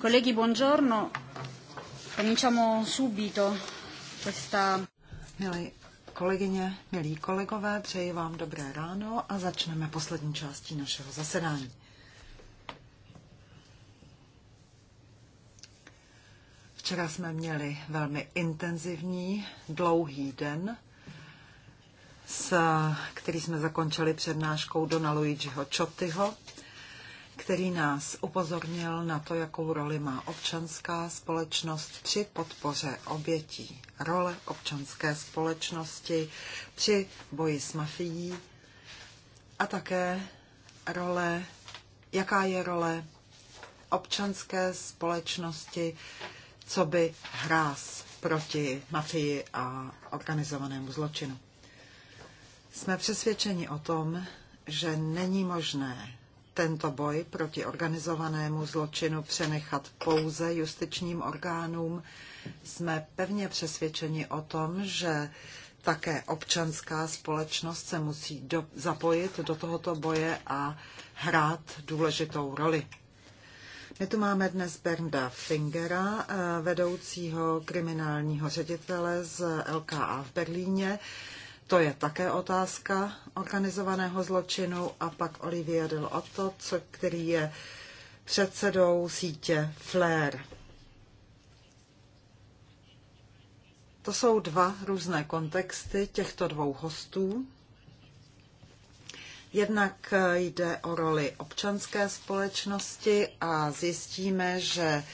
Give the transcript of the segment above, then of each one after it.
Colleghi, buongiorno. Cominciamo subito questa... Milé kolegyně, milí kolegové, přeji vám dobré ráno a začneme poslední částí našeho zasedání. Včera jsme měli velmi intenzivní, dlouhý den, s, který jsme zakončili přednáškou Dona Luigiho Čotyho, který nás upozornil na to, jakou roli má občanská společnost při podpoře obětí. Role občanské společnosti při boji s mafií a také role, jaká je role občanské společnosti, co by hráz proti mafii a organizovanému zločinu. Jsme přesvědčeni o tom, že není možné tento boj proti organizovanému zločinu přenechat pouze justičním orgánům. Jsme pevně přesvědčeni o tom, že také občanská společnost se musí do, zapojit do tohoto boje a hrát důležitou roli. My tu máme dnes Bernda Fingera, eh, vedoucího kriminálního ředitele z LKA v Berlíně. To je také otázka organizovaného zločinu. A pak Olivier Del Otto, co, který je předsedou sítě FLAIR. To jsou dva různé kontexty těchto dvou hostů. Jednak jde o roli občanské společnosti a zjistíme, že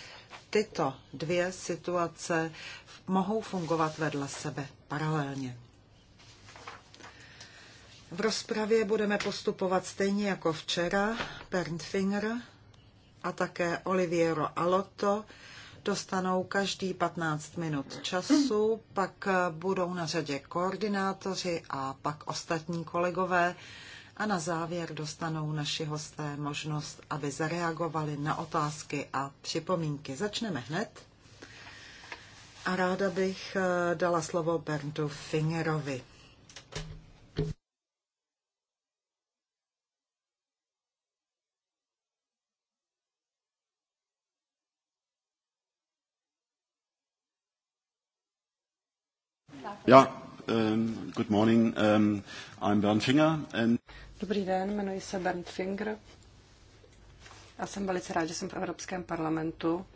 tyto dvě situace mohou fungovat vedle sebe paralelně. V rozpravě budeme postupovat stejně jako včera. Bernd Finger a také Oliviero Alotto dostanou každý 15 minut času, pak budou na řadě koordinátoři a pak ostatní kolegové a na závěr dostanou naši hosté možnost, aby zareagovali na otázky a připomínky. Začneme hned a ráda bych eh, dala slovo Berntu Fingerovi. Ja, um, good morning. Um, I'm Bernd Finger. And... Dobrý den, jmenuji se Bernd Finger. Já jsem velice rád, že jsem v Evropském parlamentu.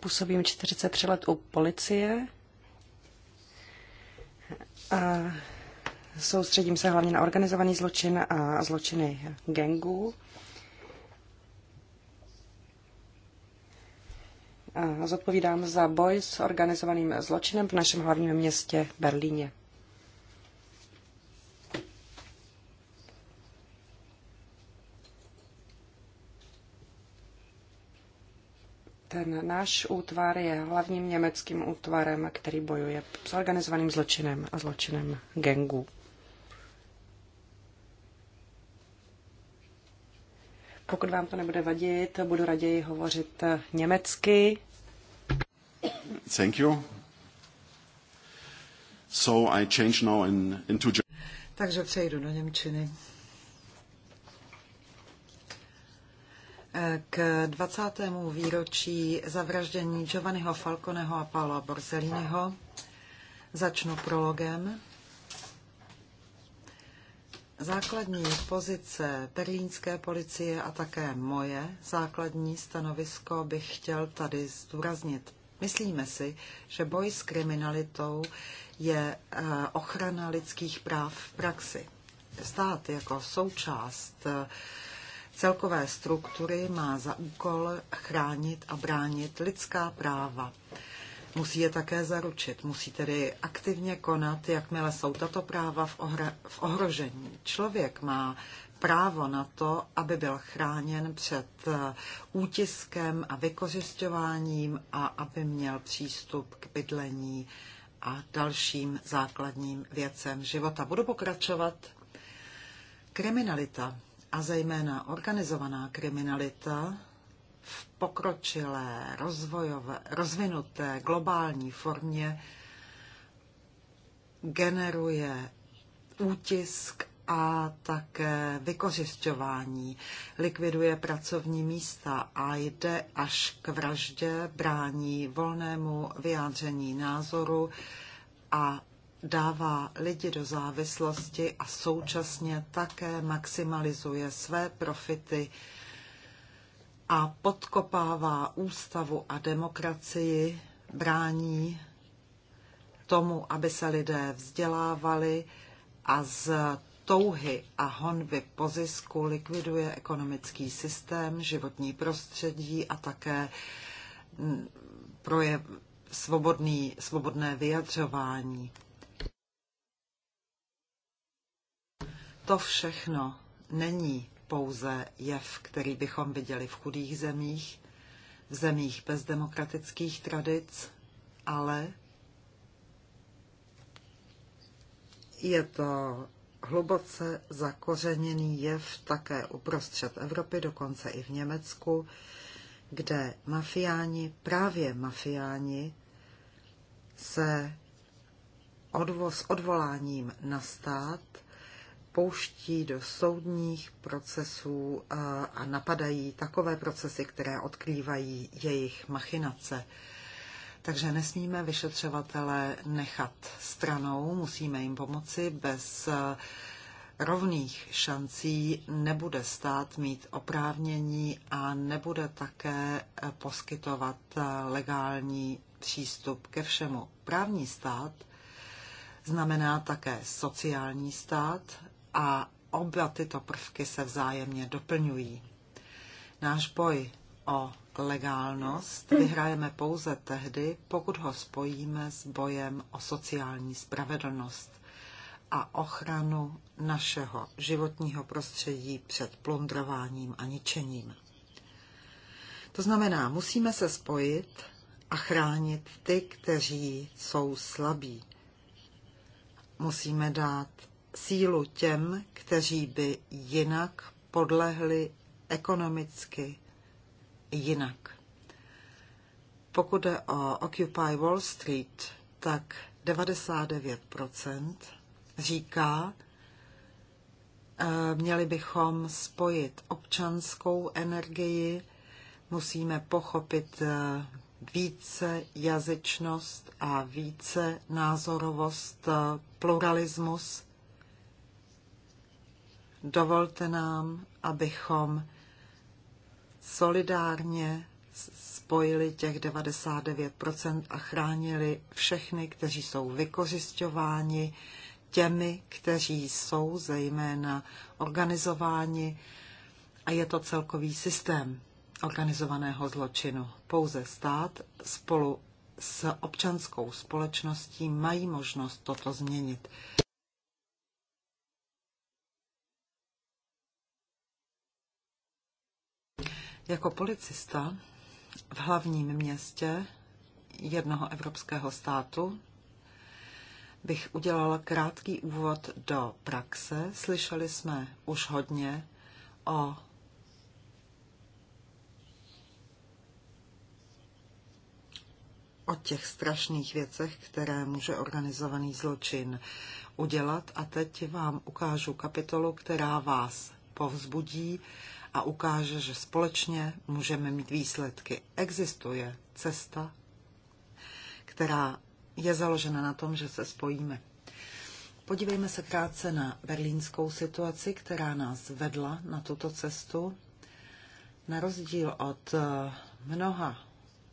Působím 43 let u policie a soustředím se hlavně na organizovaný zločin a zločiny gangů. Zodpovídám za boj s organizovaným zločinem v našem hlavním městě Berlíně. ten náš útvar je hlavním německým útvarem, který bojuje s organizovaným zločinem a zločinem gengů. Pokud vám to nebude vadit, budu raději hovořit německy. Thank you. So I change now in, into... Takže přejdu do Němčiny. K 20. výročí zavraždění Giovanniho Falconeho a Paola Borselliniho začnu prologem Základní pozice berlínské policie a také moje základní stanovisko bych chtěl tady zdůraznit. Myslíme si, že boj s kriminalitou je eh, ochrana lidských práv v praxi. Stát jako součást eh, celkové struktury má za úkol chránit a bránit lidská práva musí je také zaručit. Musí tedy aktivně konat, jakmile jsou tato práva v, ohra- v ohrožení. Člověk má právo na to, aby byl chráněn před eh, útiskem a vykořišťováním a aby měl přístup k bydlení a dalším základním věcem života. Budu pokračovat. Kriminalita a zejména organizovaná kriminalita v pokročilé, rozvojové, rozvinuté globální formě generuje útisk a také vykořišťování. Likviduje pracovní místa a jde až k vraždě, brání volnému vyjádření názoru a dává lidi do závislosti a současně také maximalizuje své profity a podkopává ústavu a demokracii, brání tomu, aby se lidé vzdělávali a z touhy a honby po zisku likviduje ekonomický systém, životní prostředí a také mm, projev, svobodný, svobodné vyjadřování. To všechno není pouze jev, který bychom viděli v chudých zemích, v zemích bez demokratických tradic, ale je to hluboce zakořeněný jev také uprostřed Evropy, dokonce i v Německu, kde mafiáni, právě mafiáni, se odvo- s odvoláním na stát pouští do soudních procesů a napadají takové procesy, které odkrývají jejich machinace. Takže nesmíme vyšetřovatele nechat stranou, musíme jim pomoci. Bez rovných šancí nebude stát mít oprávnění a nebude také poskytovat legální přístup ke všemu. Právní stát znamená také sociální stát, a oba tyto prvky se vzájemně doplňují. Náš boj o legálnost vyhrajeme pouze tehdy, pokud ho spojíme s bojem o sociální spravedlnost a ochranu našeho životního prostředí před plundrováním a ničením. To znamená, musíme se spojit a chránit ty, kteří jsou slabí. Musíme dát sílu těm, kteří by jinak podlehli ekonomicky jinak. Pokud jde o Occupy Wall Street, tak 99% říká, eh, měli bychom spojit občanskou energii, musíme pochopit eh, více jazyčnost a více názorovost, eh, pluralismus dovolte nám, abychom solidárně spojili těch 99% a chránili všechny, kteří jsou vykořišťováni, těmi, kteří jsou zejména organizováni a je to celkový systém organizovaného zločinu. Pouze stát spolu s občanskou společností mají možnost toto změnit. Jako policista v hlavním městě jednoho evropského státu bych udělala krátký úvod do praxe. Slyšeli jsme už hodně o o těch strašných věcech, které může organizovaný zločin udělat. A teď vám ukážu kapitolu, která vás povzbudí a ukáže, že společně můžeme mít výsledky. Existuje cesta, která je založena na tom, že se spojíme. Podívejme se krátce na berlínskou situaci, která nás vedla na tuto cestu. Na rozdíl od eh, mnoha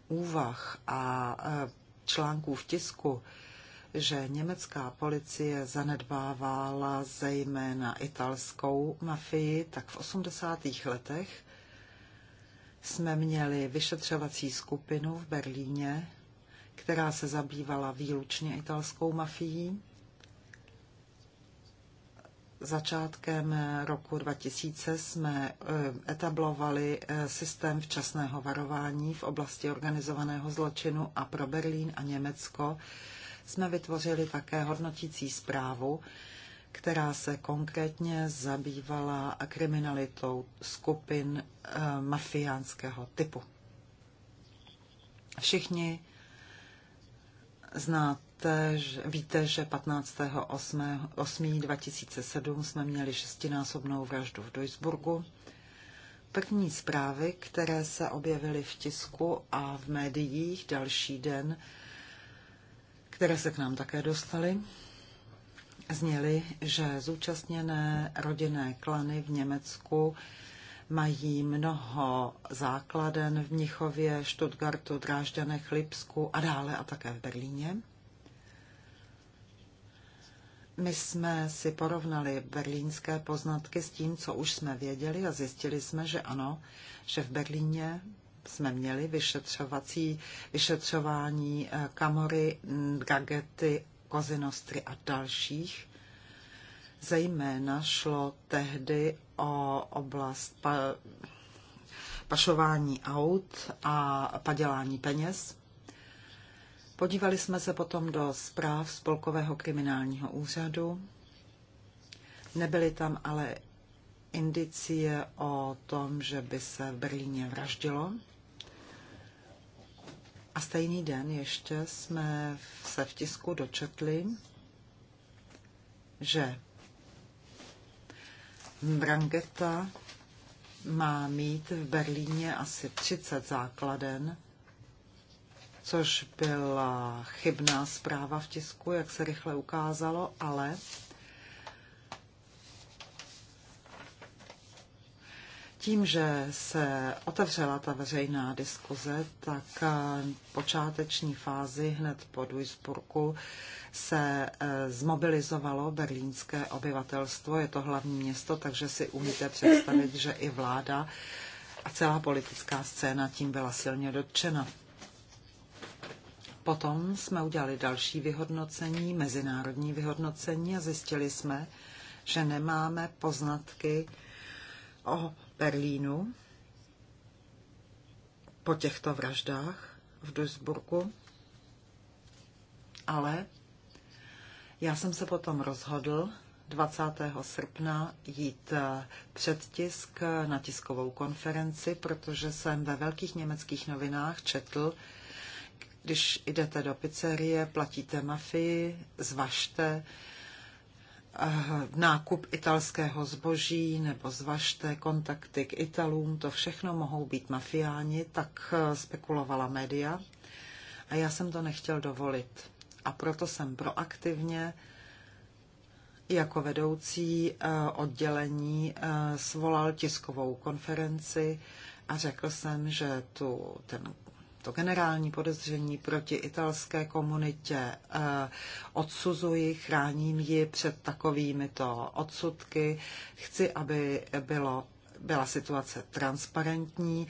úvah a eh, článků v tisku, že německá policie zanedbávala zejména italskou mafii, tak v 80. letech jsme měli vyšetřovací skupinu v Berlíně, která se zabývala výlučně italskou mafií. Začátkem roku 2000 jsme eh, etablovali eh, systém včasného varování v oblasti organizovaného zločinu a pro Berlín a Německo jsme vytvořili také hodnotící zprávu, která se konkrétně zabývala kriminalitou skupin eh, mafiánského typu. Všichni znáte, že, víte, že 15.8.2007 jsme měli šestinásobnou vraždu v Duisburgu. První zprávy, které se objevily v tisku a v médiích další den, které se k nám také dostaly, zněly, že zúčastněné rodinné klany v Německu mají mnoho základen v Mnichově, Stuttgartu, Drážďanech, Lipsku a dále a také v Berlíně. My jsme si porovnali berlínské poznatky s tím, co už jsme věděli a zjistili jsme, že ano, že v Berlíně jsme měli vyšetřovací, vyšetřování eh, Kamory, mm, Gagety, Kozinostry a dalších. Zejména šlo tehdy o oblast pa, pašování aut a padělání peněz. Podívali jsme se potom do zpráv Spolkového kriminálního úřadu. Nebyly tam ale indicie o tom, že by se v Berlíně vraždilo. A stejný den ještě jsme se v tisku dočetli, že Brangeta má mít v Berlíně asi 30 základen, což byla chybná zpráva v tisku, jak se rychle ukázalo, ale Tím, že se otevřela ta veřejná diskuze, tak v eh, počáteční fázi hned po Duisburgu se eh, zmobilizovalo berlínské obyvatelstvo. Je to hlavní město, takže si umíte představit, že i vláda a celá politická scéna tím byla silně dotčena. Potom jsme udělali další vyhodnocení, mezinárodní vyhodnocení a zjistili jsme, že nemáme poznatky o Berlínu po těchto vraždách v Duisburgu, ale já jsem se potom rozhodl 20. srpna jít eh, před tisk na tiskovou konferenci, protože jsem ve velkých německých novinách četl, když jdete do pizzerie, platíte mafii, zvažte, Eh, nákup italského zboží nebo zvažte kontakty k Italům, to všechno mohou být mafiáni, tak eh, spekulovala média. A já jsem to nechtěl dovolit. A proto jsem proaktivně jako vedoucí eh, oddělení svolal tiskovou konferenci a řekl jsem, že tu ten to generální podezření proti italské komunitě. Eh, odsuzuji, chráním ji před takovými to odsudky. Chci, aby bylo, byla situace transparentní,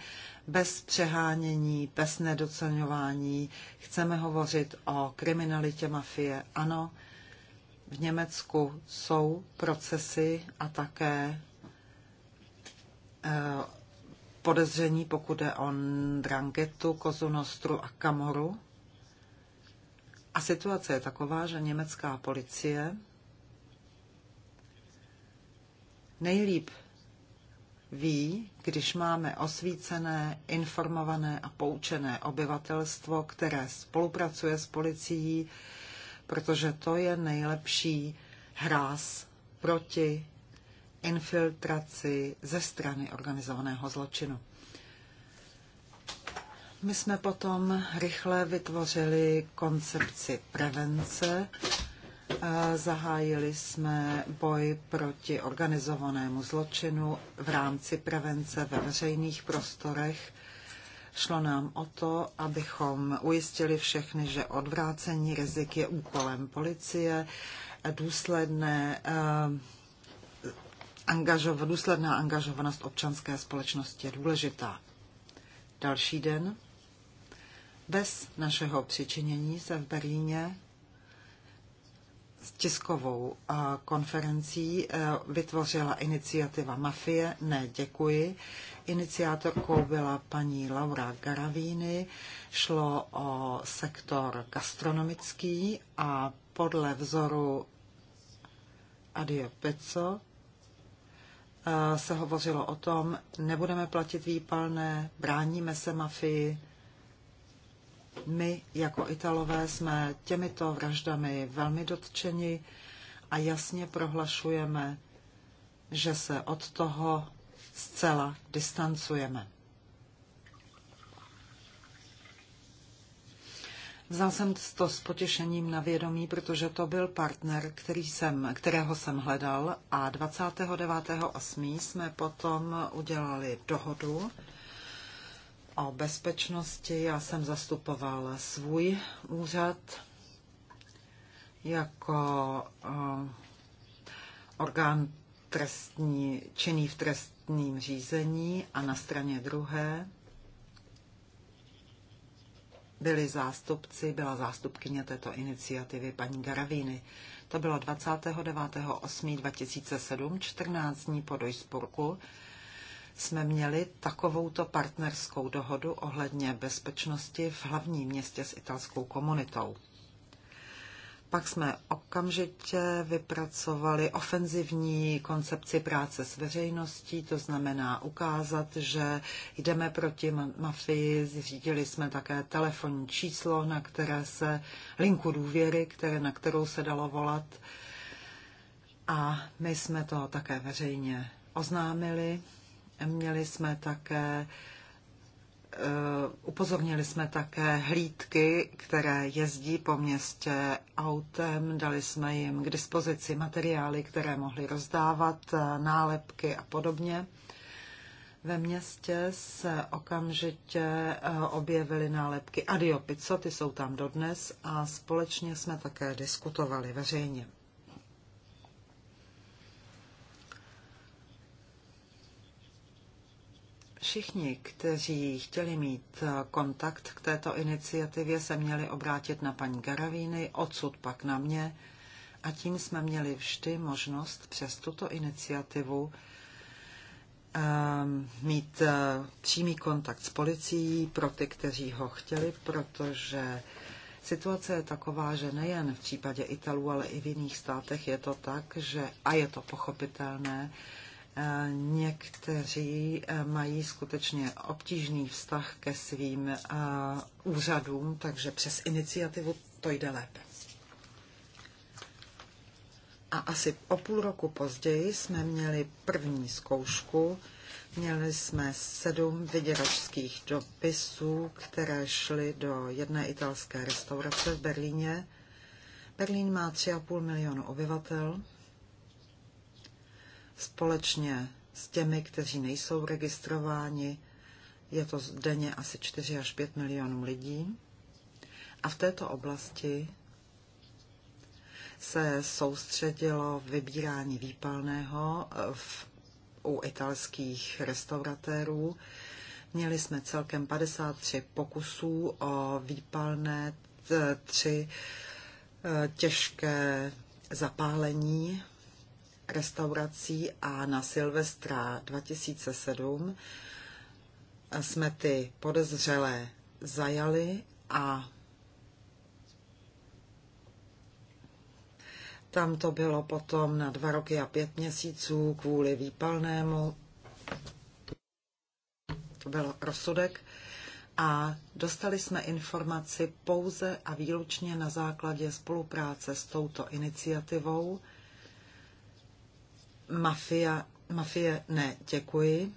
bez přehánění, bez nedocenování. Chceme hovořit o kriminalitě mafie. Ano, v Německu jsou procesy a také eh, podezření, pokud jde o Drangetu, Kozunostru a Kamoru. A situace je taková, že německá policie nejlíp ví, když máme osvícené, informované a poučené obyvatelstvo, které spolupracuje s policií, protože to je nejlepší hráz proti infiltraci ze strany organizovaného zločinu. My jsme potom rychle vytvořili koncepci prevence. Zahájili jsme boj proti organizovanému zločinu v rámci prevence ve veřejných prostorech. Šlo nám o to, abychom ujistili všechny, že odvrácení rizik je úkolem policie, důsledné eh, angažov, důsledná angažovanost občanské společnosti je důležitá. Další den. Bez našeho přičinění se v Berlíně s tiskovou konferencí e, vytvořila iniciativa Mafie, ne děkuji. Iniciátorkou byla paní Laura Garavíny, šlo o sektor gastronomický a podle vzoru Adio Pezzo se hovořilo o tom, nebudeme platit výpalné, bráníme se mafii. My jako Italové jsme těmito vraždami velmi dotčeni a jasně prohlašujeme, že se od toho zcela distancujeme. Vzal jsem to s potěšením na vědomí, protože to byl partner, který jsem, kterého jsem hledal a 29.8. jsme potom udělali dohodu o bezpečnosti. Já jsem zastupoval svůj úřad jako eh, orgán trestní, činný v trestním řízení a na straně druhé byli zástupci, byla zástupkyně této iniciativy paní Garavíny. To bylo 29.8.2007, 14 dní po Dojsburku, jsme měli takovouto partnerskou dohodu ohledně bezpečnosti v hlavním městě s italskou komunitou. Pak jsme okamžitě vypracovali ofenzivní koncepci práce s veřejností, to znamená ukázat, že jdeme proti mafii. Zřídili jsme také telefonní číslo, na které se linku důvěry, které, na kterou se dalo volat. A my jsme to také veřejně oznámili. Měli jsme také Eh, upozornili jsme také hlídky, které jezdí po městě autem, dali jsme jim k dispozici materiály, které mohli rozdávat, eh, nálepky a podobně. Ve městě se okamžitě eh, objevily nálepky Adiopico, ty jsou tam dodnes a společně jsme také diskutovali veřejně. Všichni, kteří chtěli mít eh, kontakt k této iniciativě, se měli obrátit na paní Garavíny, odsud pak na mě a tím jsme měli vždy možnost přes tuto iniciativu ehm, mít eh, přímý kontakt s policií pro ty, kteří ho chtěli, protože situace je taková, že nejen v případě Italů, ale i v jiných státech je to tak, že, a je to pochopitelné, Eh, někteří eh, mají skutečně obtížný vztah ke svým eh, úřadům, takže přes iniciativu to jde lépe. A asi o půl roku později jsme měli první zkoušku. Měli jsme sedm vyděračských dopisů, které šly do jedné italské restaurace v Berlíně. Berlín má 3,5 milionu obyvatel společně s těmi, kteří nejsou registrováni. Je to denně asi 4 až 5 milionů lidí. A v této oblasti se soustředilo vybírání výpalného eh, v, u italských restauratérů. Měli jsme celkem 53 pokusů o výpalné, eh, tři eh, těžké zapálení restaurací a na Silvestra 2007 jsme ty podezřelé zajali a tam to bylo potom na dva roky a pět měsíců kvůli výpalnému. To byl rozsudek a dostali jsme informaci pouze a výlučně na základě spolupráce s touto iniciativou Mafia, mafie ne, děkuji.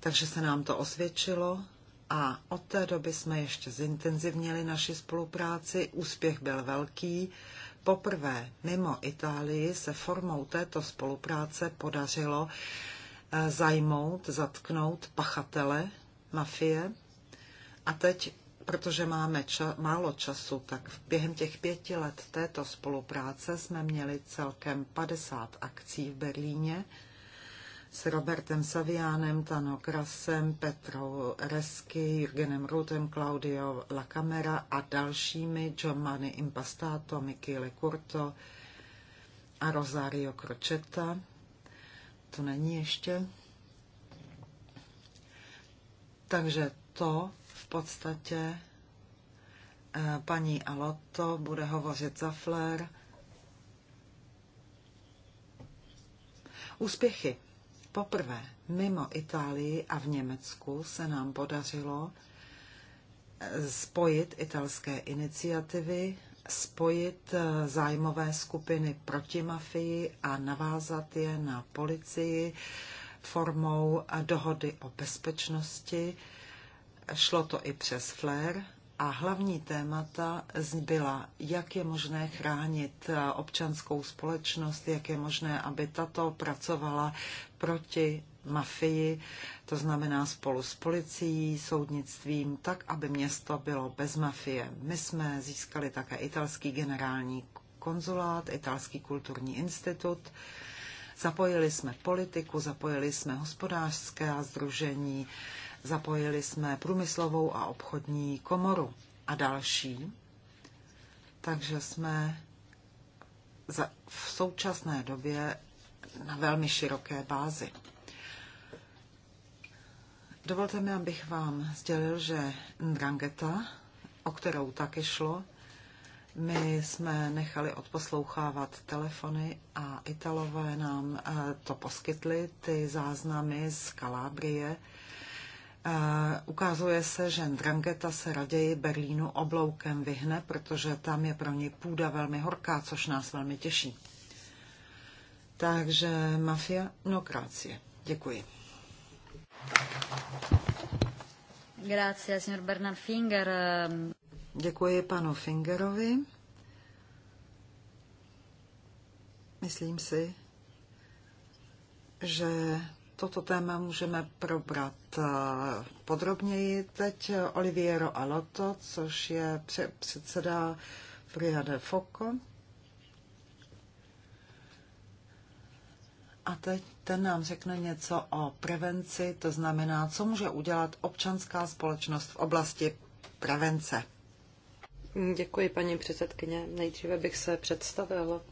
Takže se nám to osvědčilo a od té doby jsme ještě zintenzivnili naši spolupráci. Úspěch byl velký. Poprvé mimo Itálii se formou této spolupráce podařilo eh, zajmout, zatknout pachatele mafie. A teď protože máme ča- málo času, tak během těch pěti let této spolupráce jsme měli celkem 50 akcí v Berlíně s Robertem Saviánem, Tano Krasem, Petrou Resky, Jürgenem Rutem, Claudio Lacamera a dalšími, Giovanni Impastato, Michele Curto a Rosario Crocetta. To není ještě. Takže to v podstatě eh, paní Aloto bude hovořit za Flair. Úspěchy. Poprvé mimo Itálii a v Německu se nám podařilo eh, spojit italské iniciativy, spojit eh, zájmové skupiny proti mafii a navázat je na policii formou dohody o bezpečnosti šlo to i přes flair a hlavní témata byla, jak je možné chránit eh, občanskou společnost, jak je možné, aby tato pracovala proti mafii, to znamená spolu s policií, soudnictvím, tak, aby město bylo bez mafie. My jsme získali také italský generální konzulát, italský kulturní institut, zapojili jsme politiku, zapojili jsme hospodářské združení, Zapojili jsme průmyslovou a obchodní komoru a další. Takže jsme v současné době na velmi široké bázi. Dovolte mi, abych vám sdělil, že Ndrangheta, o kterou taky šlo, my jsme nechali odposlouchávat telefony a Italové nám eh, to poskytli, ty záznamy z Kalábrie, ukazuje se, že Drangeta se raději Berlínu obloukem vyhne, protože tam je pro něj půda velmi horká, což nás velmi těší. Takže mafia, no krácie. Děkuji. Grazie, signor Bernard Finger. Děkuji panu Fingerovi. Myslím si, že toto téma můžeme probrat podrobněji. Teď Oliviero Aloto, což je předseda Brigade Foco. A teď ten nám řekne něco o prevenci, to znamená, co může udělat občanská společnost v oblasti prevence. Děkuji, paní předsedkyně. Nejdříve bych se představil.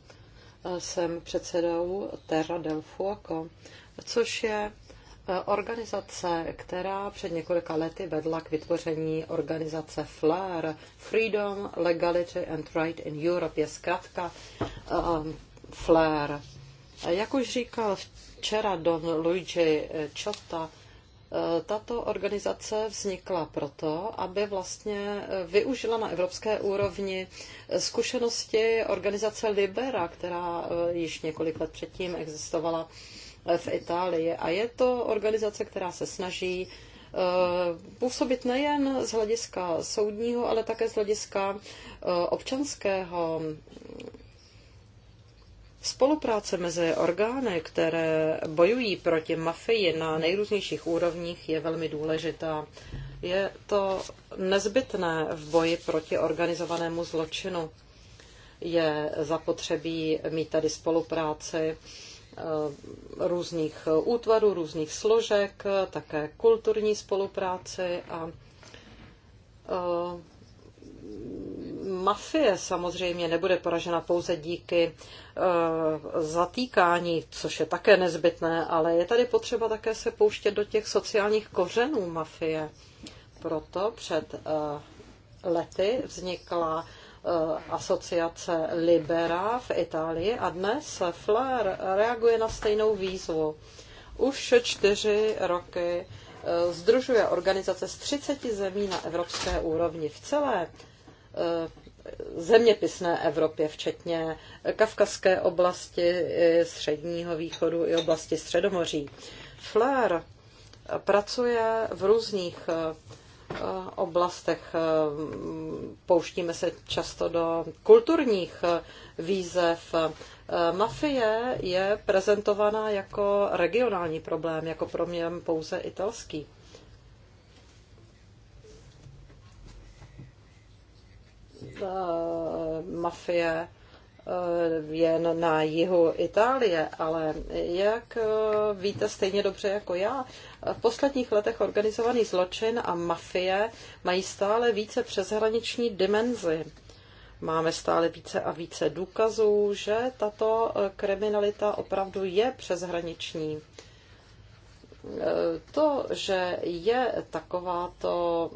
Jsem předsedou Terra del Fuoco, což je Eh, organizace, která před několika lety vedla k vytvoření organizace FLAR, Freedom, Legality and Right in Europe, je zkrátka um, eh, FLAR. Jak už říkal včera Don Luigi Ciotta, eh, tato organizace vznikla proto, aby vlastně využila na evropské úrovni zkušenosti organizace Libera, která již několik let předtím existovala v Itálii. A je to organizace, která se snaží eh, působit nejen z hlediska soudního, ale také z hlediska eh, občanského Spolupráce mezi orgány, které bojují proti mafii na nejrůznějších úrovních, je velmi důležitá. Je to nezbytné v boji proti organizovanému zločinu. Je zapotřebí mít tady spolupráci Eh, různých útvarů, různých složek, také kulturní spolupráci a eh, mafie samozřejmě nebude poražena pouze díky eh, zatýkání, což je také nezbytné, ale je tady potřeba také se pouštět do těch sociálních kořenů mafie. Proto před lety vznikla Eh, asociace Libera v Itálii a dnes Flair reaguje na stejnou výzvu. Už čtyři roky eh, združuje organizace z 30 zemí na evropské úrovni v celé eh, zeměpisné Evropě, včetně kavkazské oblasti středního východu i oblasti středomoří. Flair pracuje v různých Eh, oblastech. Eh, mm, pouštíme se často do kulturních eh, výzev. Mafie je prezentovaná jako regionální problém, jako problém pouze italský. Mafie Eh, jen na jihu Itálie, ale jak eh, víte stejně dobře jako já, v posledních letech organizovaný zločin a mafie mají stále více přeshraniční dimenzi. Máme stále více a více důkazů, že tato eh, kriminalita opravdu je přeshraniční. To, že je takováto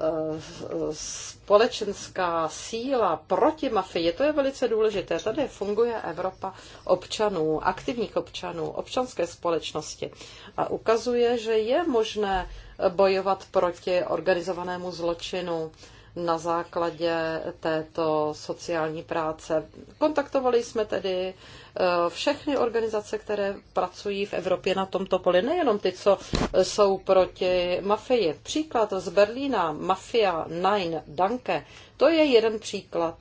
Eh, společenská síla proti mafii, to je velice důležité. Tady funguje Evropa občanů, aktivních občanů, občanské společnosti a ukazuje, že je možné bojovat proti organizovanému zločinu na základě této sociální práce. Kontaktovali jsme tedy eh, všechny organizace, které pracují v Evropě na tomto poli, nejenom ty, co jsou proti mafii. Příklad z Berlína, Mafia Nine Danke, to je jeden příklad.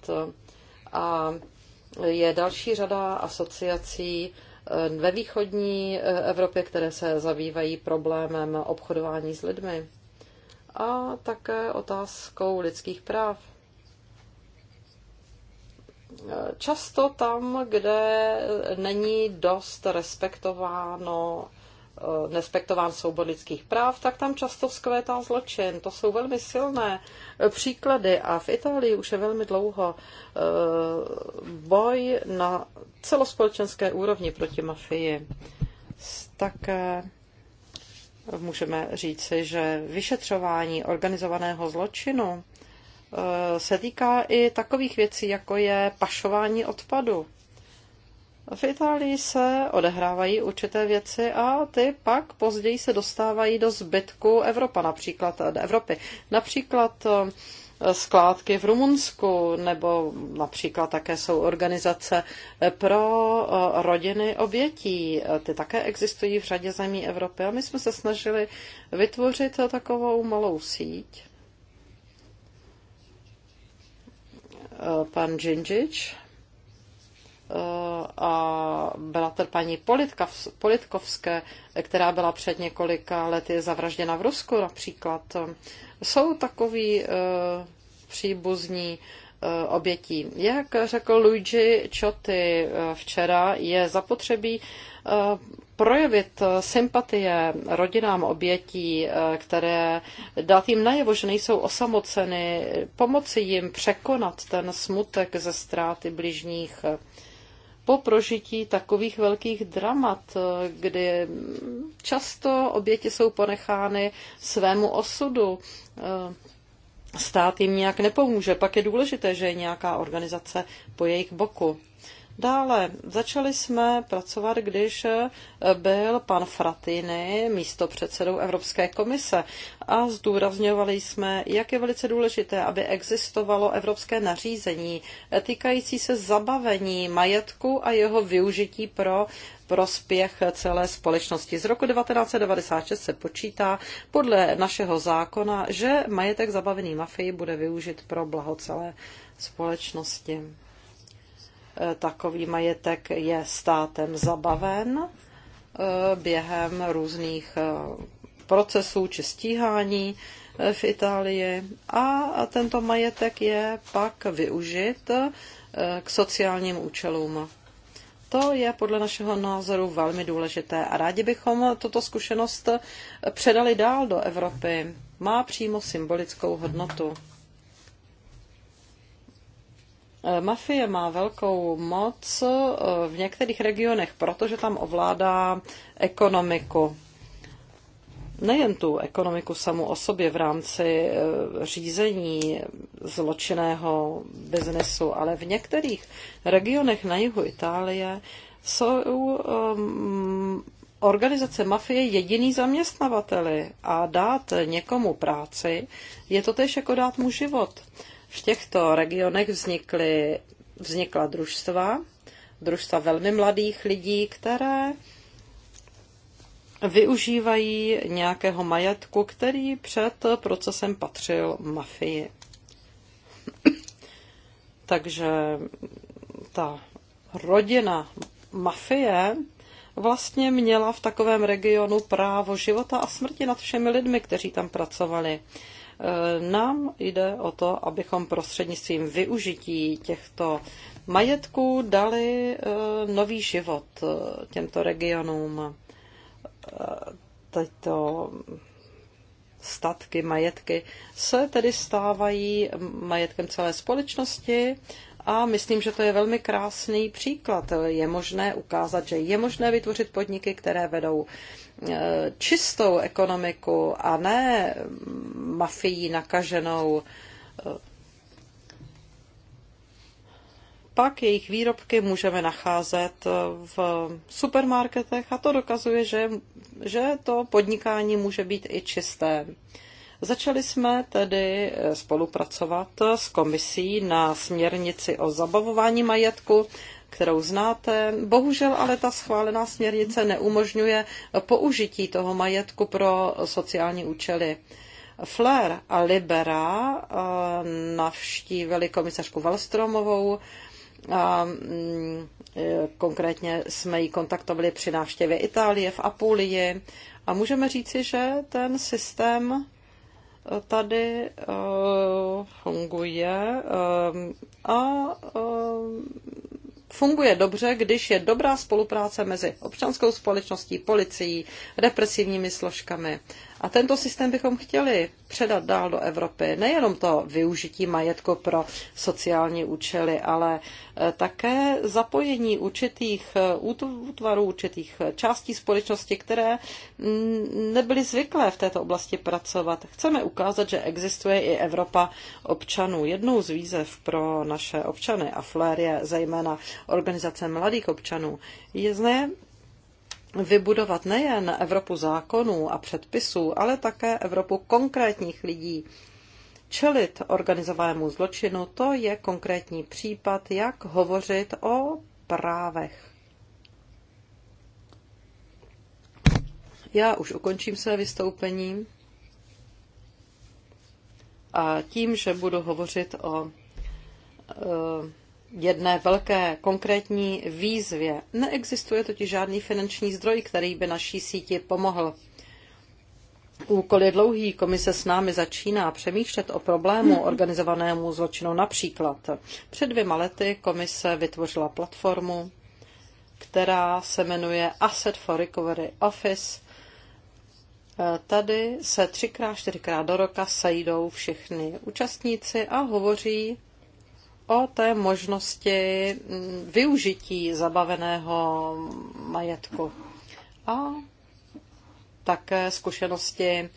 A je další řada asociací eh, ve východní eh, Evropě, které se zabývají problémem obchodování s lidmi a také otázkou lidských práv. Často tam, kde není dost respektováno eh, respektován soubor lidských práv, tak tam často vzkvétá zločin. To jsou velmi silné eh, příklady a v Itálii už je velmi dlouho eh, boj na celospolečenské úrovni proti mafii. Také můžeme říci, že vyšetřování organizovaného zločinu eh, se týká i takových věcí, jako je pašování odpadu. V Itálii se odehrávají určité věci a ty pak později se dostávají do zbytku Evropa, například, eh, Evropy. Například eh, skládky v Rumunsku, nebo například také jsou organizace pro eh, rodiny obětí. Ty také existují v řadě zemí Evropy a my jsme se snažili vytvořit takovou malou síť. Eh, pan Džinžič Eh, a byla to paní Politkovské, která byla před několika lety zavražděna v Rusku například. Jsou takový eh, příbuzní eh, obětí. Jak řekl Luigi Čoty včera, je zapotřebí projevit sympatie rodinám obětí, které dát jim najevo, že nejsou osamoceny, pomoci jim překonat ten smutek ze ztráty bližních po prožití takových velkých dramat, eh, kdy často oběti jsou ponechány svému osudu, eh, stát jim nějak nepomůže. Pak je důležité, že je nějaká organizace po jejich boku. Dále začali jsme pracovat, když eh, byl pan Fratini místo předsedou Evropské komise a zdůrazňovali jsme, jak je velice důležité, aby existovalo evropské nařízení týkající se zabavení majetku a jeho využití pro prospěch celé společnosti. Z roku 1996 se počítá podle našeho zákona, že majetek zabavený mafii bude využit pro blaho celé společnosti takový majetek je státem zabaven eh, během různých eh, procesů či stíhání eh, v Itálii a tento majetek je pak využit k sociálním účelům. To je podle našeho názoru velmi důležité a rádi bychom tuto zkušenost předali dál do Evropy. Má přímo symbolickou hodnotu. Eh, mafie má velkou moc eh, v některých regionech, protože tam ovládá ekonomiku. Nejen tu ekonomiku samu o sobě v rámci eh, řízení zločinného biznesu, ale v některých regionech na jihu Itálie jsou ehm, organizace mafie jediný zaměstnavateli a dát někomu práci je to tež jako dát mu život. V těchto regionech vznikly, vznikla družstva, družstva velmi mladých lidí, které využívají nějakého majetku, který před procesem patřil mafii. Takže ta rodina mafie vlastně měla v takovém regionu právo života a smrti nad všemi lidmi, kteří tam pracovali. Eh, nám jde o to, abychom prostřednictvím využití těchto majetků dali eh, nový život eh, těmto regionům. Tyto statky, majetky se tedy stávají majetkem celé společnosti a myslím, že to je velmi krásný příklad. Je možné ukázat, že je možné vytvořit podniky, které vedou e, čistou ekonomiku a ne mm, mafií nakaženou. E, pak jejich výrobky můžeme nacházet v supermarketech a to dokazuje, že, že to podnikání může být i čisté. Začali jsme tedy eh, spolupracovat s komisí na směrnici o zabavování majetku, kterou znáte. Bohužel ale ta schválená směrnice neumožňuje použití toho majetku pro sociální účely. Flair a Libera eh, navštívili komisařku Valstromovou. A, mm, eh, konkrétně jsme ji kontaktovali při návštěvě Itálie v Apulii a můžeme říci, že ten systém tady eh, funguje eh, a eh, funguje dobře, když je dobrá spolupráce mezi občanskou společností, policií, represivními složkami. A tento systém bychom chtěli předat dál do Evropy. Nejenom to využití majetku pro sociální účely, ale e, také zapojení určitých e, útvarů, určitých částí společnosti, které mm, nebyly zvyklé v této oblasti pracovat. Chceme ukázat, že existuje i Evropa občanů. Jednou z výzev pro naše občany, a Flair je zejména organizace mladých občanů, je vybudovat nejen Evropu zákonů a předpisů, ale také Evropu konkrétních lidí. Čelit organizovanému zločinu, to je konkrétní případ, jak hovořit o právech. Já už ukončím své vystoupení a tím, že budu hovořit o eh, jedné velké konkrétní výzvě. Neexistuje totiž žádný finanční zdroj, který by naší síti pomohl. Úkol je dlouhý, komise s námi začíná přemýšlet o problému hmm. organizovanému zločinu například. Před dvěma lety komise vytvořila platformu, která se jmenuje Asset for Recovery Office. Tady se třikrát, čtyřikrát do roka sejdou všichni účastníci a hovoří o té možnosti mm, využití zabaveného majetku a také zkušenosti e,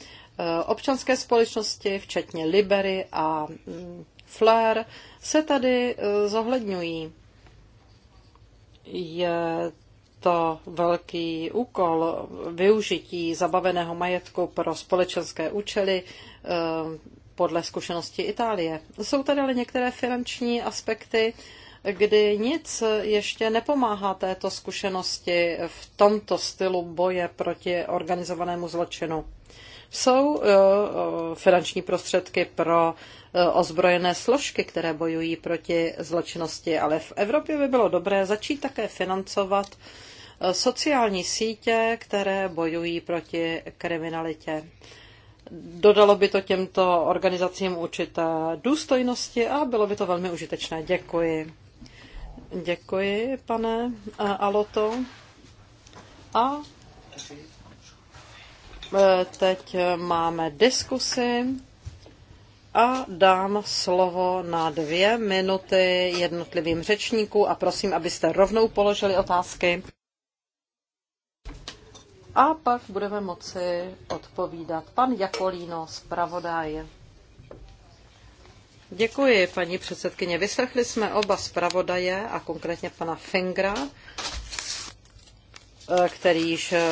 občanské společnosti, včetně Libery a mm, Flair, se tady e, zohledňují. Je to velký úkol využití zabaveného majetku pro společenské účely e, podle zkušenosti Itálie. Jsou tady ale některé finanční aspekty, kdy nic ještě nepomáhá této zkušenosti v tomto stylu boje proti organizovanému zločinu. Jsou eh, eh, finanční prostředky pro eh, ozbrojené složky, které bojují proti zločinnosti, ale v Evropě by bylo dobré začít také financovat sociální sítě, které bojují proti kriminalitě dodalo by to těmto organizacím určité důstojnosti a bylo by to velmi užitečné. Děkuji. Děkuji, pane eh, Aloto. A eh, teď máme diskusy a dám slovo na dvě minuty jednotlivým řečníkům a prosím, abyste rovnou položili otázky a pak budeme moci odpovídat. Pan Jakolíno, zpravodaj. Děkuji, paní předsedkyně. Vyslechli jsme oba zpravodaje a konkrétně pana Fingra, eh, který již eh,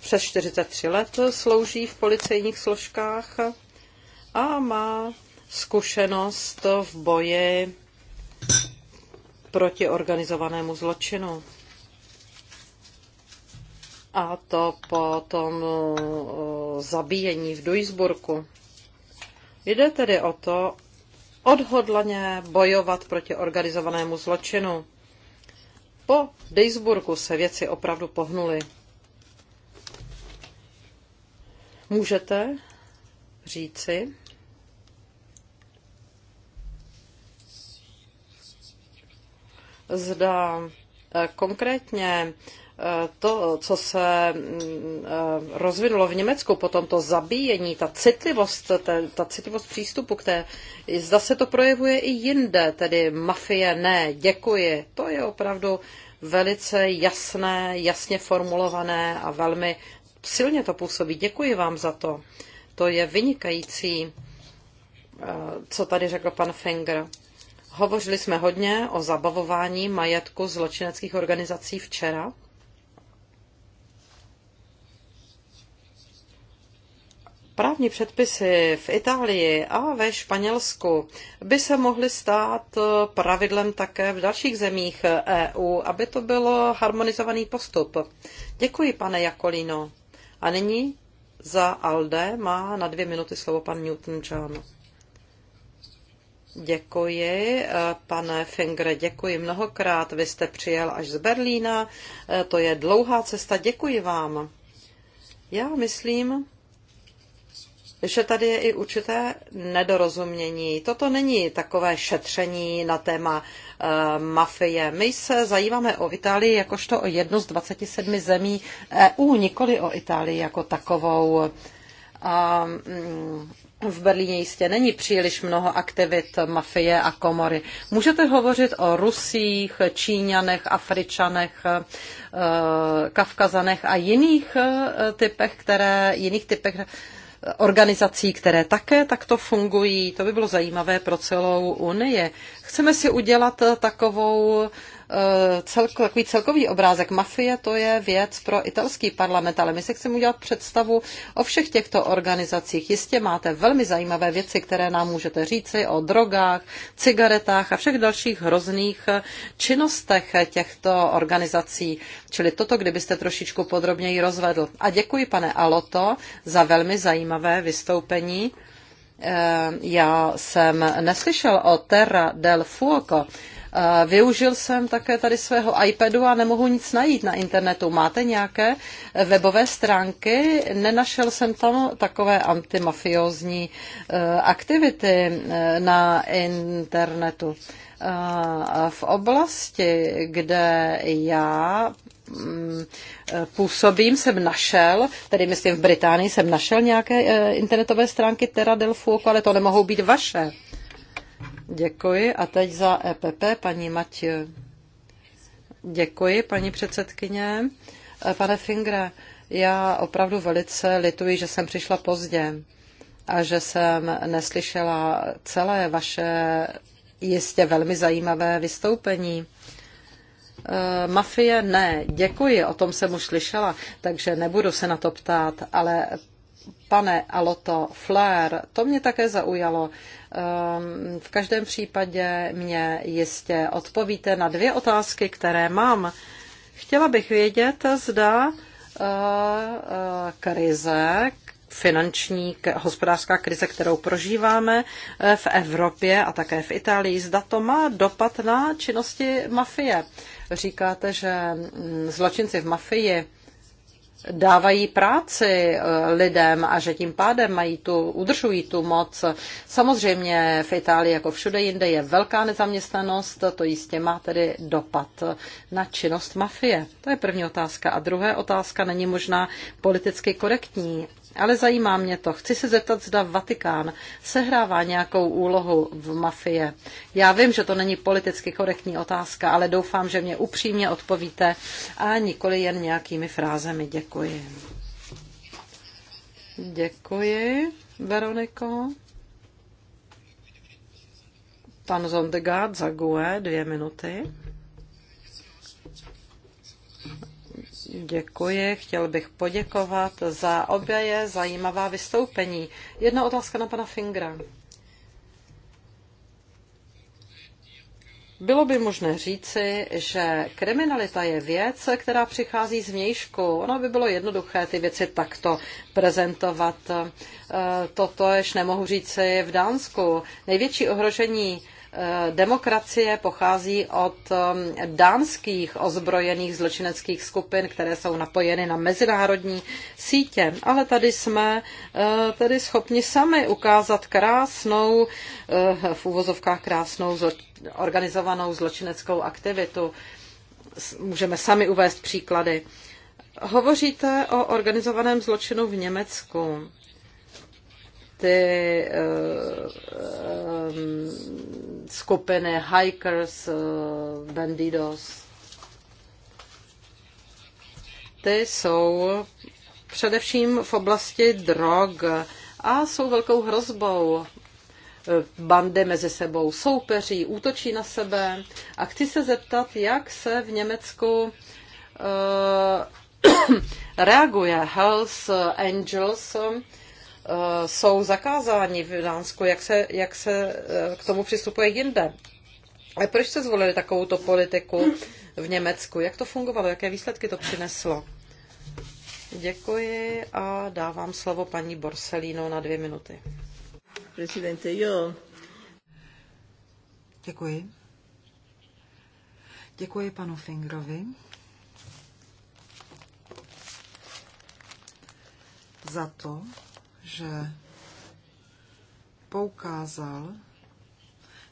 přes 43 let slouží v policejních složkách a má zkušenost v boji proti organizovanému zločinu a to po tom eh, zabíjení v Duisburgu. Jde tedy o to odhodlaně bojovat proti organizovanému zločinu. Po Duisburgu se věci opravdu pohnuly. Můžete říci, zda eh, konkrétně to, co se mm, eh, rozvinulo v Německu po tomto zabíjení, ta citlivost, ta, ta citlivost přístupu k té, zda se to projevuje i jinde, tedy mafie ne, děkuji, to je opravdu velice jasné, jasně formulované a velmi silně to působí. Děkuji vám za to. To je vynikající, eh, co tady řekl pan Finger. Hovořili jsme hodně o zabavování majetku zločineckých organizací včera. Právní předpisy v Itálii a ve Španělsku by se mohly stát eh, pravidlem také v dalších zemích EU, eh, e aby to bylo harmonizovaný postup. Děkuji, pane Jakolino. A nyní za ALDE má na dvě minuty slovo pan Newton John. Děkuji, eh, pane Fingre, děkuji mnohokrát. Vy jste přijel až z Berlína, to je dlouhá cesta, děkuji vám. Já myslím, že tady je i určité nedorozumění. Toto není takové šetření na téma e, mafie. My se zajímáme o Itálii jakožto o jednu z 27 zemí EU, nikoli o Itálii jako takovou. A, mm, v Berlíně jistě není příliš mnoho aktivit mafie a komory. Můžete hovořit o Rusích, Číňanech, Afričanech, eh, Kavkazanech a jiných eh, typech, které, jiných typech organizací, které také takto fungují. To by bylo zajímavé pro celou Unii. Chceme si udělat takovou celko, takový celkový obrázek. Mafie to je věc pro italský parlament, ale my se chceme udělat představu o všech těchto organizacích. Jistě máte velmi zajímavé věci, které nám můžete říci o drogách, cigaretách a všech dalších hrozných činnostech těchto organizací. Čili toto, kdybyste trošičku podrobněji rozvedl. A děkuji, pane Aloto, za velmi zajímavé vystoupení. Eh, já jsem neslyšel o Terra del Fuoco. Eh, využil jsem také tady svého iPadu a nemohu nic najít na internetu. Máte nějaké webové stránky? Nenašel jsem tam takové antimafiozní eh, aktivity na internetu. V oblasti, kde já Mm, eh, působím, jsem našel, tedy myslím v Británii, jsem našel nějaké eh, internetové stránky Terra del Fuoco, ale to nemohou být vaše. Děkuji. A teď za EPP paní Matěj. Děkuji, paní předsedkyně. Eh, pane Fingre, já opravdu velice lituji, že jsem přišla pozdě a že jsem neslyšela celé vaše jistě velmi zajímavé vystoupení. Eh, mafie ne, děkuji, o tom jsem už slyšela, takže nebudu se na to ptát, ale pane Aloto, Flair, to mě také zaujalo. Eh, v každém případě mě jistě odpovíte na dvě otázky, které mám. Chtěla bych vědět, zda eh, krize, finanční hospodářská krize, kterou prožíváme v Evropě a také v Itálii, zda to má dopad na činnosti mafie. Říkáte, že mm, zločinci v mafii dávají práci e, lidem a že tím pádem mají tu, udržují tu moc. Samozřejmě v Itálii, jako všude jinde, je velká nezaměstnanost, to jistě má tedy dopad na činnost mafie. To je první otázka. A druhá otázka není možná politicky korektní, ale zajímá mě to. Chci se zeptat, zda Vatikán sehrává nějakou úlohu v mafie. Já vím, že to není politicky korektní otázka, ale doufám, že mě upřímně odpovíte a nikoli jen nějakými frázemi. Děkuji. Děkuji, Veroniko. Pan Zondegard za GUE, dvě minuty. Děkuji. Chtěl bych poděkovat za obě zajímavá vystoupení. Jedna otázka na pana Fingra. Bylo by možné říci, že kriminalita je věc, která přichází z vnějšku. Ono by bylo jednoduché ty věci takto prezentovat. E, toto ještě nemohu říci v Dánsku. Největší ohrožení Eh, demokracie pochází od dánských ozbrojených zločineckých skupin, které jsou napojeny na mezinárodní sítě. Ale tady jsme eh, tedy schopni sami ukázat krásnou, eh, v úvozovkách krásnou organizovanou zločineckou aktivitu. Můžeme sami uvést příklady. Hovoříte o organizovaném zločinu v Německu ty eh, eh, skupiny hikers, eh, bandidos. Ty jsou především v oblasti drog a jsou velkou hrozbou. Bandy mezi sebou soupeří, útočí na sebe. A chci se zeptat, jak se v Německu reaguje Hells Angels Eh, jsou zakázáni v Dánsku, jak se, jak se eh, k tomu přistupuje jinde. A proč jste zvolili takovouto politiku v Německu? Jak to fungovalo? Jaké výsledky to přineslo? Děkuji a dávám slovo paní Borselino na dvě minuty. Presidente, jo. Děkuji. Děkuji panu Fingrovi za to, že poukázal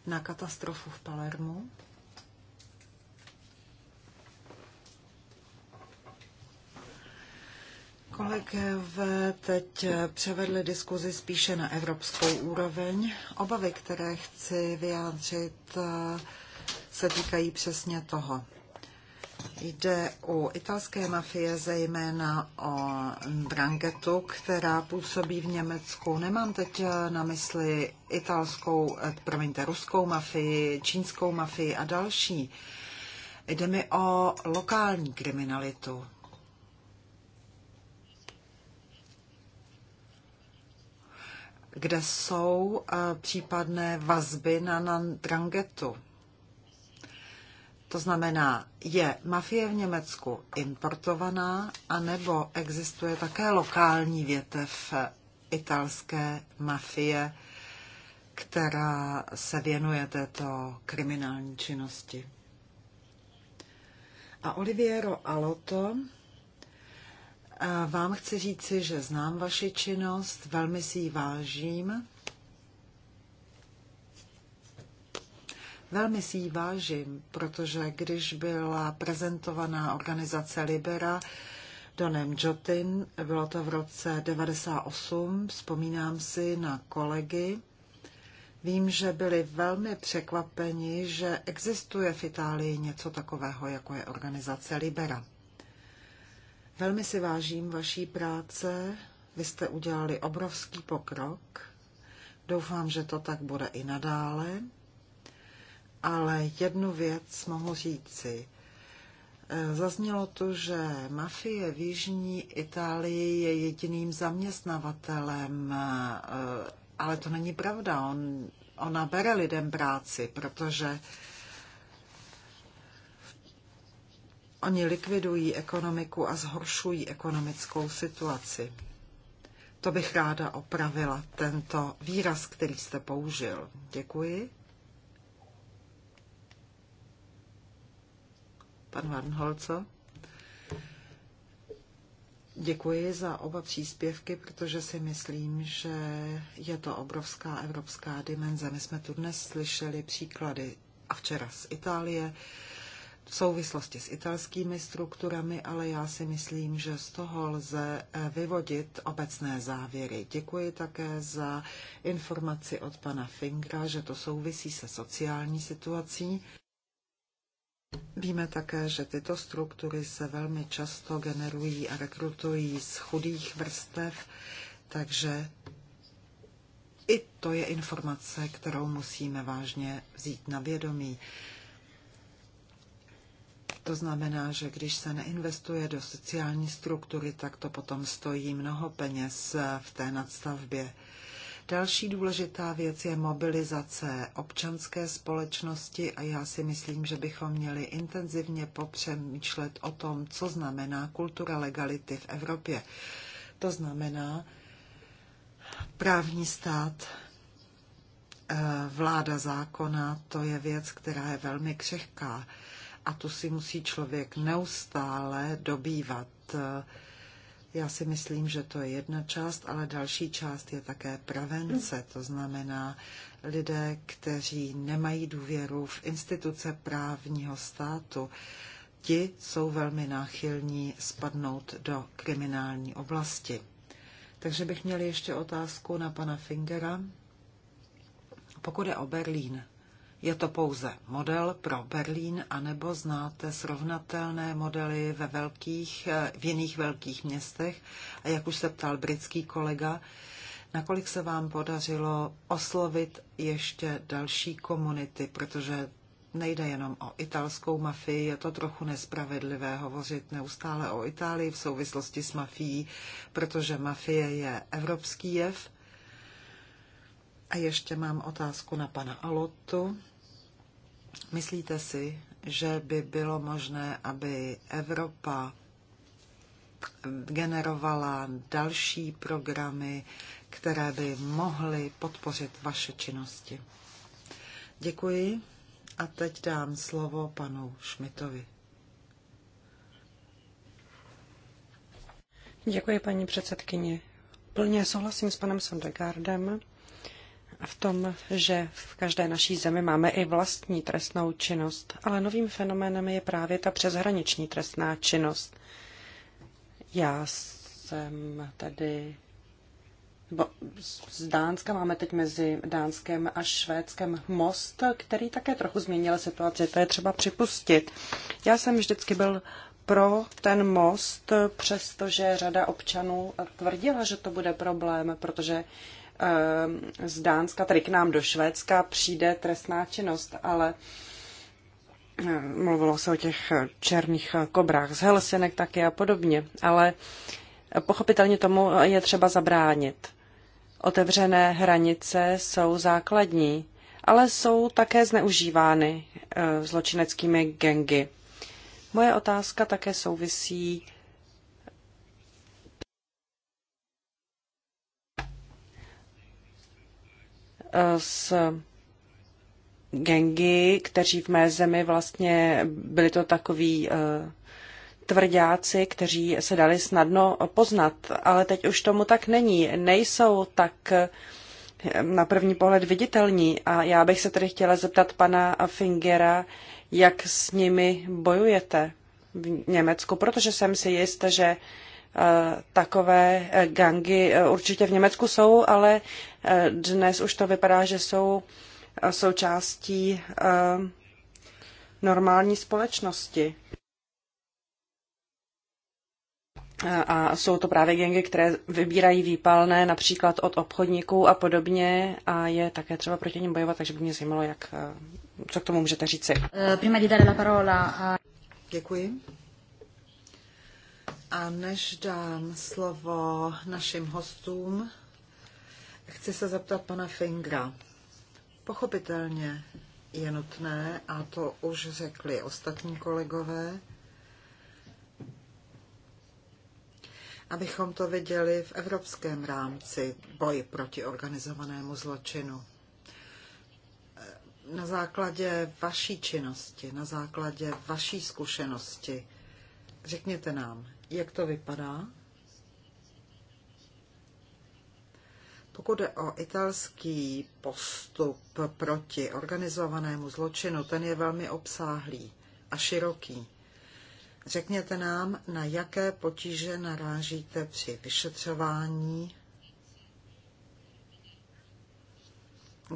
na katastrofu v Palermu. Kolegové teď převedli diskuzi spíše na evropskou úroveň. Obavy, které chci vyjádřit, eh, se týkají přesně toho. Jde o italské mafie, zejména o Drangetu, která působí v Německu. Nemám teď na mysli italskou, eh, promiňte, ruskou mafii, čínskou mafii a další. Jde mi o lokální kriminalitu. kde jsou eh, případné vazby na Drangetu. To znamená, je mafie v Německu importovaná, anebo existuje také lokální větev italské mafie, která se věnuje této kriminální činnosti. A Oliviero Aloto, eh, vám chci říci, že znám vaši činnost, velmi si ji vážím Velmi si ji vážím, protože když byla prezentovaná organizace Libera Donem Jotin, bylo to v roce 98, vzpomínám si na kolegy, Vím, že byli velmi překvapeni, že existuje v Itálii něco takového, jako je organizace Libera. Velmi si vážím vaší práce, vy jste udělali obrovský pokrok. Doufám, že to tak bude i nadále ale jednu věc mohu říci. E, zaznělo to, že mafie v Jižní Itálii je jediným zaměstnavatelem, e, ale to není pravda. On, ona bere lidem práci, protože oni likvidují ekonomiku a zhoršují ekonomickou situaci. To bych ráda opravila, tento výraz, který jste použil. Děkuji. pan Varnholco. Děkuji za oba příspěvky, protože si myslím, že je to obrovská evropská dimenze. My jsme tu dnes slyšeli příklady a včera z Itálie v souvislosti s italskými strukturami, ale já si myslím, že z toho lze eh, vyvodit obecné závěry. Děkuji také za informaci od pana Fingra, že to souvisí se sociální situací. Víme také, že tyto struktury se velmi často generují a rekrutují z chudých vrstev, takže i to je informace, kterou musíme vážně vzít na vědomí. To znamená, že když se neinvestuje do sociální struktury, tak to potom stojí mnoho peněz v té nadstavbě. Další důležitá věc je mobilizace občanské společnosti a já si myslím, že bychom měli intenzivně popřemýšlet o tom, co znamená kultura legality v Evropě. To znamená právní stát, eh, vláda zákona, to je věc, která je velmi křehká a tu si musí člověk neustále dobývat eh, já si myslím, že to je jedna část, ale další část je také prevence, to znamená lidé, kteří nemají důvěru v instituce právního státu, ti jsou velmi náchylní spadnout do kriminální oblasti. Takže bych měl ještě otázku na pana Fingera. Pokud je o Berlín, je to pouze model pro Berlín, anebo znáte srovnatelné modely ve velkých, v jiných velkých městech? A jak už se ptal britský kolega, nakolik se vám podařilo oslovit ještě další komunity, protože nejde jenom o italskou mafii, je to trochu nespravedlivé hovořit neustále o Itálii v souvislosti s mafií, protože mafie je evropský jev. A ještě mám otázku na pana Alotu. Myslíte si, že by bylo možné, aby Evropa eh, generovala další programy, které by mohly podpořit vaše činnosti? Děkuji a teď dám slovo panu Šmitovi. Děkuji, paní předsedkyně. Plně souhlasím s panem Sondegardem v tom, že v každé naší zemi máme i vlastní trestnou činnost, ale novým fenoménem je právě ta přeshraniční trestná činnost. Já jsem tady bo, z Dánska, máme teď mezi Dánskem a Švédskem most, který také trochu změnil situaci, to je třeba připustit. Já jsem vždycky byl pro ten most, přestože řada občanů tvrdila, že to bude problém, protože Eh, z Dánska, tady k nám do Švédska, přijde trestná činnost, ale eh, mluvilo se o těch černých kobrách z Helsinek taky a podobně, ale pochopitelně tomu je třeba zabránit. Otevřené hranice jsou základní, ale jsou také zneužívány eh, zločineckými gengy. Moje otázka také souvisí s gengy, kteří v mé zemi vlastně byli to takový eh, tvrdáci, kteří se dali snadno poznat, ale teď už tomu tak není. Nejsou tak eh, na první pohled viditelní a já bych se tedy chtěla zeptat pana Fingera, jak s nimi bojujete v Německu, protože jsem si jist, že Eh, takové eh, gangy eh, určitě v Německu jsou, ale dnes už to vypadá, že jsou součástí normální společnosti. A jsou to právě gengy, které vybírají výpalné například od obchodníků a podobně a je také třeba proti nim bojovat, takže by mě zajímalo, jak, co k tomu můžete říci. Děkuji. A než dám slovo našim hostům, chci se zeptat pana Fingra. Pochopitelně je nutné, a to už řekli ostatní kolegové, abychom to viděli v evropském rámci boji proti organizovanému zločinu. Na základě vaší činnosti, na základě vaší zkušenosti, řekněte nám, jak to vypadá. Pokud jde o italský postup proti organizovanému zločinu, ten je velmi obsáhlý a široký. Řekněte nám, na jaké potíže narážíte při vyšetřování,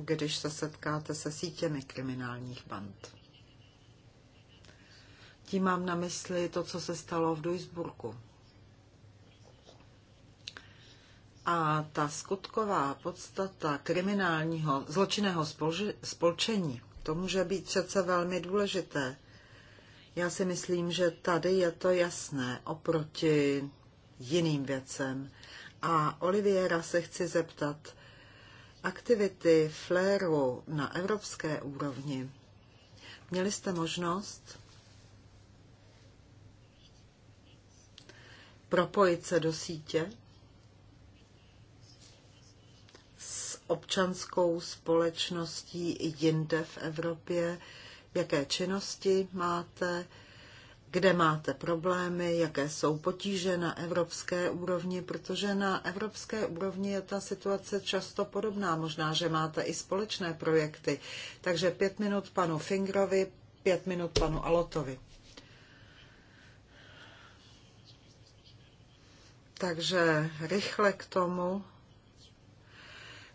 když se setkáte se sítěmi kriminálních band. Tím mám na mysli to, co se stalo v Duisburgu. A ta skutková podstata kriminálního zločinného spolčení, to může být přece velmi důležité. Já si myslím, že tady je to jasné oproti jiným věcem. A Oliviera se chci zeptat, aktivity fléru na evropské úrovni. Měli jste možnost propojit se do sítě s občanskou společností i jinde v Evropě, jaké činnosti máte, kde máte problémy, jaké jsou potíže na evropské úrovni, protože na evropské úrovni je ta situace často podobná. Možná, že máte i společné projekty. Takže pět minut panu Fingrovi, pět minut panu Alotovi. Takže rychle k tomu,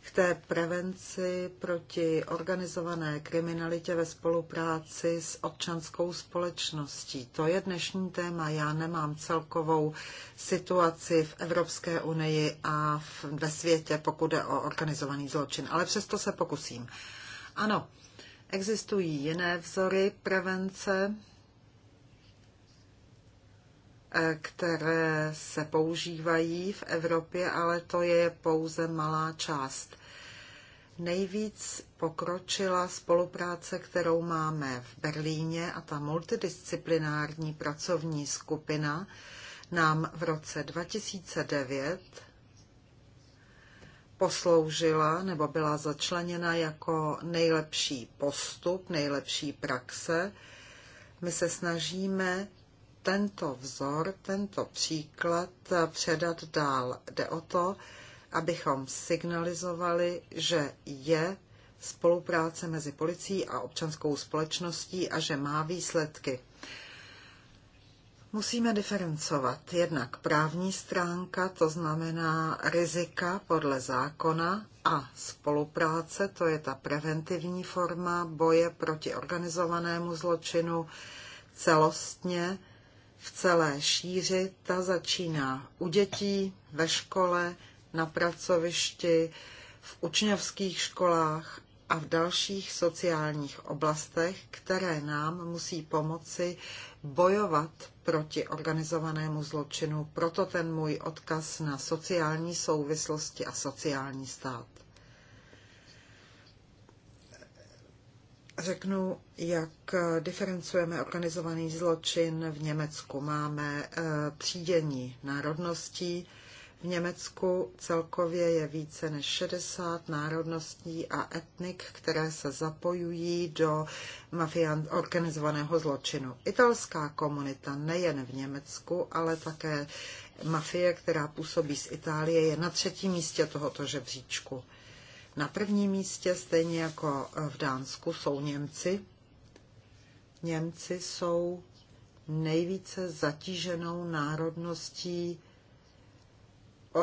k té prevenci proti organizované kriminalitě ve spolupráci s občanskou společností. To je dnešní téma. Já nemám celkovou situaci v Evropské unii a v, ve světě, pokud jde o organizovaný zločin, ale přesto se pokusím. Ano, existují jiné vzory prevence Eh, které se používají v Evropě, ale to je pouze malá část. Nejvíc pokročila spolupráce, kterou máme v Berlíně a ta multidisciplinární pracovní skupina nám v roce 2009 posloužila nebo byla začleněna jako nejlepší postup, nejlepší praxe. My se snažíme tento vzor, tento příklad předat dál. Jde o to, abychom signalizovali, že je spolupráce mezi policií a občanskou společností a že má výsledky. Musíme diferencovat jednak právní stránka, to znamená rizika podle zákona a spolupráce, to je ta preventivní forma boje proti organizovanému zločinu celostně v celé šíři. Ta začíná u dětí, ve škole, na pracovišti, v učňovských školách a v dalších sociálních oblastech, které nám musí pomoci bojovat proti organizovanému zločinu. Proto ten můj odkaz na sociální souvislosti a sociální stát. řeknu, jak eh, diferencujeme organizovaný zločin v Německu. Máme eh, třídění národností. V Německu celkově je více než 60 národností a etnik, které se zapojují do mafian organizovaného zločinu. Italská komunita nejen v Německu, ale také mafie, která působí z Itálie, je na třetím místě tohoto žebříčku. Na prvním místě, stejně jako eh, v Dánsku, jsou Němci. Němci jsou nejvíce zatíženou národností eh,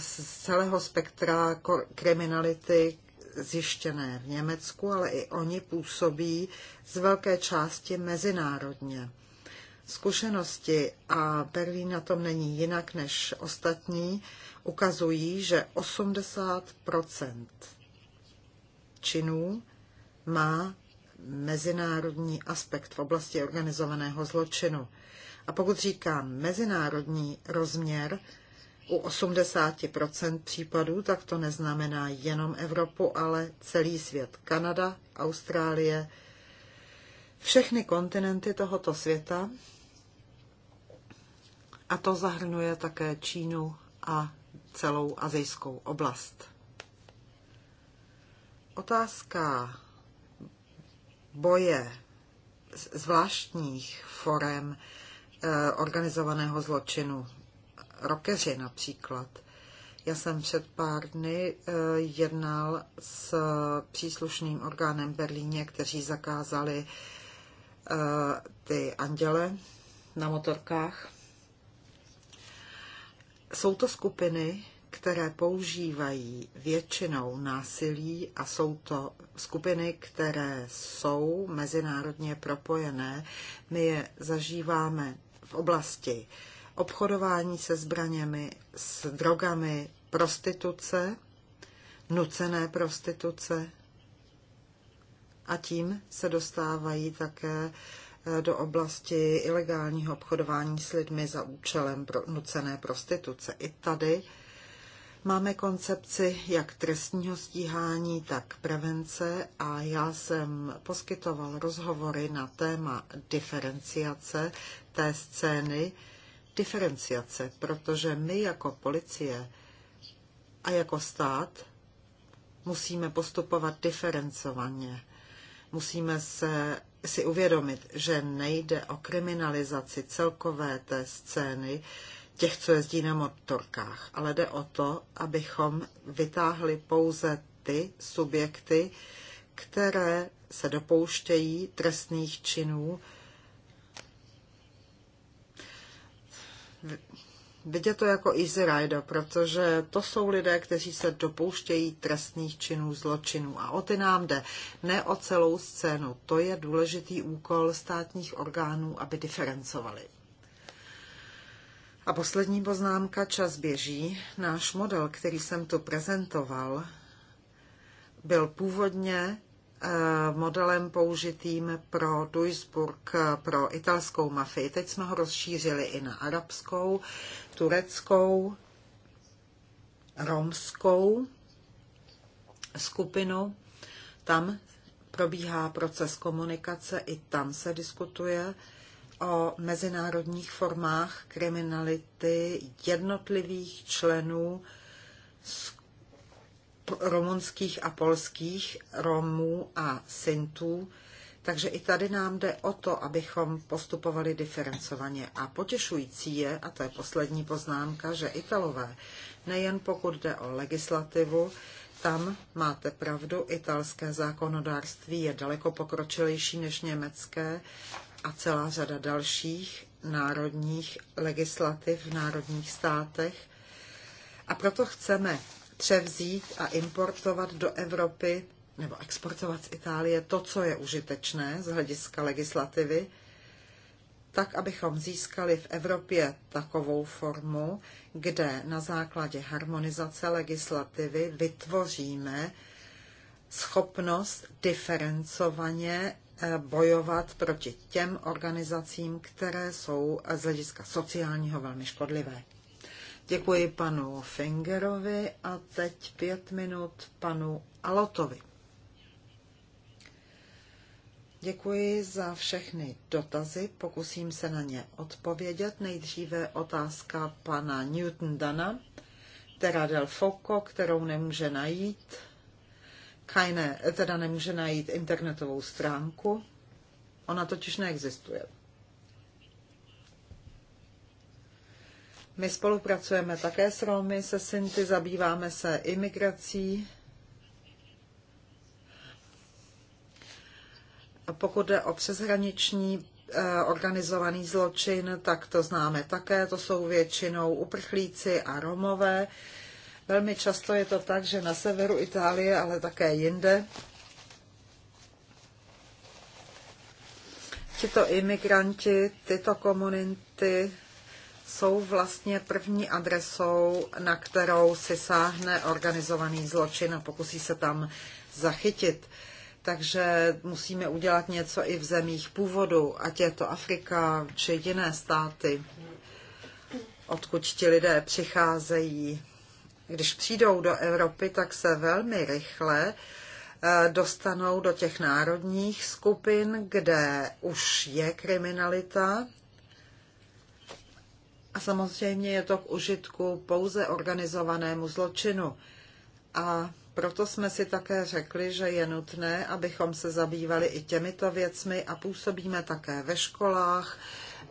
z celého spektra kriminality zjištěné v Německu, ale i oni působí z velké části mezinárodně. Zkušenosti, a Berlín na tom není jinak než ostatní, ukazují, že 80 činů má mezinárodní aspekt v oblasti organizovaného zločinu. A pokud říkám mezinárodní rozměr u 80 případů, tak to neznamená jenom Evropu, ale celý svět. Kanada, Austrálie, všechny kontinenty tohoto světa a to zahrnuje také Čínu a celou azijskou oblast. Otázka boje zvláštních forem eh, organizovaného zločinu. Rokeři například. Já jsem před pár dny eh, jednal s příslušným orgánem Berlíně, kteří zakázali eh, ty anděle na motorkách. Jsou to skupiny, které používají většinou násilí a jsou to skupiny, které jsou mezinárodně propojené. My je zažíváme v oblasti obchodování se zbraněmi, s drogami, prostituce, nucené prostituce a tím se dostávají také do oblasti ilegálního obchodování s lidmi za účelem pro nucené prostituce. I tady Máme koncepci jak trestního stíhání, tak prevence a já jsem poskytoval rozhovory na téma diferenciace té scény. Diferenciace, protože my jako policie a jako stát musíme postupovat diferencovaně. Musíme se si uvědomit, že nejde o kriminalizaci celkové té scény těch, co jezdí na motorkách, ale jde o to, abychom vytáhli pouze ty subjekty, které se dopouštějí trestných činů vidět to jako easy rider, protože to jsou lidé, kteří se dopouštějí trestných činů, zločinů. A o ty nám jde, ne o celou scénu. To je důležitý úkol státních orgánů, aby diferencovali. A poslední poznámka, čas běží. Náš model, který jsem tu prezentoval, byl původně Eh, modelem použitým pro Duisburg, pro italskou mafii. Teď jsme ho rozšířili i na arabskou, tureckou, romskou skupinu. Tam probíhá proces komunikace, i tam se diskutuje o mezinárodních formách kriminality jednotlivých členů rumunských a polských Romů a Sintů. Takže i tady nám jde o to, abychom postupovali diferencovaně. A potěšující je, a to je poslední poznámka, že Italové, nejen pokud jde o legislativu, tam máte pravdu, italské zákonodárství je daleko pokročilejší než německé a celá řada dalších národních legislativ v národních státech. A proto chceme převzít a importovat do Evropy nebo exportovat z Itálie to, co je užitečné z hlediska legislativy, tak, abychom získali v Evropě takovou formu, kde na základě harmonizace legislativy vytvoříme schopnost diferencovaně eh, bojovat proti těm organizacím, které jsou eh, z hlediska sociálního velmi škodlivé. Děkuji panu Fingerovi a teď pět minut panu Alotovi. Děkuji za všechny dotazy, pokusím se na ně odpovědět. Nejdříve otázka pana Newton Dana, teda Del Foco, kterou nemůže najít, kajne, eh, teda nemůže najít internetovou stránku. Ona totiž neexistuje. My spolupracujeme také s Romy, se Sinty, zabýváme se imigrací. Pokud jde o přeshraniční eh, organizovaný zločin, tak to známe také. To jsou většinou uprchlíci a Romové. Velmi často je to tak, že na severu Itálie, ale také jinde, tito imigranti, tyto komunity jsou vlastně první adresou, na kterou si sáhne organizovaný zločin a pokusí se tam zachytit. Takže musíme udělat něco i v zemích původu, ať je to Afrika či jiné státy, odkud ti lidé přicházejí. Když přijdou do Evropy, tak se velmi rychle eh, dostanou do těch národních skupin, kde už je kriminalita a samozřejmě je to k užitku pouze organizovanému zločinu. A proto jsme si také řekli, že je nutné, abychom se zabývali i těmito věcmi a působíme také ve školách,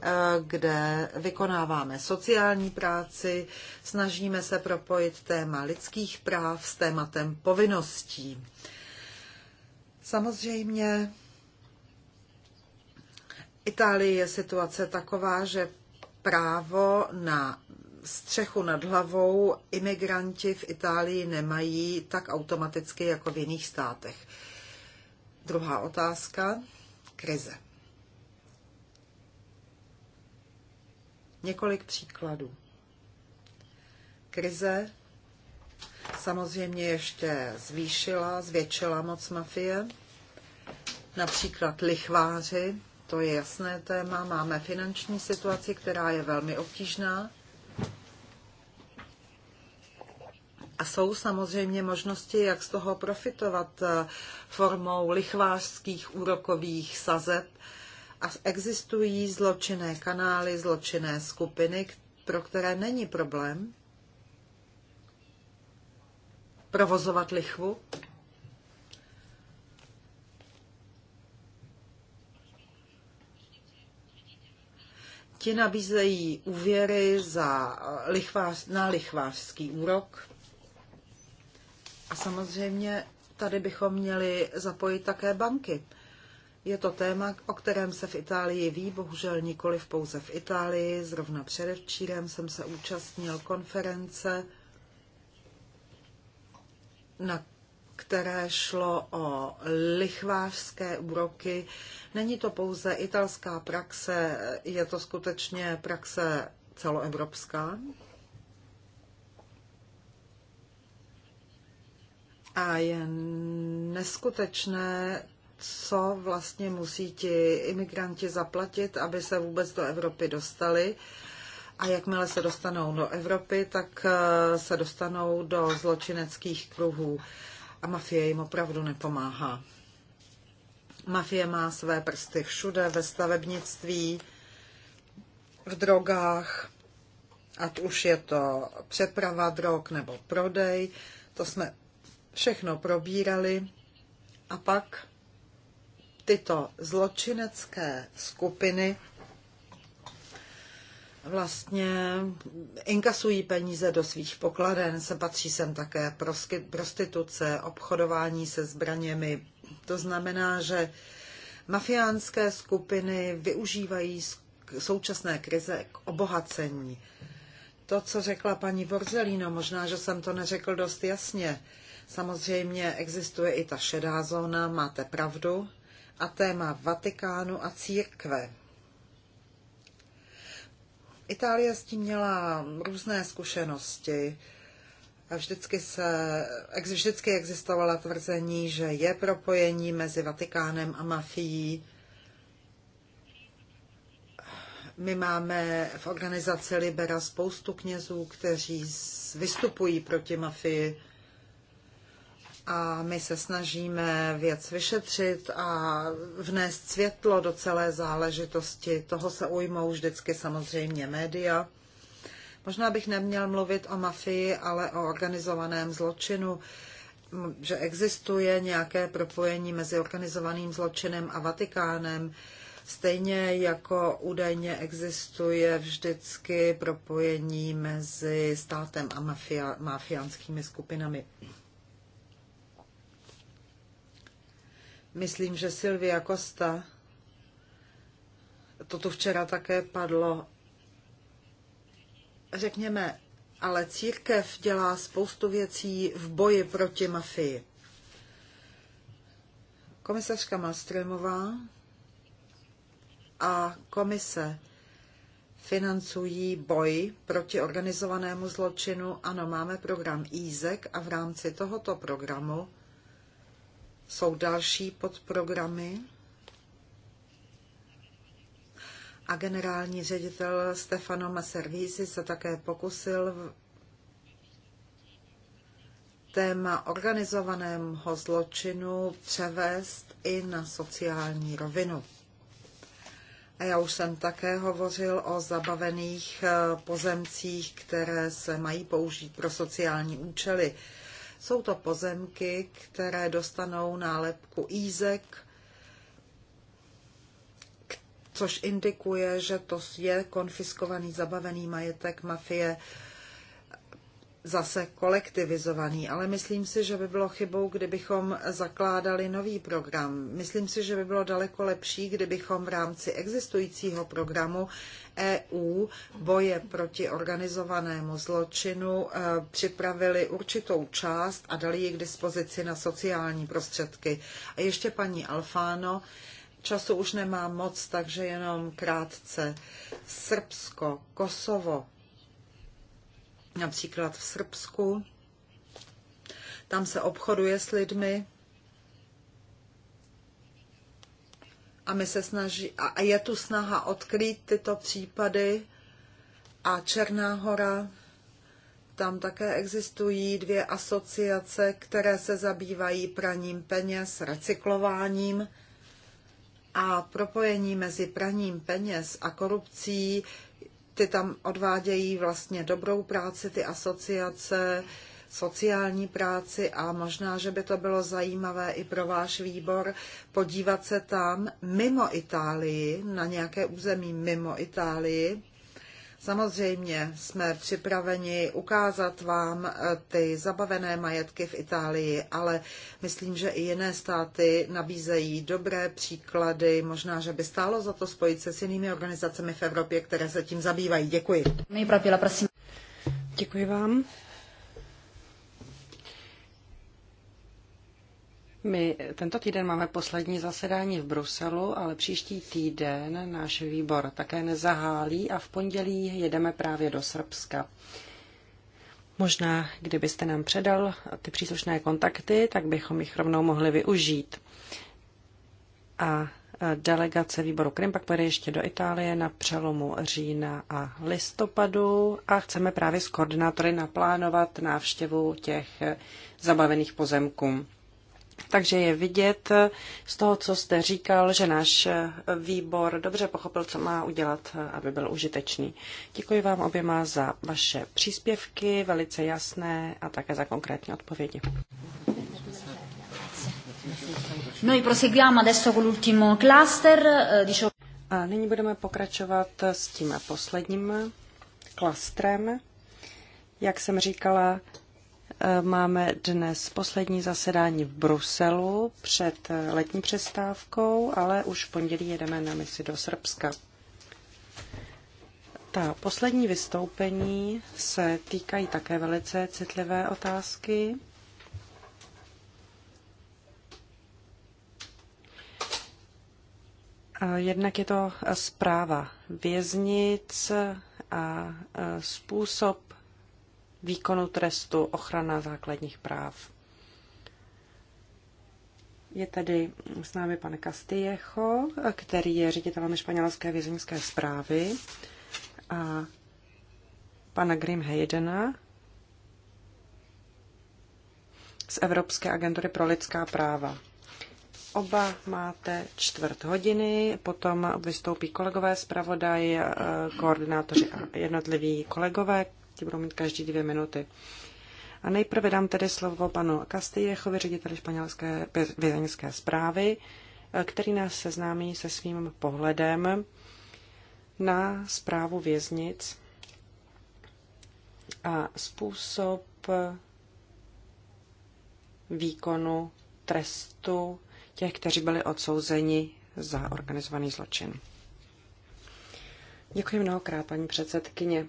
eh, kde vykonáváme sociální práci, snažíme se propojit téma lidských práv s tématem povinností. Samozřejmě Itálii je situace taková, že právo na střechu nad hlavou imigranti v Itálii nemají tak automaticky jako v jiných státech. Druhá otázka. Krize. Několik příkladů. Krize samozřejmě ještě zvýšila, zvětšila moc mafie. Například lichváři to je jasné téma. Máme finanční situaci, která je velmi obtížná. A jsou samozřejmě možnosti, jak z toho profitovat eh, formou lichvářských úrokových sazeb. A existují zločinné kanály, zločinné skupiny, pro které není problém provozovat lichvu. Ti nabízejí úvěry za lichvář, na lichvářský úrok. A samozřejmě tady bychom měli zapojit také banky. Je to téma, o kterém se v Itálii ví, bohužel nikoli pouze v Itálii. Zrovna předevčírem jsem se účastnil konference, na které šlo o lichvářské úroky. Není to pouze italská praxe, je to skutečně praxe celoevropská. A je neskutečné, co vlastně musí ti imigranti zaplatit, aby se vůbec do Evropy dostali. A jakmile se dostanou do Evropy, tak eh, se dostanou do zločineckých kruhů a mafie jim opravdu nepomáhá. Mafie má své prsty všude, ve stavebnictví, v drogách, ať už je to přeprava drog nebo prodej, to jsme všechno probírali. A pak tyto zločinecké skupiny vlastně inkasují peníze do svých pokladen, se patří sem také prostituce, obchodování se zbraněmi. To znamená, že mafiánské skupiny využívají současné krize k obohacení. To, co řekla paní Borzelino, možná, že jsem to neřekl dost jasně. Samozřejmě existuje i ta šedá zóna, máte pravdu, a téma Vatikánu a církve. Itálie s tím měla různé zkušenosti. A vždycky, se, vždycky existovala tvrzení, že je propojení mezi Vatikánem a mafií. My máme v organizaci Libera spoustu knězů, kteří vystupují proti mafii a my se snažíme věc vyšetřit a vnést světlo do celé záležitosti. Toho se ujmou vždycky samozřejmě média. Možná bych neměl mluvit o mafii, ale o organizovaném zločinu, že existuje nějaké propojení mezi organizovaným zločinem a Vatikánem, stejně jako údajně existuje vždycky propojení mezi státem a mafia, mafiánskými skupinami. Myslím, že Silvia Costa, to tu včera také padlo, řekněme, ale církev dělá spoustu věcí v boji proti mafii. Komisařka Malströmová a komise financují boj proti organizovanému zločinu. Ano, máme program IZEK a v rámci tohoto programu jsou další podprogramy. A generální ředitel Stefano Maservisi se také pokusil téma organizovaného zločinu převést i na sociální rovinu. A já už jsem také hovořil o zabavených eh, pozemcích, které se mají použít pro sociální účely. Jsou to pozemky, které dostanou nálepku Ízek, což indikuje, že to je konfiskovaný zabavený majetek mafie zase kolektivizovaný, ale myslím si, že by bylo chybou, kdybychom zakládali nový program. Myslím si, že by bylo daleko lepší, kdybychom v rámci existujícího programu EU boje proti organizovanému zločinu eh, připravili určitou část a dali ji k dispozici na sociální prostředky. A ještě paní Alfáno, času už nemám moc, takže jenom krátce. Srbsko, Kosovo, například v Srbsku. Tam se obchoduje s lidmi a my se snaží, a je tu snaha odkrýt tyto případy a Černá hora tam také existují dvě asociace, které se zabývají praním peněz, recyklováním a propojení mezi praním peněz a korupcí ty tam odvádějí vlastně dobrou práci, ty asociace, sociální práci a možná, že by to bylo zajímavé i pro váš výbor podívat se tam mimo Itálii, na nějaké území mimo Itálii, Samozřejmě jsme připraveni ukázat vám eh, ty zabavené majetky v Itálii, ale myslím, že i jiné státy nabízejí dobré příklady. Možná, že by stálo za to spojit se s jinými organizacemi v Evropě, které se tím zabývají. Děkuji. Děkuji vám. My tento týden máme poslední zasedání v Bruselu, ale příští týden náš výbor také nezahálí a v pondělí jedeme právě do Srbska. Možná, kdybyste nám předal ty příslušné kontakty, tak bychom jich rovnou mohli využít. A e, delegace výboru Krim pak půjde ještě do Itálie na přelomu října a listopadu a chceme právě s koordinátory naplánovat návštěvu těch e, zabavených pozemků. Takže je vidět z toho, co jste říkal, že náš výbor dobře pochopil, co má udělat, aby byl užitečný. Děkuji vám oběma za vaše příspěvky, velice jasné a také za konkrétní odpovědi. cluster. Eh, a nyní budeme pokračovat s tím posledním klastrem. Jak jsem říkala, Máme dnes poslední zasedání v Bruselu před letní přestávkou, ale už v pondělí jedeme na misi do Srbska. Ta poslední vystoupení se týkají také velice citlivé otázky. Jednak je to zpráva věznic a způsob výkonu trestu, ochrana základních práv. Je tady s námi pan Castillejo, který je ředitelem španělské vězeňské zprávy a pana Grim Haydena z Evropské agentury pro lidská práva. Oba máte čtvrt hodiny, potom vystoupí kolegové zpravodaj, koordinátoři a jednotliví kolegové části budou mít každý dvě minuty. A nejprve dám tedy slovo panu Kastejechovi, řediteli španělské vězeňské zprávy, který nás seznámí se svým pohledem na zprávu věznic a způsob výkonu trestu těch, kteří byli odsouzeni za organizovaný zločin. Děkuji mnohokrát, paní předsedkyně.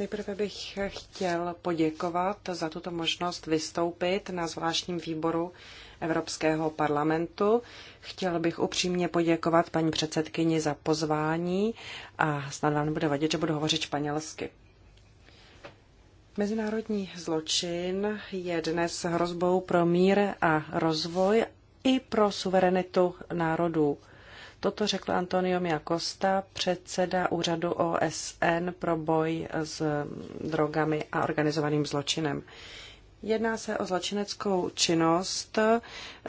Nejprve bych chtěl poděkovat za tuto možnost vystoupit na zvláštním výboru Evropského parlamentu. Chtěl bych upřímně poděkovat paní předsedkyni za pozvání a snad vám nebude vadit, že budu hovořit španělsky. Mezinárodní zločin je dnes hrozbou pro mír a rozvoj i pro suverenitu národů. Toto řekl Antonio Miakosta, předseda úřadu OSN pro boj s drogami a organizovaným zločinem. Jedná se o zločineckou činnost,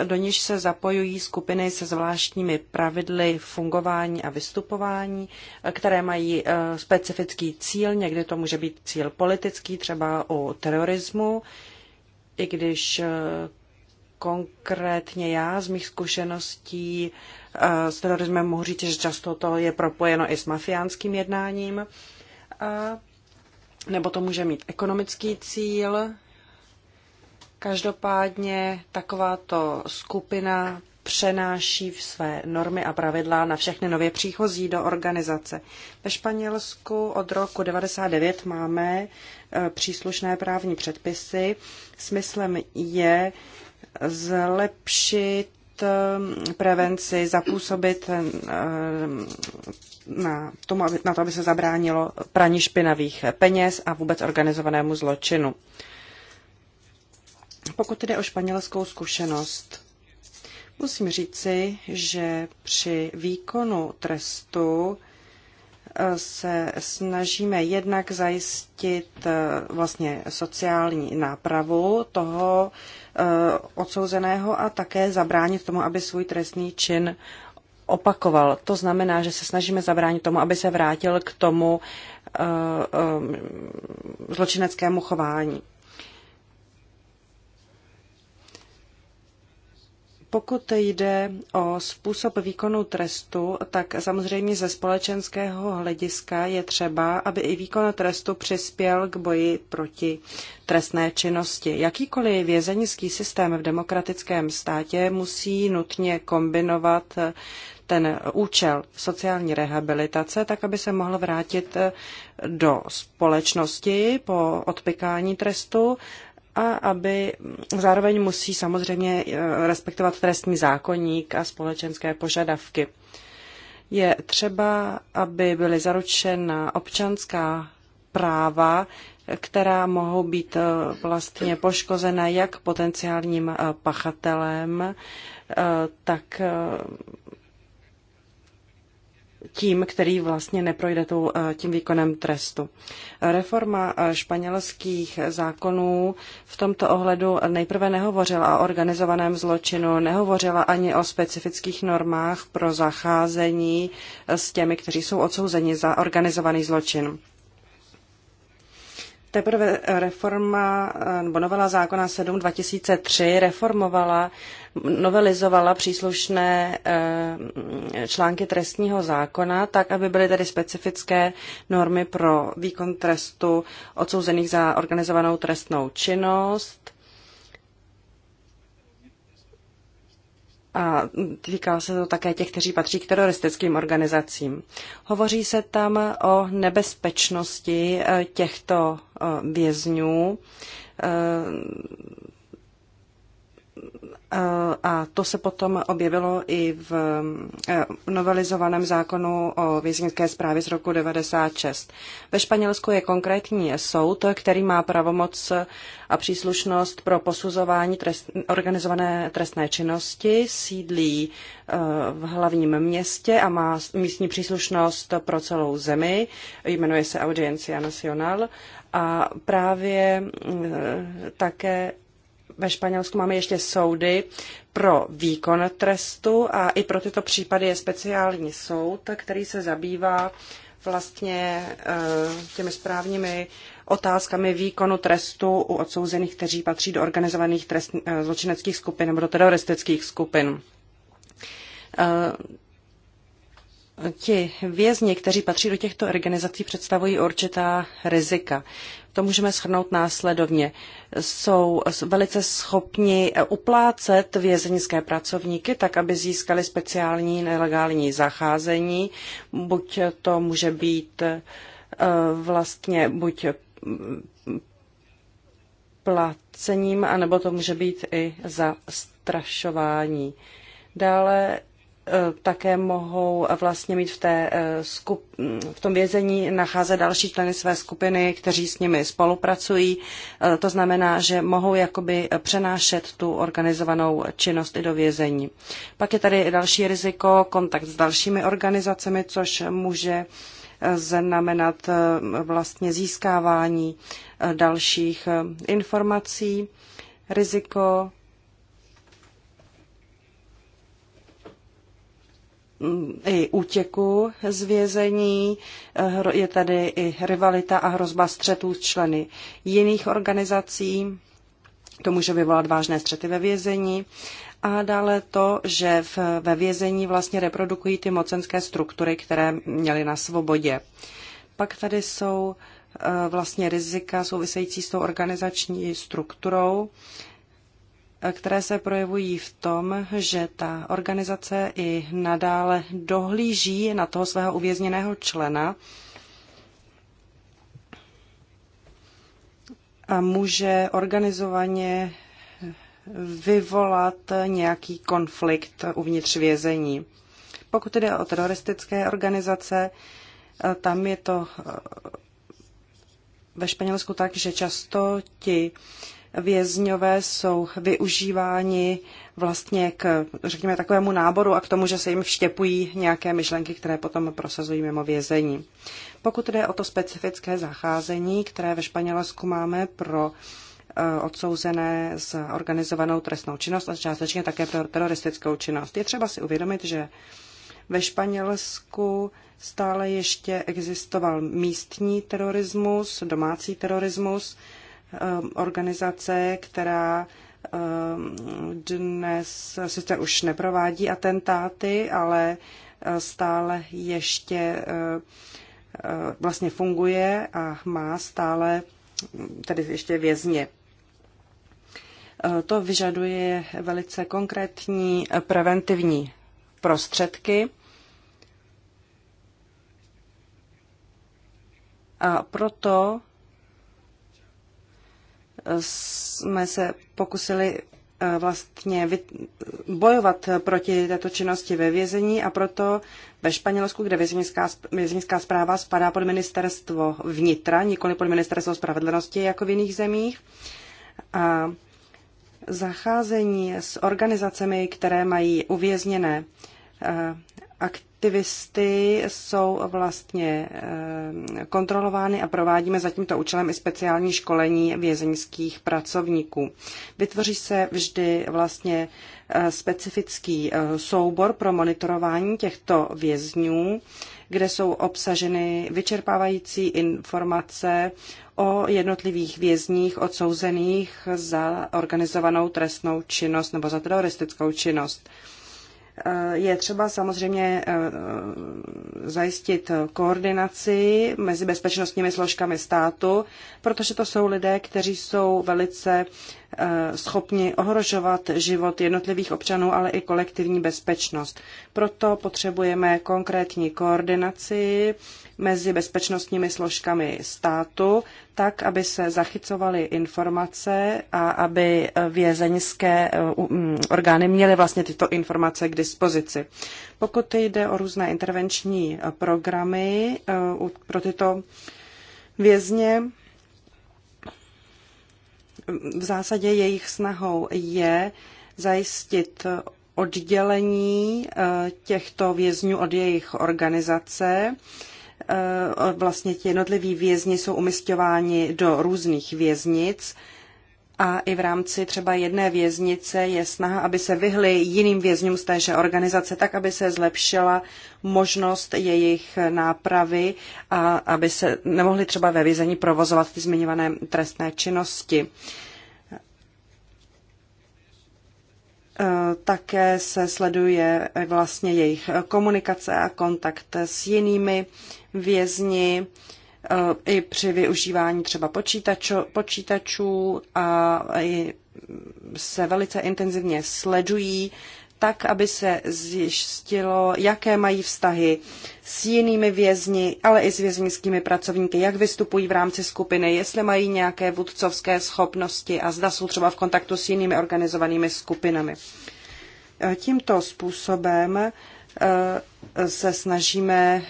do níž se zapojují skupiny se zvláštními pravidly fungování a vystupování, které mají eh, specifický cíl. Někdy to může být cíl politický, třeba u terorismu, i když eh, Konkrétně já z mých zkušeností eh, s terorismem mohu říct, že často to je propojeno i s mafiánským jednáním, nebo to může mít ekonomický cíl. Každopádně takováto skupina přenáší v své normy a pravidla na všechny nově příchozí do organizace. Ve Španělsku od roku 99 máme eh, příslušné právní předpisy. Smyslem je zlepšit ehm, prevenci, zapůsobit ehm, na, tomu, na to, aby se zabránilo praní špinavých peněz a vůbec organizovanému zločinu. Pokud jde o španělskou zkušenost, musím říci, že při výkonu trestu se snažíme jednak zajistit eh, vlastně sociální nápravu toho eh, odsouzeného a také zabránit tomu, aby svůj trestný čin opakoval. To znamená, že se snažíme zabránit tomu, aby se vrátil k tomu eh, zločineckému chování. Pokud jde o způsob výkonu trestu, tak samozřejmě ze společenského hlediska je třeba, aby i výkon trestu přispěl k boji proti trestné činnosti. Jakýkoliv vězeňský systém v demokratickém státě musí nutně kombinovat ten účel sociální rehabilitace, tak aby se mohl vrátit do společnosti po odpykání trestu a aby zároveň musí samozřejmě eh, respektovat trestní zákonník a společenské požadavky. Je třeba, aby byly zaručena občanská práva, která mohou být eh, vlastně poškozena jak potenciálním eh, pachatelem, tak tím, který vlastně neprojde tou, eh, tím výkonem trestu. Reforma eh, španělských zákonů v tomto ohledu nejprve nehovořila o organizovaném zločinu, nehovořila ani o specifických normách pro zacházení eh, s těmi, kteří jsou odsouzeni za organizovaný zločin. Teprve reforma eh, nebo novela zákona 7 2003 reformovala, novelizovala příslušné eh, články trestního zákona tak, aby byly tedy specifické normy pro výkon trestu odsouzených za organizovanou trestnou činnost a týká se to také těch, kteří patří k teroristickým organizacím. Hovoří se tam o nebezpečnosti eh, těchto eh, vězňů eh, Eh, a to se potom objevilo i v eh, novelizovaném zákonu o vězeňské zprávě z roku 96. Ve Španělsku je konkrétní soud, který má pravomoc a příslušnost pro posuzování trest, organizované trestné činnosti, sídlí eh, v hlavním městě a má místní příslušnost pro celou zemi, jmenuje se Audiencia Nacional a právě také ve Španělsku máme ještě soudy pro výkon trestu a i pro tyto případy je speciální soud, který se zabývá vlastně eh, těmi správními otázkami výkonu trestu u odsouzených, kteří patří do organizovaných trest, eh, zločineckých skupin nebo do teroristických skupin. Eh, ti vězni, kteří patří do těchto organizací, představují určitá rizika to můžeme shrnout následovně. Jsou velice schopni eh, uplácet vězeňské pracovníky tak, aby získali speciální nelegální zacházení. Buď to může být eh, vlastně buď mm, placením, anebo to může být i za strašování. Dále Eh, také mohou vlastně mít v, té eh, skup, v tom vězení nacházet další členy své skupiny, kteří s nimi spolupracují. Eh, to znamená, že mohou jakoby přenášet tu organizovanou činnost i do vězení. Pak je tady další riziko, kontakt s dalšími organizacemi, což může znamenat vlastně získávání dalších informací, riziko i útěku z vězení, je tady i rivalita a hrozba střetů s členy jiných organizací. To může vyvolat vážné střety ve vězení. A dále to, že v, ve vězení vlastně reprodukují ty mocenské struktury, které měly na svobodě. Pak tady jsou eh, vlastně rizika související s tou organizační strukturou které se projevují v tom, že ta organizace i nadále dohlíží na toho svého uvězněného člena a může organizovaně vyvolat nějaký konflikt uvnitř vězení. Pokud jde o teroristické organizace, tam je to eh, ve Španělsku tak, že často ti vězňové jsou využíváni vlastně k, řekněme, takovému náboru a k tomu, že se jim vštěpují nějaké myšlenky, které potom prosazují mimo vězení. Pokud jde o to specifické zacházení, které ve Španělsku máme pro e, odsouzené za organizovanou trestnou činnost a částečně také pro teroristickou činnost. Je třeba si uvědomit, že ve Španělsku stále ještě existoval místní terorismus, domácí terorismus Um, organizace, která um, dnes sice už neprovádí atentáty, ale eh, stále ještě eh, eh, vlastně funguje a má stále hm, tedy ještě vězně. To vyžaduje velice konkrétní preventivní prostředky. A proto jsme se pokusili eh, vlastně bojovat proti této činnosti ve vězení a proto ve Španělsku, kde vězeňská, vězeňská zpráva spadá pod ministerstvo vnitra, nikoli pod ministerstvo spravedlnosti jako v jiných zemích. A zacházení s organizacemi, které mají uvězněné eh, aktivisty jsou vlastně eh, kontrolovány a provádíme za tímto účelem i speciální školení vězeňských pracovníků. Vytvoří se vždy vlastně eh, specifický eh, soubor pro monitorování těchto vězňů, kde jsou obsaženy vyčerpávající informace o jednotlivých vězních odsouzených za organizovanou trestnou činnost nebo za teroristickou činnost. Eh, je třeba samozřejmě eh, zajistit koordinaci mezi bezpečnostními složkami státu, protože to jsou lidé, kteří jsou velice schopni ohrožovat život jednotlivých občanů, ale i kolektivní bezpečnost. Proto potřebujeme konkrétní koordinaci mezi bezpečnostními složkami státu, tak, aby se zachycovaly informace a aby vězeňské uh, um, orgány měly vlastně tyto informace k dispozici. Pokud jde o různé intervenční programy uh, pro tyto vězně, v zásadě jejich snahou je zajistit oddělení eh, těchto vězňů od jejich organizace. Eh, vlastně ti jednotliví vězni jsou umistováni do různých věznic a i v rámci třeba jedné věznice je snaha, aby se vyhly jiným vězňům z téže organizace, tak aby se zlepšila možnost jejich nápravy a aby se nemohli třeba ve vězení provozovat ty zmiňované trestné činnosti. E, také se sleduje vlastně jejich komunikace a kontakt s jinými vězni i při využívání třeba počítačů, počítačů a i se velice intenzivně sledují, tak, aby se zjistilo, jaké mají vztahy s jinými vězni, ale i s věznickými pracovníky, jak vystupují v rámci skupiny, jestli mají nějaké vůdcovské schopnosti a zda jsou třeba v kontaktu s jinými organizovanými skupinami. Tímto způsobem se snažíme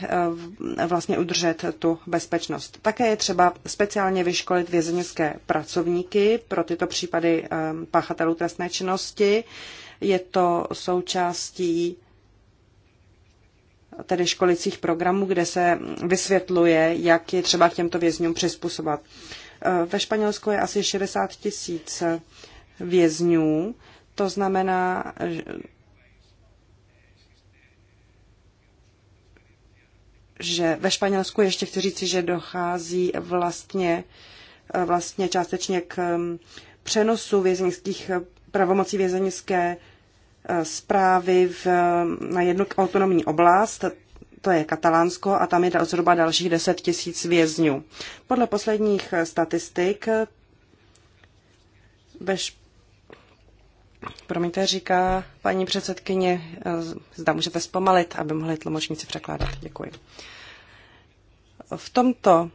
eh, vlastně udržet tu bezpečnost. Také je třeba speciálně vyškolit vězeňské pracovníky pro tyto případy eh, páchatelů trestné činnosti. Je to součástí eh, tedy školicích programů, kde se vysvětluje, jak je třeba k těmto vězňům přizpůsobat. Ve Španělsku je asi 60 tisíc vězňů, to znamená, že ve Španělsku ještě chci říci, že dochází vlastně, eh, vlastně částečně k mm, přenosu vězeňských pravomocí vězeňské zprávy eh, v, mm, na jednu autonomní oblast, to je Katalánsko, a tam je zhruba dalších 10 tisíc vězňů. Podle posledních eh, statistik ve Španělsku Promiňte, říká paní předsedkyně, eh, zda můžete zpomalit, aby mohli tlumočníci překládat. Děkuji. V tomto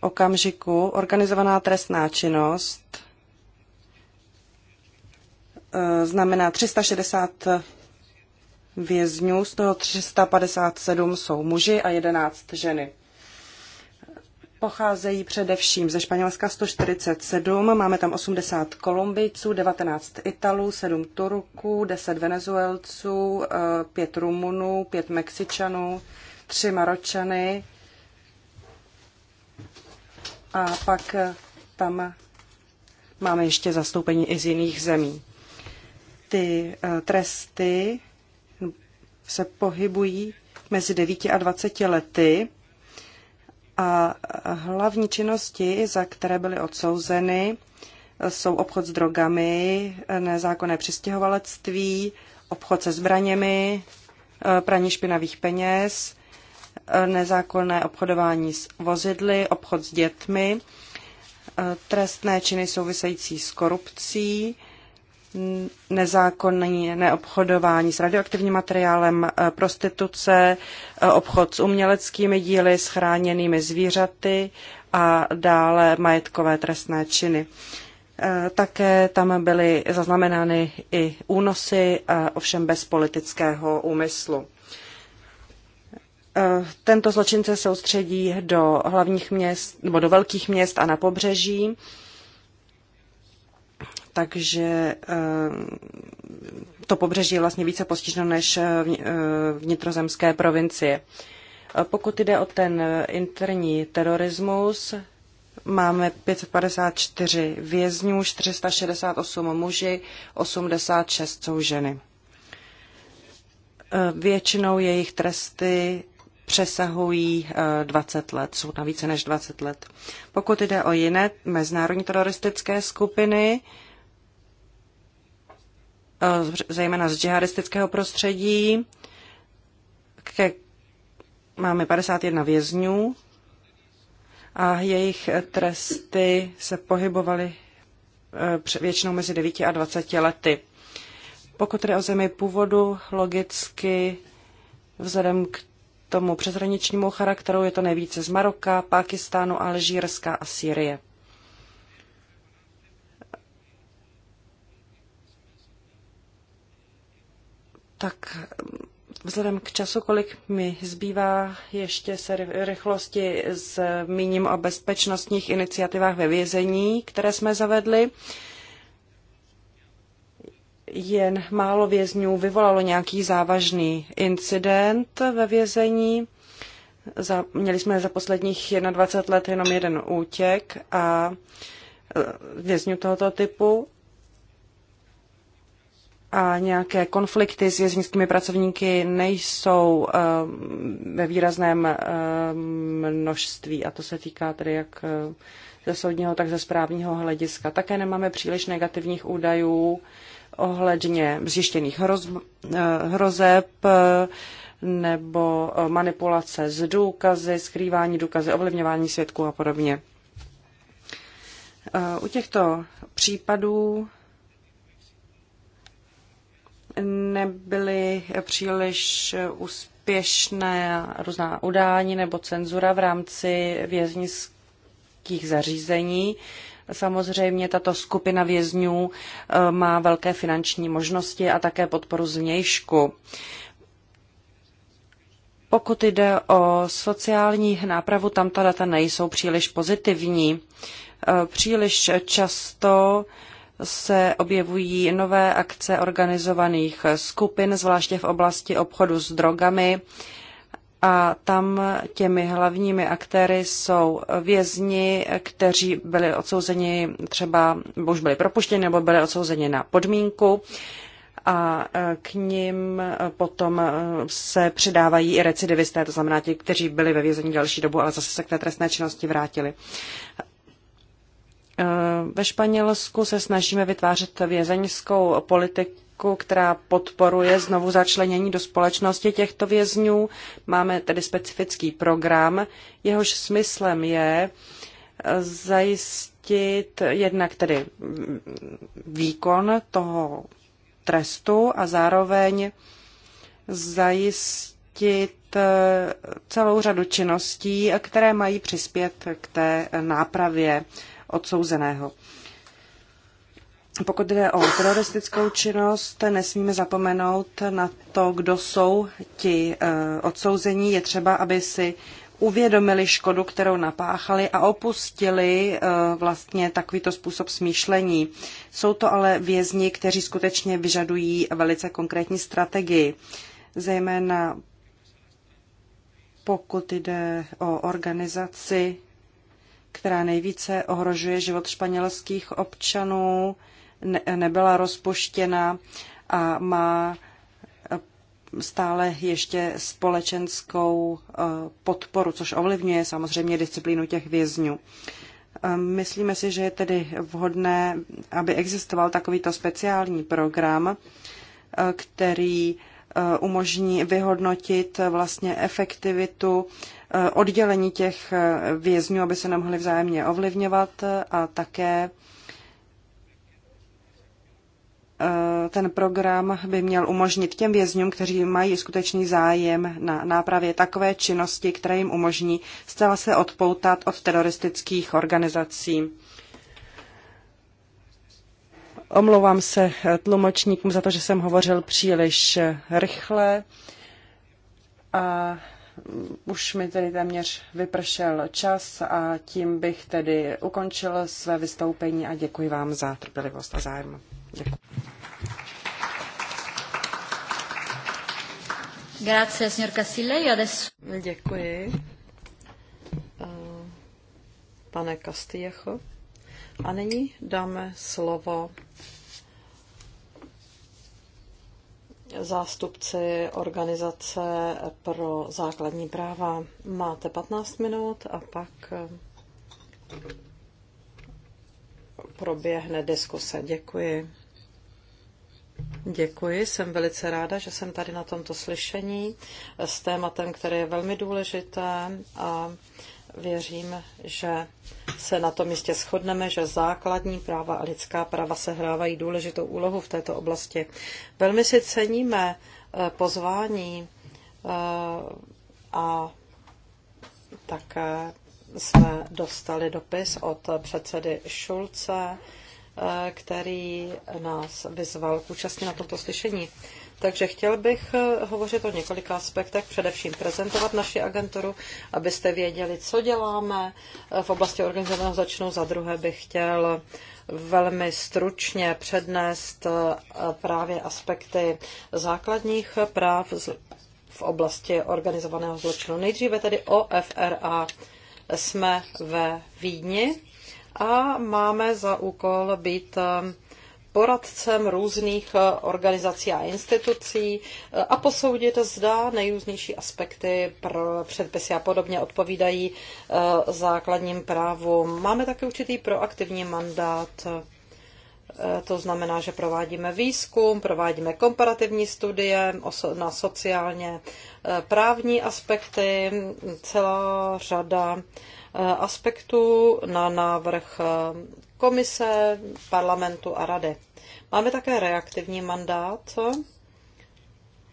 okamžiku organizovaná trestná činnost eh, znamená 360 vězňů, z toho 357 jsou muži a 11 ženy pocházejí především ze Španělska 147, máme tam 80 Kolumbijců, 19 Italů, 7 Turků, 10 Venezuelců, 5 eh, Rumunů, 5 Mexičanů, 3 Maročany a pak eh, tam máme ještě zastoupení i z jiných zemí. Ty eh, tresty se pohybují mezi 9 a 20 lety a hlavní činnosti, za které byly odsouzeny, jsou obchod s drogami, nezákonné přistěhovalectví, obchod se zbraněmi, praní špinavých peněz, nezákonné obchodování s vozidly, obchod s dětmi, trestné činy související s korupcí, nezákonné neobchodování s radioaktivním materiálem, e, prostituce, e, obchod s uměleckými díly, s chráněnými zvířaty a dále majetkové trestné činy. E, také tam byly zaznamenány i únosy, ovšem bez politického úmyslu. Tento zločin se soustředí do hlavních měst nebo do velkých měst a na pobřeží takže eh, to pobřeží je vlastně více postiženo než eh, eh, vnitrozemské provincie. Pokud jde o ten interní terorismus, máme 554 vězňů, 468 muži, 86 jsou ženy. Většinou jejich tresty přesahují 20 let, jsou tam více než 20 let. Pokud jde o jiné mezinárodní teroristické skupiny, Eh, zejména z džihadistického prostředí. Ke, máme 51 vězňů a jejich tresty se pohybovaly eh, většinou mezi 9 a 20 lety. Pokud tedy o zemi původu, logicky vzhledem k tomu přeshraničnímu charakteru je to nejvíce z Maroka, Pákistánu, Alžírska a Sýrie. Tak vzhledem k času, kolik mi zbývá, ještě se rychlosti zmíním o bezpečnostních iniciativách ve vězení, které jsme zavedli. Jen málo vězňů vyvolalo nějaký závažný incident ve vězení. Za, měli jsme za posledních 21 let jenom jeden útěk a e, vězňů tohoto typu a nějaké konflikty s vězeňskými pracovníky nejsou eh, ve výrazném eh, množství a to se týká tedy jak eh, ze soudního, tak ze správního hlediska. Také nemáme příliš negativních údajů ohledně zjištěných hroz, hrozeb nebo manipulace z důkazy, skrývání důkazy, ovlivňování svědků a podobně. U těchto případů nebyly příliš úspěšné různá udání nebo cenzura v rámci věznických zařízení. Samozřejmě tato skupina vězňů eh, má velké finanční možnosti a také podporu zvnějšku. Pokud jde o sociální nápravu, tam ta data nejsou příliš pozitivní. Eh, příliš často se objevují nové akce organizovaných skupin, zvláště v oblasti obchodu s drogami. A tam těmi hlavními aktéry jsou vězni, kteří byli odsouzeni třeba, už byli propuštěni nebo byli odsouzeni na podmínku a e, k ním e, potom e, se přidávají i recidivisté, to znamená ti, kteří byli ve vězení další dobu, ale zase se k té trestné činnosti vrátili. Eh, ve Španělsku se snažíme vytvářet vězeňskou politiku, která podporuje znovu začlenění do společnosti těchto vězňů. Máme tedy specifický program, jehož smyslem je eh, zajistit jednak tedy mm, výkon toho trestu a zároveň zajistit eh, celou řadu činností, které mají přispět k té nápravě odsouzeného. Pokud jde o teroristickou činnost, nesmíme zapomenout na to, kdo jsou ti eh, odsouzení. Je třeba, aby si uvědomili škodu, kterou napáchali a opustili eh, vlastně takovýto způsob smýšlení. Jsou to ale vězni, kteří skutečně vyžadují velice konkrétní strategii, zejména pokud jde o organizaci která nejvíce ohrožuje život španělských občanů, ne, nebyla rozpuštěna a má eh, stále ještě společenskou eh, podporu, což ovlivňuje samozřejmě disciplínu těch vězňů. Ehm, myslíme si, že je tedy vhodné, aby existoval takovýto speciální program, eh, který Eh, umožní vyhodnotit vlastně efektivitu eh, oddělení těch eh, vězňů, aby se nemohli vzájemně ovlivňovat a také ten program by měl umožnit těm vězňům, kteří mají skutečný zájem na nápravě takové činnosti, které jim umožní zcela se odpoutat od teroristických organizací. Omlouvám se tlumočníkům za to, že jsem hovořil příliš rychle a už mi tedy téměř vypršel čas a tím bych tedy ukončil své vystoupení a děkuji vám za trpělivost a zájem. Děkuji. Grazie, signor Castillejo. Adesso... Děkuji. Eh, pane Castillejo. A nyní dáme slovo zástupci organizace pro základní práva. Máte 15 minut a pak eh, proběhne diskuse. Děkuji. Děkuji, jsem velice ráda, že jsem tady na tomto slyšení s tématem, které je velmi důležité a věřím, že se na tom jistě shodneme, že základní práva a lidská práva sehrávají důležitou úlohu v této oblasti. Velmi si ceníme eh, pozvání eh, a také jsme dostali dopis od předsedy Šulce, eh, který nás vyzval k účasti na tomto slyšení. Takže chtěl bych eh, hovořit o několika aspektech, především prezentovat naši agenturu, abyste věděli, co děláme eh, v oblasti organizovaného začnu. Za druhé bych chtěl velmi stručně přednést eh, právě aspekty základních práv v oblasti organizovaného zločinu. Nejdříve tedy o FRA. Jsme ve Vídni a máme za úkol být poradcem různých eh, organizací a institucí eh, a posoudit, zda nejrůznější aspekty pro předpisy a podobně odpovídají eh, základním právům. Máme také určitý proaktivní mandát. To znamená, že provádíme výzkum, provádíme komparativní studie na sociálně právní aspekty, celá řada aspektů na návrh komise, parlamentu a rady. Máme také reaktivní mandát,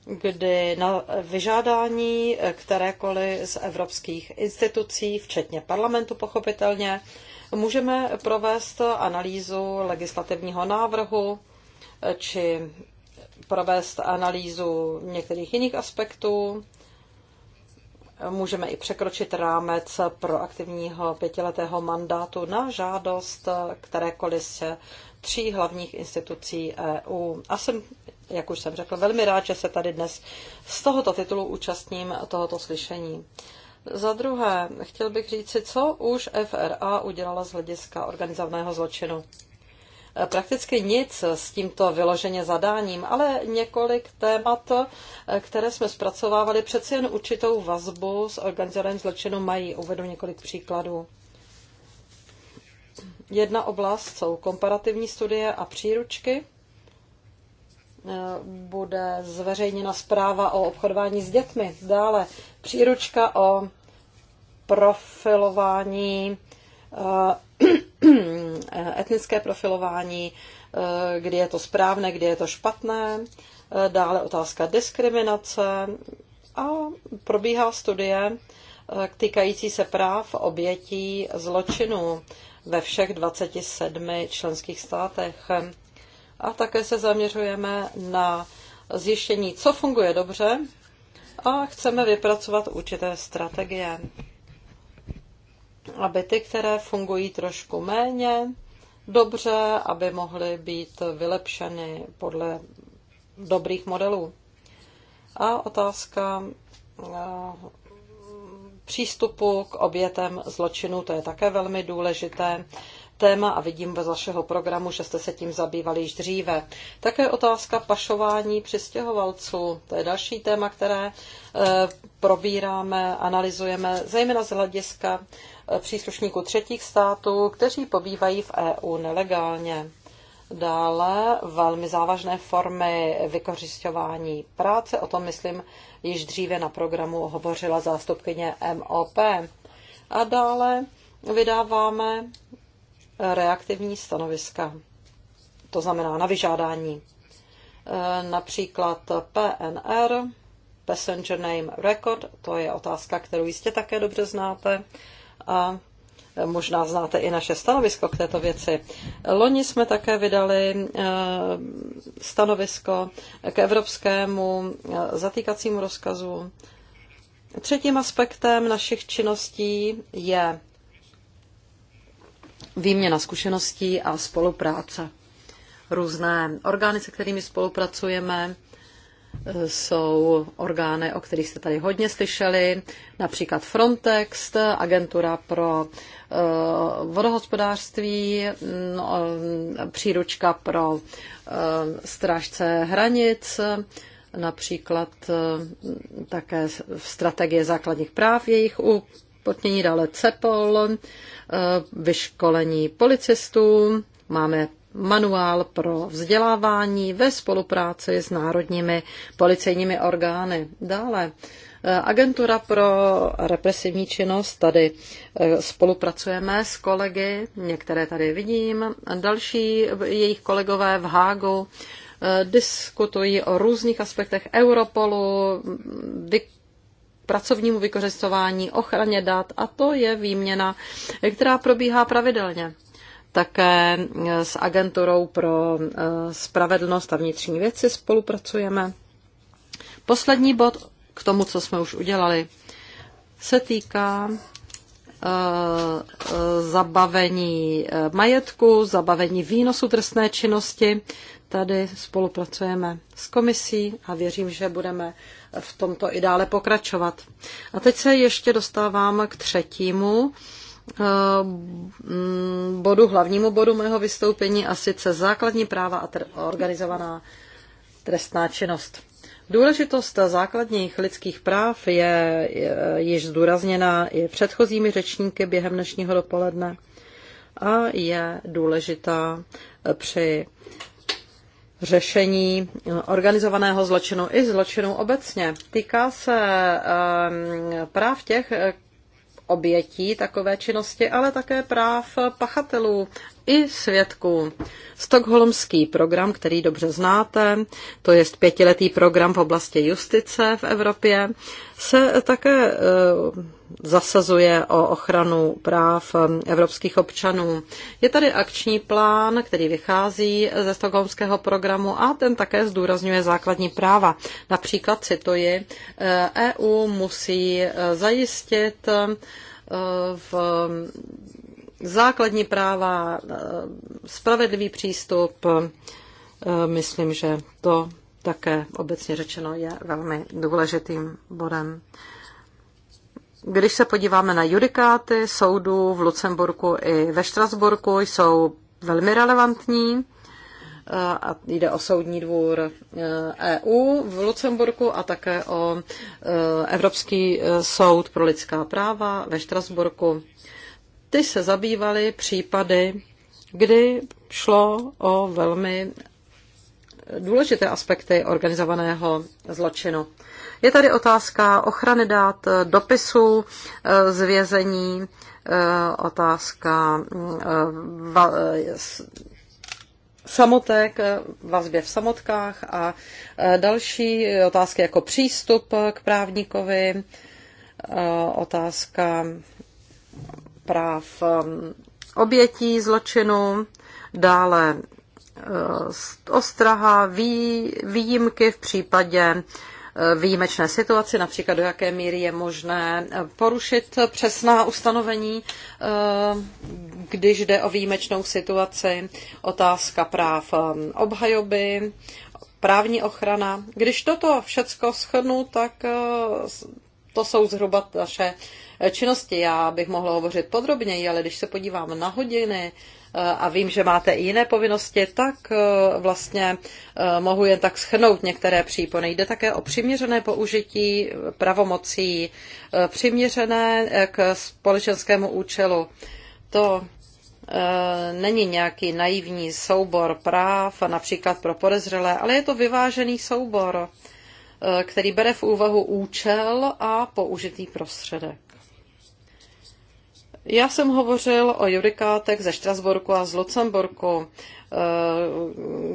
kdy na vyžádání kterékoliv z evropských institucí, včetně parlamentu pochopitelně, můžeme provést analýzu legislativního návrhu či provést analýzu některých jiných aspektů můžeme i překročit rámec proaktivního pětiletého mandátu na žádost kterékoliv tří hlavních institucí EU. A jsem, jak už jsem řekl, velmi rád, že se tady dnes z tohoto titulu účastním tohoto slyšení. Za druhé, chtěl bych říci, co už FRA udělala z hlediska organizovaného zločinu prakticky nic s tímto vyloženě zadáním, ale několik témat, které jsme zpracovávali, přeci jen určitou vazbu s organizovaným zločinu mají. Uvedu několik příkladů. Jedna oblast jsou komparativní studie a příručky. Bude zveřejněna zpráva o obchodování s dětmi. Dále příručka o profilování etnické profilování, eh, kdy je to správné, kdy je to špatné, eh, dále otázka diskriminace a probíhá studie eh, týkající se práv obětí zločinů ve všech 27 členských státech. A také se zaměřujeme na zjištění, co funguje dobře a chceme vypracovat určité strategie aby ty, které fungují trošku méně dobře, aby mohly být vylepšeny podle dobrých modelů. A otázka eh, přístupu k obětem zločinu, to je také velmi důležité téma a vidím ve vašeho programu, že jste se tím zabývali již dříve. Také otázka pašování přistěhovalců. To je další téma, které eh, probíráme, analyzujeme, zejména z hlediska příslušníků třetích států, kteří pobývají v EU nelegálně. Dále velmi závažné formy vykořišťování práce, o tom myslím již dříve na programu hovořila zástupkyně MOP. A dále vydáváme reaktivní stanoviska, to znamená na vyžádání. E, například PNR, Passenger Name Record, to je otázka, kterou jistě také dobře znáte, a možná znáte i naše stanovisko k této věci. Loni jsme také vydali eh, stanovisko k evropskému eh, zatýkacímu rozkazu. Třetím aspektem našich činností je výměna zkušeností a spolupráce. Různé orgány, se kterými spolupracujeme, jsou orgány, o kterých jste tady hodně slyšeli, například Frontex, agentura pro eh, vodohospodářství, no, eh, příručka pro eh, strážce hranic, například také strategie základních práv jejich uplatnění, dále CEPOL, vyškolení policistů, máme manuál pro vzdělávání ve spolupráci s národními policejními orgány. Dále eh, Agentura pro represivní činnost, tady eh, spolupracujeme s kolegy, některé tady vidím, další jejich kolegové v Hágu eh, diskutují o různých aspektech Europolu, mm, vy, pracovnímu vykořistování, ochraně dat a to je výměna, která probíhá pravidelně. Také eh, s agenturou pro eh, spravedlnost a vnitřní věci spolupracujeme. Poslední bod k tomu, co jsme už udělali, se týká eh, zabavení majetku, zabavení výnosu trestné činnosti. Tady spolupracujeme s komisí a věřím, že budeme v tomto i dále pokračovat. A teď se ještě dostávám k třetímu Eh, bodu, hlavnímu bodu mého vystoupení, a sice základní práva a organizovaná trestná činnost. Důležitost základních lidských práv je, je již zdůrazněna i předchozími řečníky během dnešního dopoledne a je důležitá při řešení organizovaného zločinu i zločinu obecně. Týká se eh, práv těch, obětí takové činnosti, ale také práv pachatelů i svědků. Stockholmský program, který dobře znáte, to je pětiletý program v oblasti justice v Evropě, se také e, zasazuje o ochranu práv e, evropských občanů. Je tady akční plán, který vychází ze stokholmského programu a ten také zdůrazňuje základní práva. Například cituji, EU e musí zajistit v základní práva, eh, spravedlivý přístup, eh, myslím, že to také obecně řečeno je velmi důležitým bodem. Když se podíváme na judikáty soudů v Lucemburku i ve Štrasburku, jsou velmi relevantní eh, a jde o soudní dvůr EU e v Lucemburku a také o Evropský soud pro lidská práva ve Štrasburku. Ty se zabývaly případy, kdy šlo o velmi důležité aspekty organizovaného zločinu. Je tady otázka ochrany dát eh, dopisů eh, z vězení, eh, otázka mm, samotek, vazbě v samotkách a další otázky jako přístup k právníkovi, otázka práv um, obětí zločinu, dále uh, ostraha, vý výjimky v případě uh, výjimečné situaci, například do jaké míry je možné uh, porušit přesná ustanovení, když jde o výjimečnou situaci, otázka práv um, obhajoby, právní ochrana. Když toto všecko schrnu, tak to jsou zhruba naše činnosti. Já bych mohla hovořit podrobněji, ale když se podívám na hodiny eh, a vím, že máte i jiné povinnosti, tak eh, vlastně eh, mohu jen tak schrnout některé přípony. Jde také o přiměřené použití pravomocí, přiměřené k společenskému účelu. To není nějaký naivní soubor práv, například pro podezřelé, ale je to vyvážený soubor, který bere v úvahu účel a použitý prostředek. Já jsem hovořil o judikátech ze Štrasburku a z Lucemburku, eh,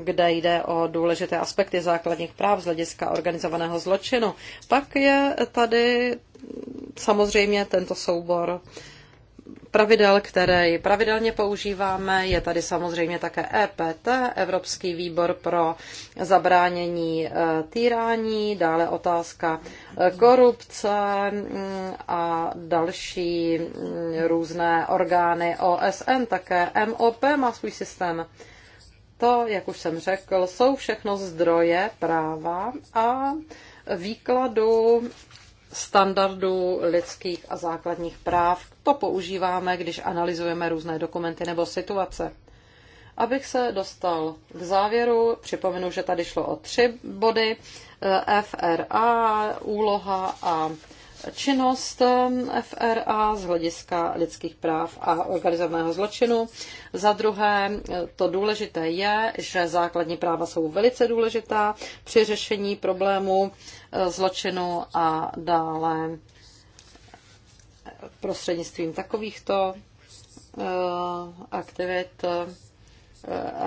kde jde o důležité aspekty základních práv z hlediska organizovaného zločinu. Pak je tady samozřejmě tento soubor pravidel, které pravidelně používáme. Je tady samozřejmě také EPT, Evropský výbor pro zabránění e, týrání, dále otázka e, korupce mm, a další mm, různé orgány OSN, také MOP má svůj systém. To, jak už jsem řekl, jsou všechno zdroje práva a výkladu standardů lidských a základních práv. To používáme, když analyzujeme různé dokumenty nebo situace. Abych se dostal k závěru, připomenu, že tady šlo o tři body. E, FRA, úloha a činnost ehm, FRA z hlediska lidských práv a organizovaného zločinu. Za druhé, to důležité je, že základní práva jsou velice důležitá při řešení problému eh, zločinu a dále eh, prostřednictvím takovýchto eh, aktivit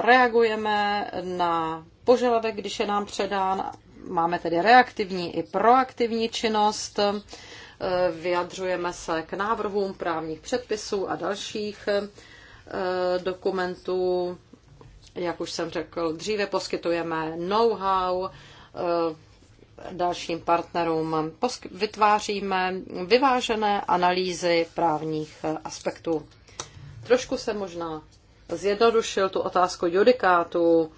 reagujeme na požadavek, když je nám předán Máme tedy reaktivní i proaktivní činnost, eh, vyjadřujeme se k návrhům právních předpisů a dalších eh, dokumentů. Jak už jsem řekl, dříve poskytujeme know-how eh, dalším partnerům. Vytváříme vyvážené analýzy právních aspektů. Trošku se možná zjednodušil tu otázku judikátu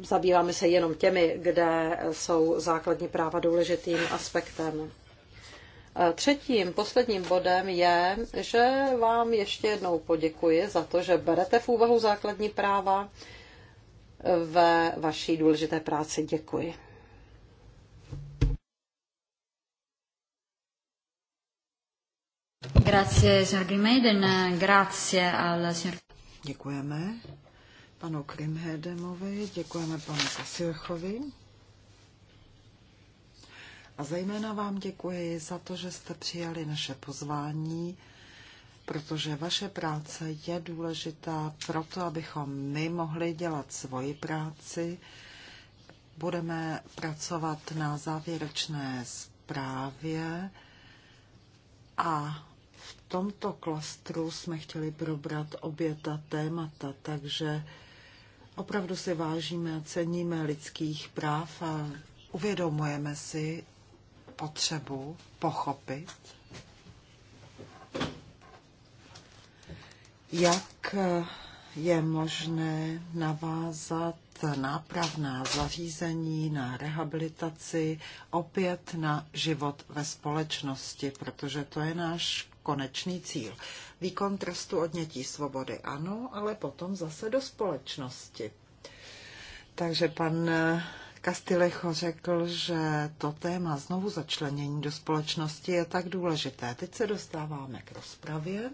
zabýváme se jenom těmi, kde jsou základní práva důležitým aspektem. Eh, třetím, posledním bodem je, že vám ještě jednou poděkuji za to, že berete v úvahu základní práva ve vaší důležité práci. Děkuji. Grazie, Sargimeden, grazie al signor... Děkujeme panu Krimhedemovi, děkujeme panu Kasilchovi. A zejména vám děkuji za to, že jste přijali naše pozvání, protože vaše práce je důležitá pro to, abychom my mohli dělat svoji práci. Budeme pracovat na závěrečné zprávě a v tomto klastru jsme chtěli probrat obě ta témata, takže Opravdu si vážíme a ceníme lidských práv a uvědomujeme si potřebu pochopit, jak je možné navázat nápravná zařízení, na rehabilitaci, opět na život ve společnosti, protože to je náš konečný cíl. Výkon trestu odnětí svobody ano, ale potom zase do společnosti. Takže pan eh, Kastilecho řekl, že to téma znovu začlenění do společnosti je tak důležité. Teď se dostáváme k rozpravě.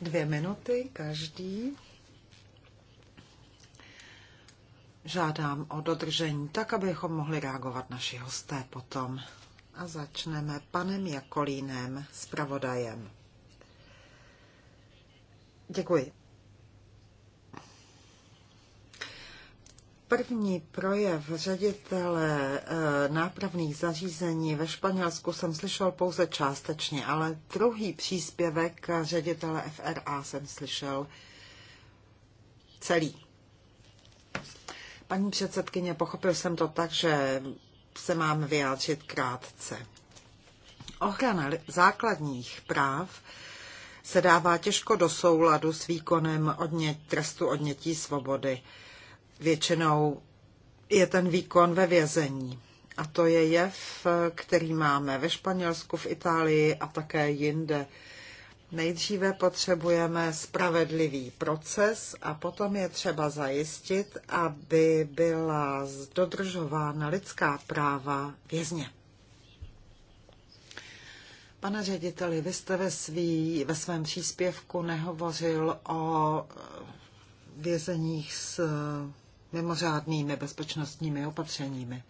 Dvě minuty každý. Žádám o dodržení tak, abychom mohli reagovat naši hosté potom a začneme panem Jakolínem, zpravodajem. Děkuji. První projev ředitele eh, nápravných zařízení ve Španělsku jsem slyšel pouze částečně, ale druhý příspěvek ředitele FRA jsem slyšel celý. Paní předsedkyně, pochopil jsem to tak, že se mám vyjádřit krátce. Ochrana základních práv se dává těžko do souladu s výkonem odně, trestu odnětí svobody. Většinou je ten výkon ve vězení. A to je jev, který máme ve Španělsku, v Itálii a také jinde. Nejdříve potřebujeme spravedlivý proces a potom je třeba zajistit, aby byla dodržována lidská práva vězně. Pane řediteli, vy jste ve, svý, ve svém příspěvku nehovořil o vězeních s mimořádnými bezpečnostními opatřeními.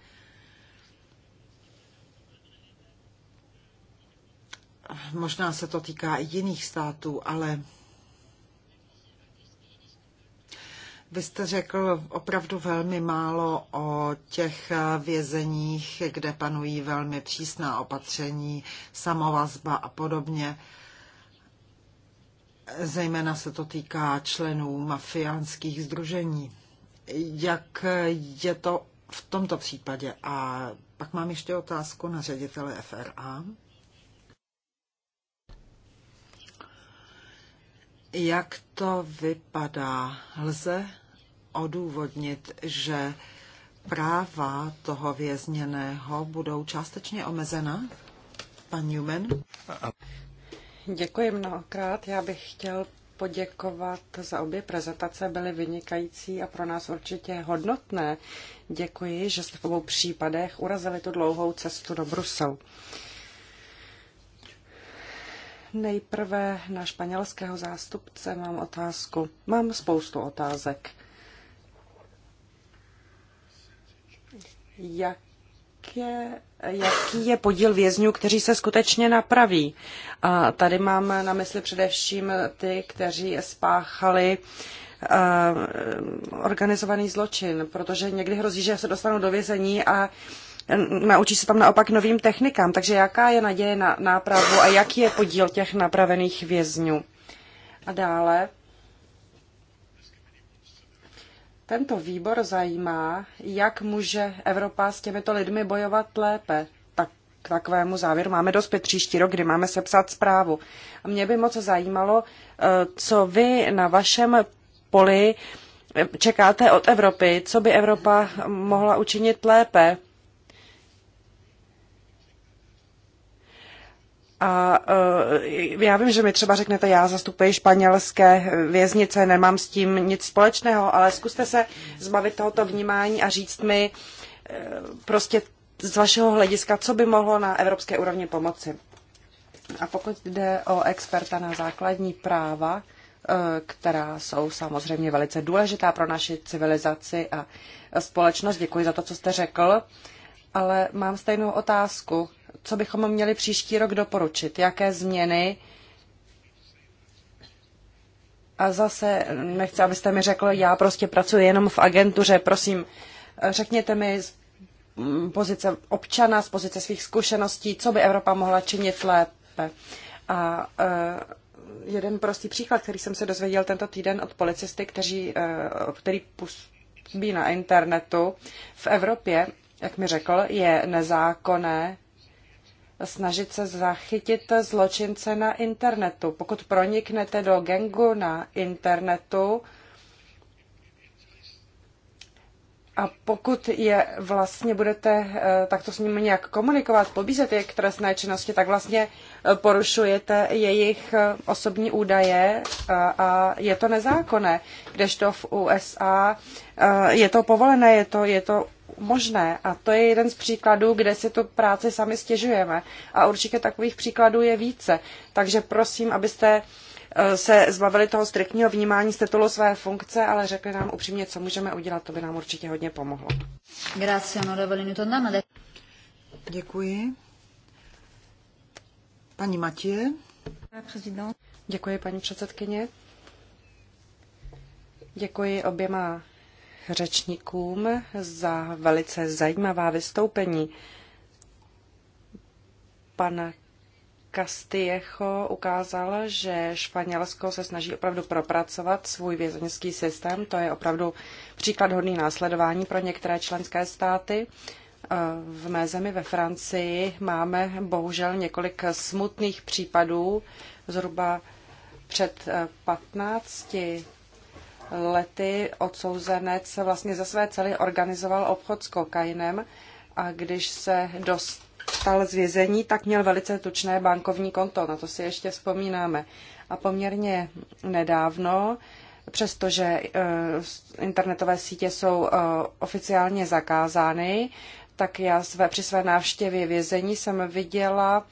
Možná se to týká i jiných států, ale Vy jste řekl opravdu velmi málo o těch vězeních, kde panují velmi přísná opatření, samovazba a podobně. Zejména se to týká členů mafiánských združení. Jak je to v tomto případě? A pak mám ještě otázku na ředitele FRA. Jak to vypadá? Lze odůvodnit, že práva toho vězněného budou částečně omezena? Pan Newman? Děkuji mnohokrát. Já bych chtěl poděkovat za obě prezentace, byly vynikající a pro nás určitě hodnotné. Děkuji, že jste v obou případech urazili tu dlouhou cestu do Bruselu. Nejprve na španělského zástupce mám otázku. Mám spoustu otázek. Jak je, jaký je podíl vězňů, kteří se skutečně napraví. A tady mám na mysli především ty, kteří spáchali eh, organizovaný zločin, protože někdy hrozí, že se dostanou do vězení a naučí se tam naopak novým technikám. Takže jaká je naděje na nápravu a jaký je podíl těch napravených vězňů? A dále. Tento výbor zajímá, jak může Evropa s těmito lidmi bojovat lépe. Tak k takovému závěru máme dospět příští rok, kdy máme sepsat zprávu. A mě by moc zajímalo, eh, co vy na vašem poli eh, čekáte od Evropy, co by Evropa mohla učinit lépe A eh, já vím, že mi třeba řeknete, já zastupuji španělské věznice, nemám s tím nic společného, ale zkuste se zbavit tohoto vnímání a říct mi eh, prostě z vašeho hlediska, co by mohlo na evropské úrovni pomoci. A pokud jde o experta na základní práva, eh, která jsou samozřejmě velice důležitá pro naši civilizaci a společnost, děkuji za to, co jste řekl, ale mám stejnou otázku co bychom měli příští rok doporučit, jaké změny. A zase nechci, abyste mi řekl, já prostě pracuji jenom v agentuře, prosím, řekněte mi z mm, pozice občana, z pozice svých zkušeností, co by Evropa mohla činit lépe. A eh, jeden prostý příklad, který jsem se dozvěděl tento týden od policisty, kteří, eh, který působí na internetu v Evropě, jak mi řekl, je nezákonné snažit se zachytit zločince na internetu. Pokud proniknete do gengu na internetu, a pokud je vlastně budete eh, takto s nimi nějak komunikovat, pobízet je k trestné činnosti, tak vlastně eh, porušujete jejich eh, osobní údaje a je to nezákonné. Kdežto v USA je to povolené, je to, je to možné. A to je jeden z příkladů, kde si tu práci sami stěžujeme. A určitě takových příkladů je více. Takže prosím, abyste e, se zbavili toho striktního vnímání z titulu své funkce, ale řekli nám upřímně, co můžeme udělat, to by nám určitě hodně pomohlo. Děkuji. Paní Matěje. Děkuji, paní předsedkyně. Děkuji oběma řečníkům za velice zajímavá vystoupení. Pan Castillejo ukázal, že Španělsko se snaží opravdu propracovat svůj vězeňský systém. To je opravdu příklad hodný následování pro některé členské státy. V mé zemi ve Francii máme bohužel několik smutných případů. Zhruba před 15 lety odsouzenec vlastně za své cely organizoval obchod s kokainem a když se dostal z vězení, tak měl velice tučné bankovní konto, na to si ještě vzpomínáme. A poměrně nedávno, přestože e, internetové sítě jsou e, oficiálně zakázány, tak já své, při své návštěvě vězení jsem viděla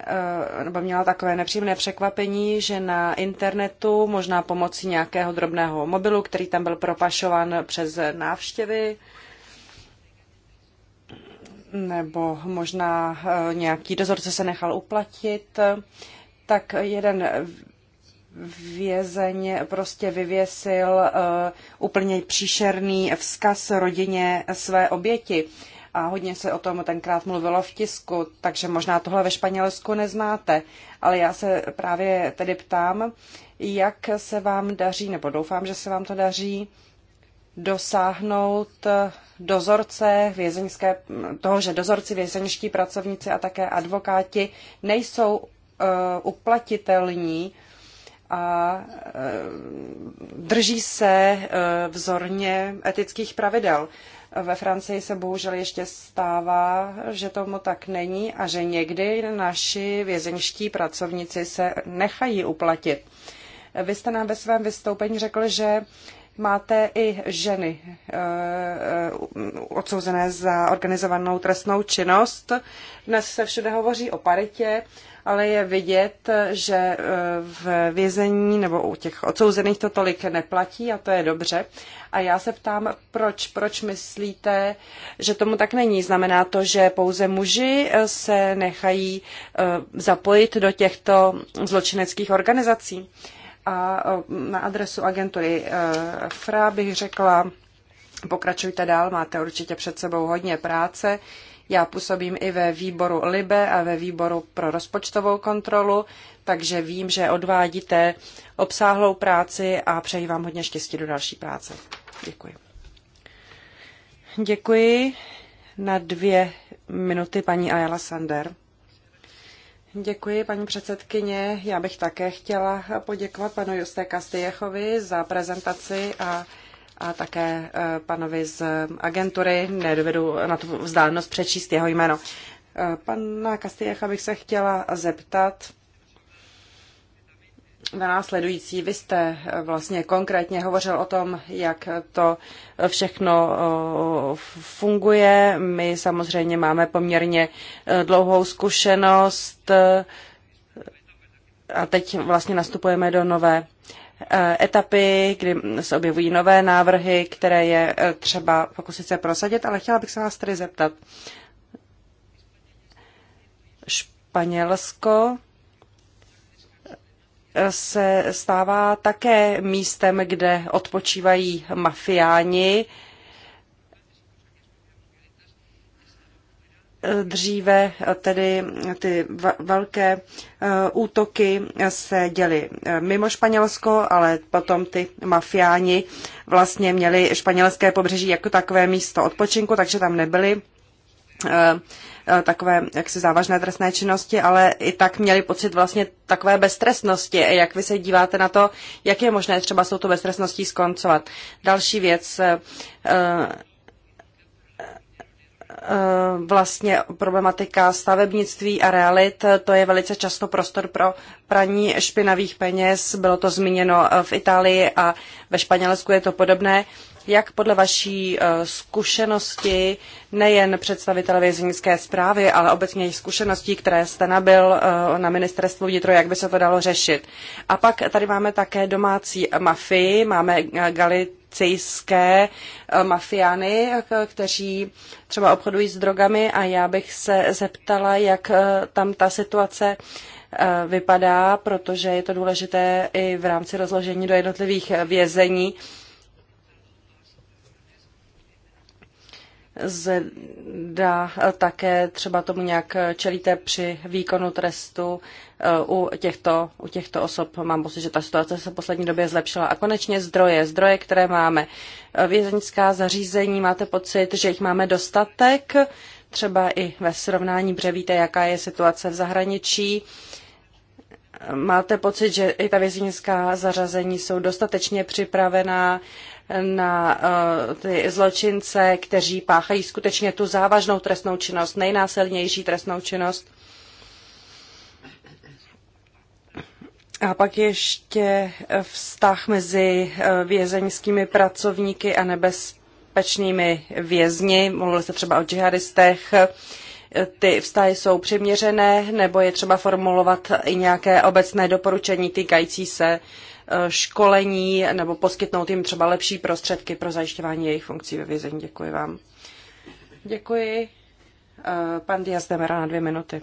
Eh, nebo měla takové nepříjemné překvapení, že na internetu, možná pomocí nějakého drobného mobilu, který tam byl propašovan přes návštěvy, nebo možná eh, nějaký dozorce se nechal uplatit, tak jeden vězeň prostě vyvěsil eh, úplně příšerný vzkaz rodině své oběti a hodně se o tom tenkrát mluvilo v tisku, takže možná tohle ve Španělsku neznáte. Ale já se právě tedy ptám, jak se vám daří, nebo doufám, že se vám to daří, dosáhnout dozorce vězeňské, toho, že dozorci vězeňští pracovníci a také advokáti nejsou uh, uplatitelní a uh, drží se uh, vzorně etických pravidel. Uh, ve Francii se bohužel ještě stává, že tomu tak není a že někdy naši vězeňští pracovníci se nechají uplatit. Vy jste nám ve svém vystoupení řekl, že máte i ženy eh, eh, odsouzené za organizovanou trestnou činnost. Dnes se všude hovoří o paritě ale je vidět, že eh, v vězení nebo u těch odsouzených to tolik neplatí a to je dobře. A já se ptám, proč, proč myslíte, že tomu tak není? Znamená to, že pouze muži eh, se nechají eh, zapojit do těchto zločineckých organizací? A na adresu agentury FRA bych řekla, pokračujte dál, máte určitě před sebou hodně práce. Já působím i ve výboru LIBE a ve výboru pro rozpočtovou kontrolu, takže vím, že odvádíte obsáhlou práci a přeji vám hodně štěstí do další práce. Děkuji. Děkuji. Na dvě minuty paní Ayala Sander. Děkuji, paní předsedkyně. Já bych také chtěla poděkovat panu Justé Kastyjechovi za prezentaci a a také e, panovi z agentury. Nedovedu na tu vzdálenost přečíst jeho jméno. E, pana Kastiecha bych se chtěla zeptat na následující. Vy jste e, vlastně konkrétně hovořil o tom, jak to všechno funguje. My samozřejmě máme poměrně dlouhou zkušenost a teď vlastně nastupujeme do nové Eh, etapy, kdy se objevují nové návrhy, které je eh, třeba pokusit se prosadit, ale chtěla bych se vás tedy zeptat. Španělsko eh, se stává také místem, kde odpočívají mafiáni Dříve tedy ty velké eh, útoky se děly eh, mimo Španělsko, ale potom ty mafiáni vlastně měli španělské pobřeží jako takové místo odpočinku, takže tam nebyly eh, takové jaksi závažné trestné činnosti, ale i tak měli pocit vlastně takové beztrestnosti. Jak vy se díváte na to, jak je možné třeba s touto beztrestností skoncovat? Další věc, Eh, vlastně problematika stavebnictví a realit, to je velice často prostor pro praní špinavých peněz. Bylo to zmíněno eh, v Itálii a ve Španělsku je to podobné. Jak podle vaší eh, zkušenosti, nejen představitele vězeňské zprávy, ale obecně i zkušeností, které jste nabil na ministerstvu vnitro, jak by se to dalo řešit? A pak tady máme také domácí mafii, máme Galit policejské eh, mafiány, eh, kteří třeba obchodují s drogami a já bych se zeptala, jak eh, tam ta situace vypadá, protože je to důležité i v rámci rozložení do jednotlivých vězení. zda eh, také třeba tomu nějak eh, čelíte při výkonu trestu eh, u těchto, u těchto osob. Mám pocit, že ta situace se v poslední době zlepšila. A konečně zdroje, zdroje, které máme. Vězeňská zařízení, máte pocit, že jich máme dostatek, třeba i ve srovnání, protože víte, jaká je situace v zahraničí. Máte pocit, že i ta vězeňská zařazení jsou dostatečně připravená na eh, ty zločince, kteří páchají skutečně tu závažnou trestnou činnost, nejnásilnější trestnou činnost. A pak ještě vztah mezi eh, vězeňskými pracovníky a nebezpečnými vězni. Mluvili jste třeba o džihadistech. Ty vztahy jsou přiměřené, nebo je třeba formulovat i nějaké obecné doporučení týkající se školení nebo poskytnout jim třeba lepší prostředky pro zajišťování jejich funkcí ve vězení. Děkuji vám. Děkuji. Eh, pan Diaz Demera na dvě minuty.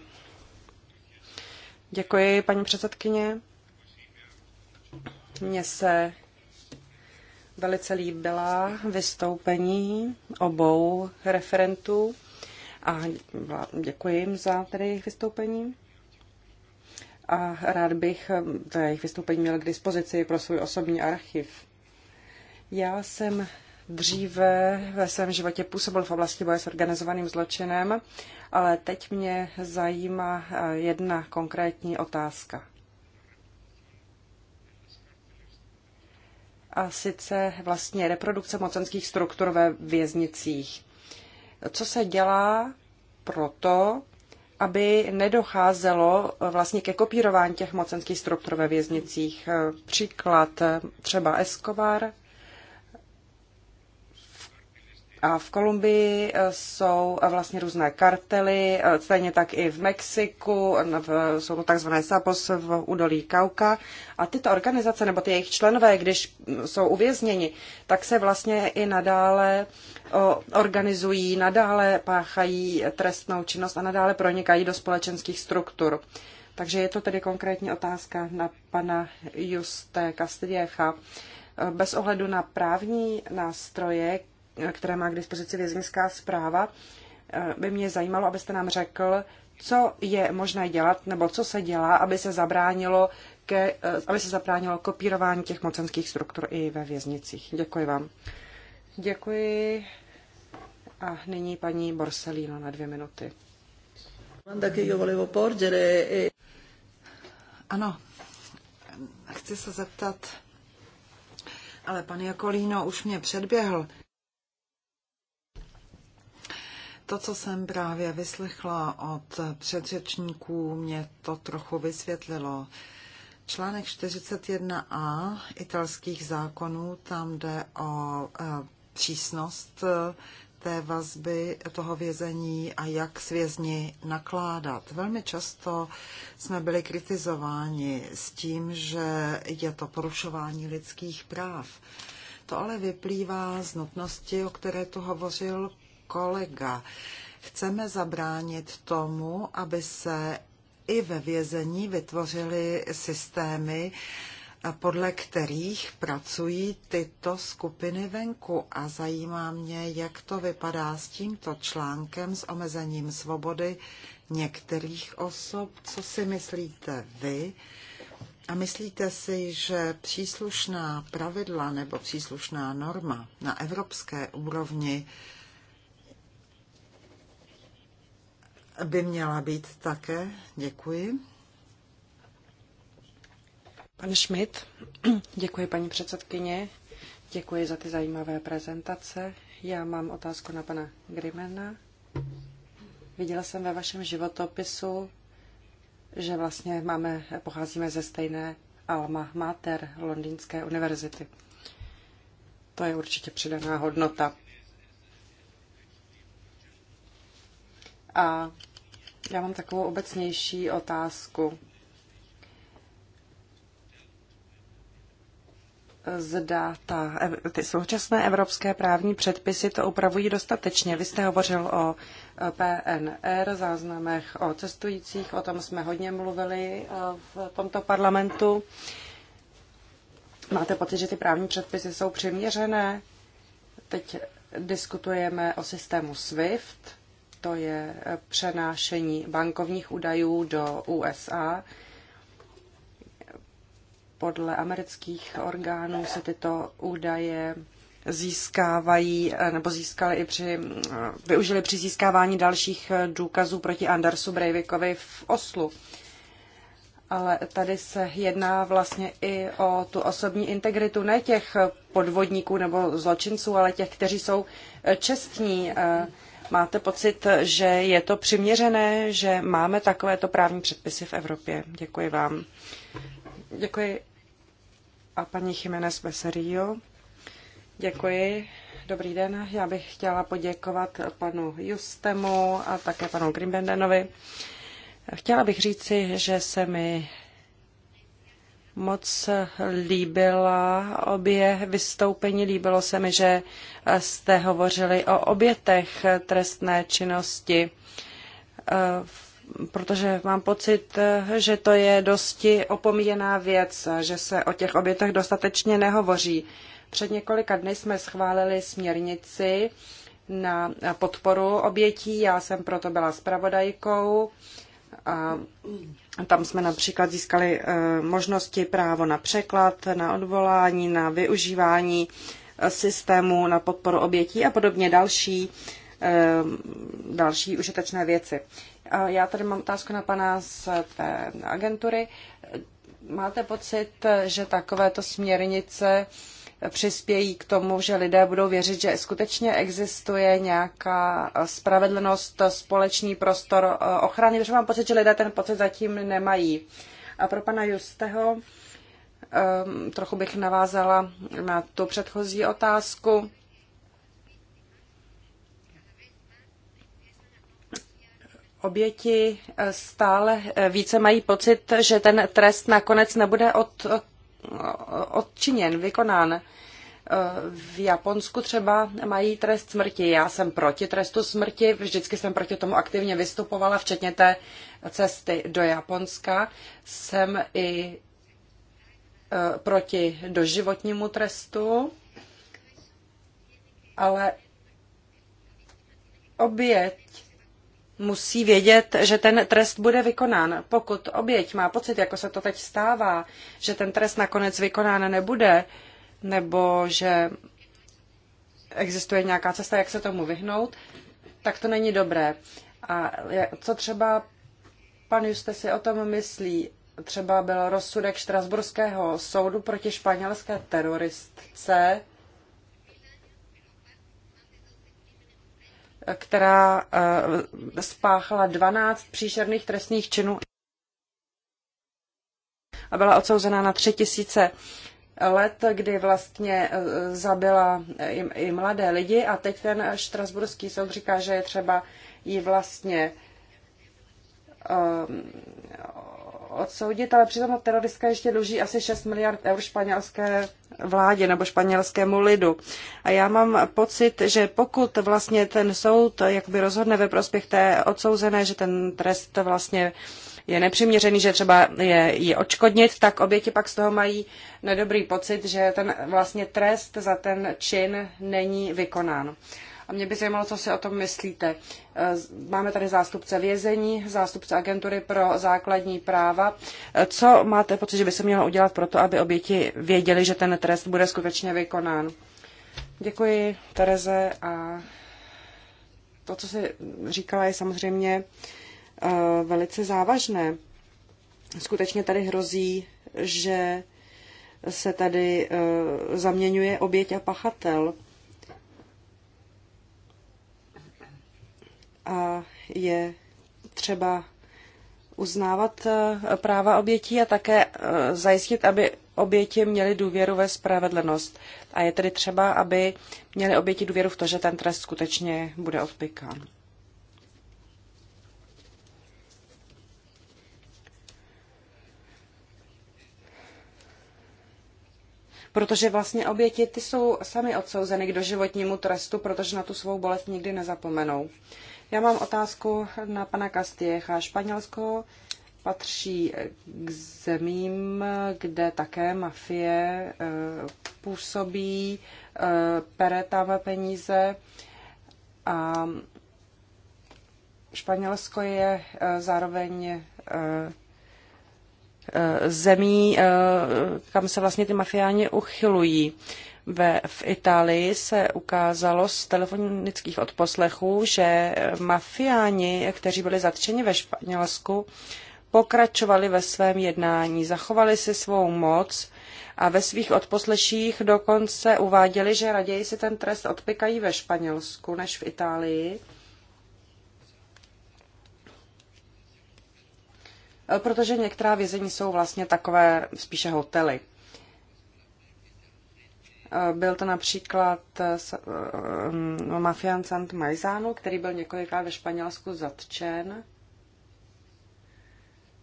Děkuji, paní předsedkyně. Mně se velice líbila vystoupení obou referentů a děkuji jim za tedy jejich vystoupení a rád bych hm, to jejich vystoupení měl k dispozici pro svůj osobní archiv. Já jsem dříve ve svém životě působil v oblasti boje s organizovaným zločinem, ale teď mě zajímá eh, jedna konkrétní otázka. A sice vlastně reprodukce mocenských struktur ve věznicích. Co se dělá proto, aby nedocházelo eh, vlastně ke kopírování těch mocenských struktur ve věznicích. Eh, příklad eh, třeba Escobar, a v Kolumbii eh, jsou eh, vlastně různé kartely, eh, stejně tak i v Mexiku, jsou to takzvané SAPOS v údolí Kauka. A tyto organizace nebo ty jejich členové, když jsou uvězněni, tak se vlastně i nadále organizují, nadále páchají trestnou činnost a nadále pronikají do společenských struktur. Takže je to tedy konkrétní otázka na pana Juste Castriecha Bez ohledu na právní nástroje, které má k dispozici vězeňská zpráva, eh, by mě zajímalo, abyste nám řekl, co je možné dělat, nebo co se dělá, aby se zabránilo, ke, eh, aby se zabránilo kopírování těch mocenských struktur i ve věznicích. Děkuji vám. Děkuji. A nyní paní Borsalino na dvě minuty. Ano, chci se zeptat, ale pan Jakolíno už mě předběhl. To, co jsem právě vyslechla od předřečníků, mě to trochu vysvětlilo. Článek 41a italských zákonů, tam jde o e, přísnost e, té vazby toho vězení a jak s vězni nakládat. Velmi často jsme byli kritizováni s tím, že je to porušování lidských práv. To ale vyplývá z nutnosti, o které tu hovořil kolega. Chceme zabránit tomu, aby se i ve vězení vytvořily systémy, podle kterých pracují tyto skupiny venku. A zajímá mě, jak to vypadá s tímto článkem s omezením svobody některých osob. Co si myslíte vy? A myslíte si, že příslušná pravidla nebo příslušná norma na evropské úrovni by měla být také. Děkuji. Pan Schmidt, děkuji paní předsedkyně, děkuji za ty zajímavé prezentace. Já mám otázku na pana Grimena. Viděla jsem ve vašem životopisu, že vlastně máme, pocházíme ze stejné alma mater Londýnské univerzity. To je určitě přidaná hodnota. A já mám takovou obecnější otázku. zda ta, ty současné evropské právní předpisy to upravují dostatečně. Vy jste hovořil o PNR, záznamech o cestujících, o tom jsme hodně mluvili eh, v tomto parlamentu. Máte pocit, že ty právní předpisy jsou přiměřené? Teď diskutujeme o systému SWIFT, to je přenášení bankovních údajů do USA. Podle amerických orgánů se tyto údaje získávají, nebo získali i při, využili při získávání dalších důkazů proti Andersu Breivikovi v Oslu. Ale tady se jedná vlastně i o tu osobní integritu ne těch podvodníků nebo zločinců, ale těch, kteří jsou čestní, eh, Máte pocit, že je to přiměřené, že máme takovéto právní předpisy v Evropě? Děkuji vám. Děkuji. A paní Jiménez Beserio. Děkuji. Dobrý den. Já bych chtěla poděkovat panu Justemu a také panu Grimbendenovi. Chtěla bych říci, že se mi moc líbila obě vystoupení. Líbilo se mi, že jste hovořili o obětech trestné činnosti, eh, protože mám pocit, že to je dosti opomíjená věc, že se o těch obětech dostatečně nehovoří. Před několika dny jsme schválili směrnici na podporu obětí. Já jsem proto byla spravodajkou a tam jsme například získali eh, možnosti právo na překlad, na odvolání, na využívání eh, systému na podporu obětí a podobně další, eh, další užitečné věci. Já tady mám otázku na pana z té agentury. Máte pocit, že takovéto směrnice přispějí k tomu, že lidé budou věřit, že skutečně existuje nějaká spravedlnost, společný prostor eh, ochrany, protože mám pocit, že lidé ten pocit zatím nemají. A pro pana Justeho ehm, trochu bych navázala na tu předchozí otázku. oběti eh, stále eh, více mají pocit, že ten trest nakonec nebude od odčiněn, vykonán. V Japonsku třeba mají trest smrti. Já jsem proti trestu smrti, vždycky jsem proti tomu aktivně vystupovala, včetně té cesty do Japonska. Jsem i e, proti doživotnímu trestu, ale oběť musí vědět, že ten trest bude vykonán. Pokud oběť má pocit, jako se to teď stává, že ten trest nakonec vykonán nebude, nebo že existuje nějaká cesta, jak se tomu vyhnout, tak to není dobré. A co třeba pan Juste si o tom myslí? Třeba byl rozsudek Štrasburského soudu proti španělské teroristce, která eh, spáchala 12 příšerných trestných činů a byla odsouzená na tři tisíce let, kdy vlastně eh, zabila i, i mladé lidi a teď ten štrasburský soud říká, že je třeba ji vlastně um, odsoudit, ale přitom teroristka ještě dluží asi 6 miliard eur španělské vládě nebo španělskému lidu. A já mám pocit, že pokud vlastně ten soud jakoby rozhodne ve prospěch té odsouzené, že ten trest vlastně je nepřiměřený, že třeba je, je očkodnit, tak oběti pak z toho mají nedobrý pocit, že ten vlastně trest za ten čin není vykonán. A mě by zajímalo, co si o tom myslíte. E, máme tady zástupce vězení, zástupce agentury pro základní práva. E, co máte pocit, že by se mělo udělat pro to, aby oběti věděli, že ten trest bude skutečně vykonán? Děkuji, Tereze. A to, co jsi říkala, je samozřejmě e, velice závažné. Skutečně tady hrozí, že se tady zaměňuje oběť a pachatel. a je třeba uznávat eh, práva obětí a také eh, zajistit, aby oběti měly důvěru ve spravedlnost. A je tedy třeba, aby měly oběti důvěru v to, že ten trest skutečně bude odpykán. protože vlastně oběti ty jsou sami odsouzeny k doživotnímu trestu, protože na tu svou bolest nikdy nezapomenou. Já mám otázku na pana Kastiecha. Španělsko patří k zemím, kde také mafie eh, působí, eh, pere tam peníze a Španělsko je eh, zároveň zemí, kam se vlastně ty mafiáni uchylují ve, v Itálii se ukázalo z telefonických odposlechů, že mafiáni, kteří byli zatčeni ve Španělsku, pokračovali ve svém jednání, zachovali si svou moc a ve svých odposleších dokonce uváděli, že raději si ten trest odpykají ve Španělsku než v Itálii. Protože některá vězení jsou vlastně takové spíše hotely. Eh, byl to například eh, eh, mm, mafián Sant Majzano, který byl několikrát ve Španělsku zatčen.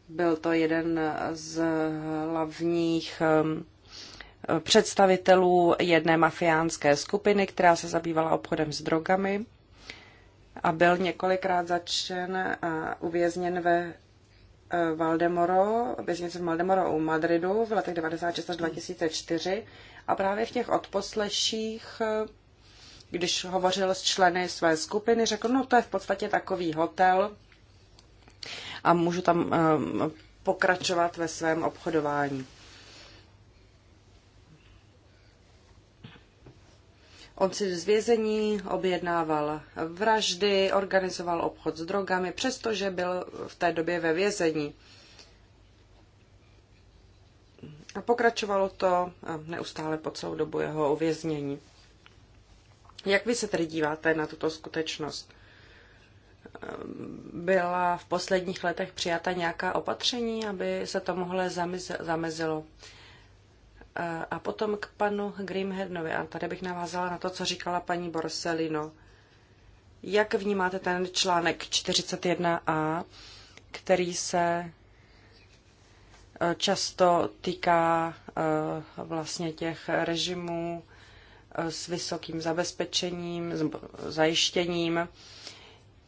Byl to jeden z hlavních ehm, představitelů jedné mafiánské skupiny, která se zabývala obchodem s drogami a byl několikrát začen a uvězněn ve Eh, Valdemoro, věznici v Valdemoro u Madridu v letech 96 až 2004 a právě v těch odposleších, eh, když hovořil s členy své skupiny, řekl, no to je v podstatě takový hotel a můžu tam eh, pokračovat ve svém obchodování. On si z vězení objednával vraždy, organizoval obchod s drogami, přestože byl v té době ve vězení. A pokračovalo to neustále po celou dobu jeho uvěznění. Jak vy se tedy díváte na tuto skutečnost? Byla v posledních letech přijata nějaká opatření, aby se to mohlo zamezilo? A potom k panu Grimhednovi. A tady bych navázala na to, co říkala paní Borsellino. Jak vnímáte ten článek 41a, který se e, často týká e, vlastně těch režimů e, s vysokým zabezpečením, zajištěním.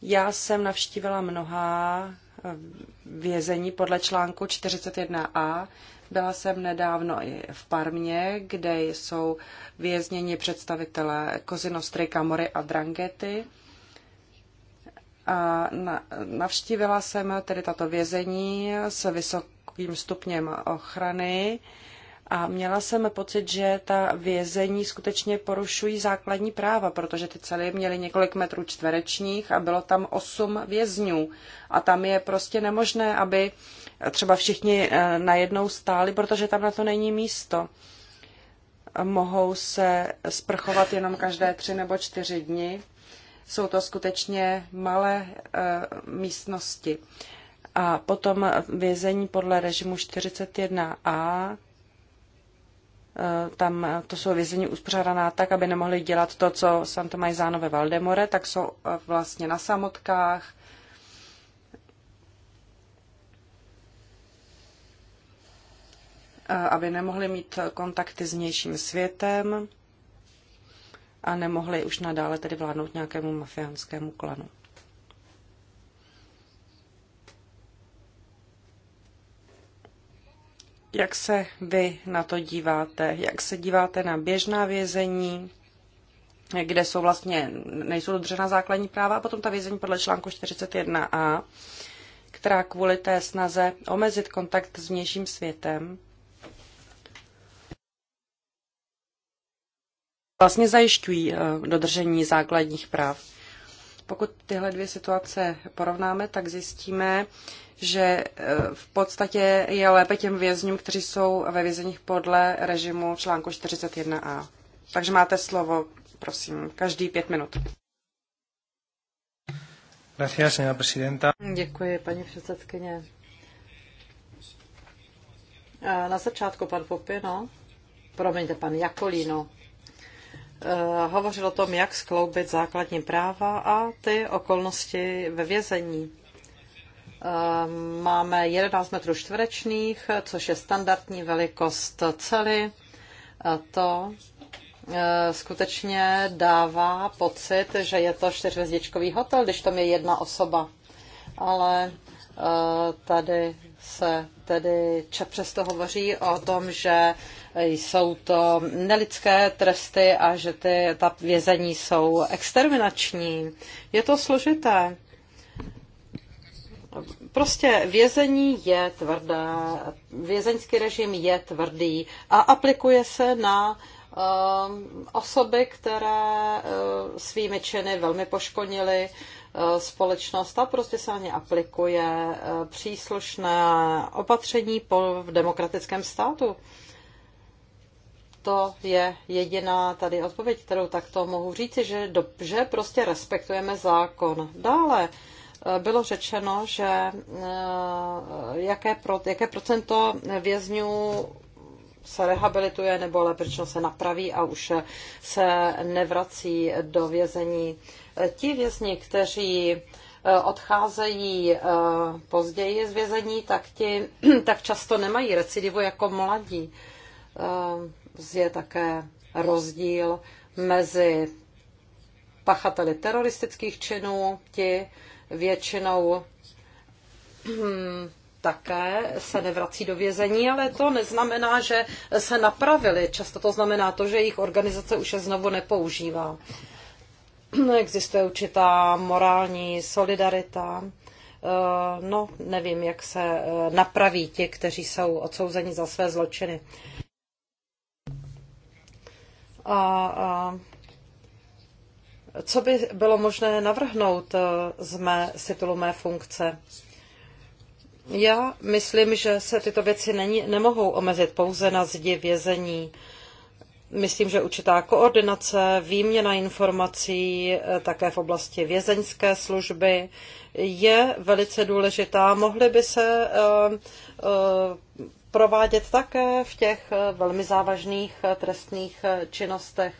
Já jsem navštívila mnohá vězení podle článku 41a. Byla jsem nedávno i v Parmě, kde jsou vězněni představitelé Kozinostry, Kamory a Drangety. A navštívila jsem tedy tato vězení s vysokým stupněm ochrany. A měla jsem pocit, že ta vězení skutečně porušují základní práva, protože ty cely měly několik metrů čtverečních a bylo tam osm vězňů. A tam je prostě nemožné, aby třeba všichni eh, najednou stáli, protože tam na to není místo. Mohou se sprchovat jenom každé tři nebo čtyři dny. Jsou to skutečně malé eh, místnosti. A potom vězení podle režimu 41a, Eh, tam eh, to jsou vězení uspořádaná tak, aby nemohli dělat to, co Santo Majzáno ve Valdemore, tak jsou eh, vlastně na samotkách. aby nemohli mít kontakty s vnějším světem a nemohli už nadále tedy vládnout nějakému mafiánskému klanu. Jak se vy na to díváte? Jak se díváte na běžná vězení, kde jsou vlastně, nejsou dodržena základní práva a potom ta vězení podle článku 41a, která kvůli té snaze omezit kontakt s vnějším světem vlastně zajišťují eh, dodržení základních práv. Pokud tyhle dvě situace porovnáme, tak zjistíme, že e, v podstatě je lépe těm vězňům, kteří jsou ve vězeních podle režimu článku 41a. Takže máte slovo, prosím, každý pět minut. Děkuji, paní předsedkyně. E, na začátku pan Popino, promiňte, pan Jakolino, Eh, hovořil o tom, jak skloubit základní práva a ty okolnosti ve vězení. Eh, máme 11 metrů čtverečných, což je standardní velikost cely. Eh, to skutečně dává pocit, že je to čtyřvězdičkový hotel, když tam je jedna osoba. Ale tady se tedy přesto hovoří o tom, že jsou to nelidské tresty a že ty, ta vězení jsou exterminační. Je to složité. Prostě vězení je tvrdé, vězeňský režim je tvrdý a aplikuje se na um, osoby, které uh, svými činy velmi poškodily uh, společnost a prostě se na ně aplikuje uh, příslušné opatření po, v demokratickém státu. Uh, to je jediná tady odpověď, kterou takto mohu říci, že, do, že prostě respektujeme zákon. Dále eh, bylo řečeno, že eh, jaké, pro, jaké procento vězňů se rehabilituje nebo leprečno se napraví a už se nevrací do vězení. Ti vězni, kteří eh, odcházejí později z vězení, tak, ti, tak často nemají recidivu jako mladí je také rozdíl mezi pachateli teroristických činů, ti většinou hm, také se nevrací do vězení, ale to neznamená, že se napravili. Často to znamená to, že jejich organizace už je znovu nepoužívá. Existuje určitá morální solidarita. Eh, no, nevím, jak se eh, napraví ti, kteří jsou odsouzeni za své zločiny. A, a co by bylo možné navrhnout e, z mé, z titulu mé funkce? Já myslím, že se tyto věci není, nemohou omezit pouze na zdi vězení. Myslím, že určitá koordinace, výměna informací e, také v oblasti vězeňské služby je velice důležitá. Mohly by se e, provádět také v těch eh, velmi závažných eh, trestných eh, činnostech.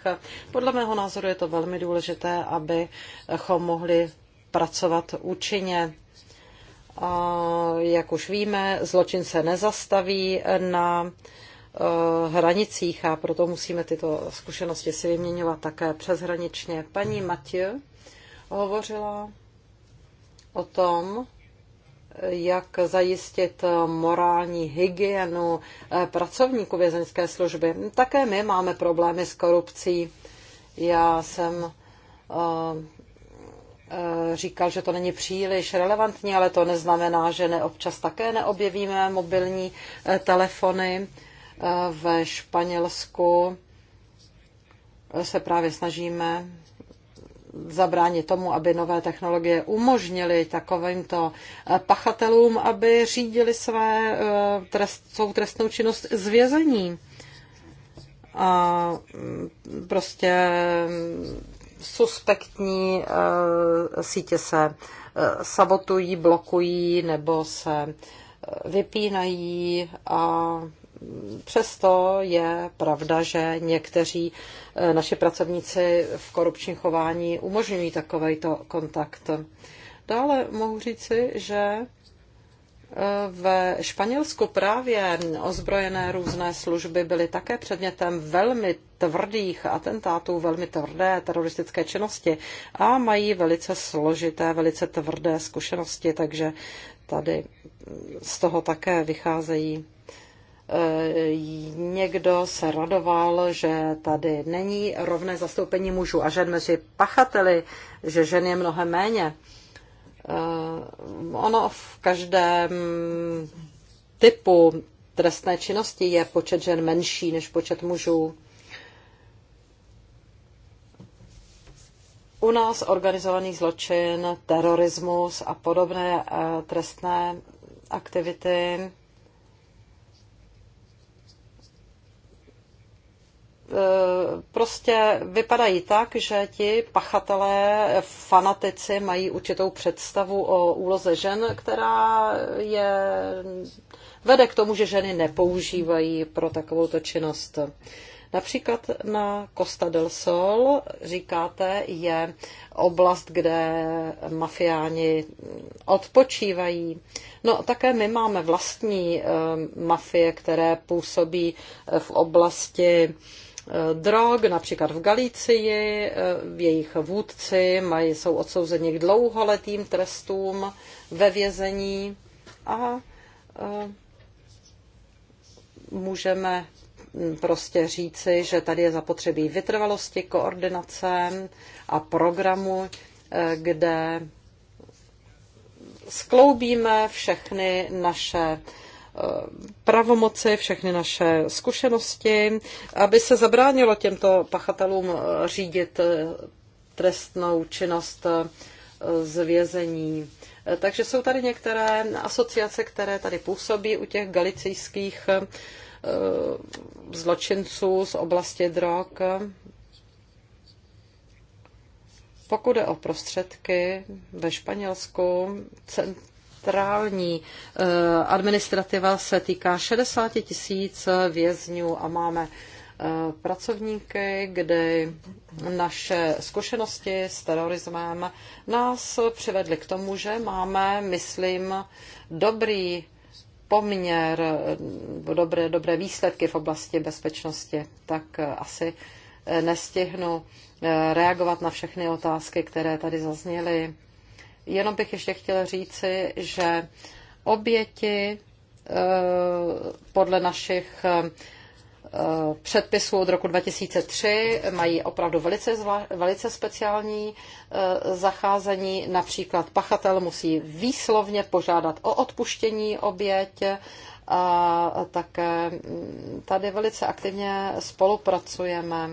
Podle mého názoru je to velmi důležité, abychom mohli pracovat účinně. A jak už víme, zločin se nezastaví na hranicích a proto musíme tyto zkušenosti si vyměňovat také přeshraničně. Paní Matě hovořila o tom, jak zajistit morální hygienu eh, pracovníků vězeňské služby. Také my máme problémy s korupcí. Já jsem eh, eh, říkal, že to není příliš relevantní, ale to neznamená, že neobčas také neobjevíme mobilní telefony. Ve Španělsku se právě snažíme zabránit tomu, aby nové technologie umožnily takovýmto eh, pachatelům, aby řídili své eh, trest, svou trestnou činnost z vězení. A mm, prostě mm, suspektní eh, sítě se sabotují, blokují nebo se vypínají a Přesto je pravda, že někteří eh, naši pracovníci v korupčním chování umožňují takovýto kontakt. Dále mohu říci, že eh, ve Španělsku právě ozbrojené různé služby byly také předmětem velmi tvrdých atentátů, velmi tvrdé teroristické činnosti a mají velice složité, velice tvrdé zkušenosti, takže tady z toho také vycházejí Eh, někdo se radoval, že tady není rovné zastoupení mužů a žen mezi pachateli, že žen je mnohem méně. Eh, ono v každém typu trestné činnosti je počet žen menší než počet mužů. U nás organizovaný zločin, terorismus a podobné eh, trestné aktivity Eh, prostě vypadají tak, že ti pachatelé, fanatici mají určitou představu o úloze žen, která je vede k tomu, že ženy nepoužívají pro takovou činnost. Například na Costa del Sol, říkáte, je oblast, kde mafiáni odpočívají. No také my máme vlastní eh, mafie, které působí eh, v oblasti drog, například v Galicii. Jejich vůdci mají, jsou odsouzeni k dlouholetým trestům ve vězení a e, můžeme prostě říci, že tady je zapotřebí vytrvalosti, koordinace a programu, e, kde skloubíme všechny naše Eh, pravomoci, všechny naše zkušenosti, aby se zabránilo těmto pachatelům eh, řídit eh, trestnou činnost z vězení. Takže jsou tady některé asociace, které tady působí u těch galicijských zločinců z oblasti drog. Pokud je o prostředky ve Španělsku, centrální eh, administrativa se týká 60 tisíc vězňů a máme eh, pracovníky, kdy naše zkušenosti s terorismem nás přivedly k tomu, že máme, myslím, dobrý poměr, eh, dobré, dobré výsledky v oblasti bezpečnosti, tak asi nestihnu reagovat na všechny otázky, které tady zazněly. Jenom bych ještě chtěla říci, že oběti eh, podle našich eh, předpisů od roku 2003 mají opravdu velice, zvla, velice speciální eh, zacházení. Například pachatel musí výslovně požádat o odpuštění oběť a také tady velice aktivně spolupracujeme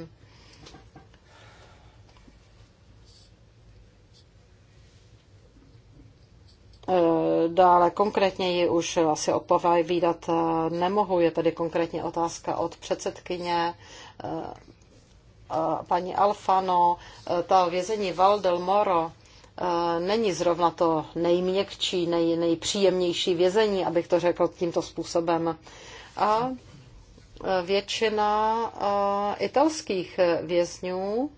Eh, dále konkrétně ji už asi odpovídat eh, nemohu. Je tady konkrétně otázka od předsedkyně eh, paní Alfano. Ta vězení Val del Moro není zrovna to nejměkčí, nej, nejpříjemnější vězení, abych to řekl tímto způsobem. A většina italských vězňů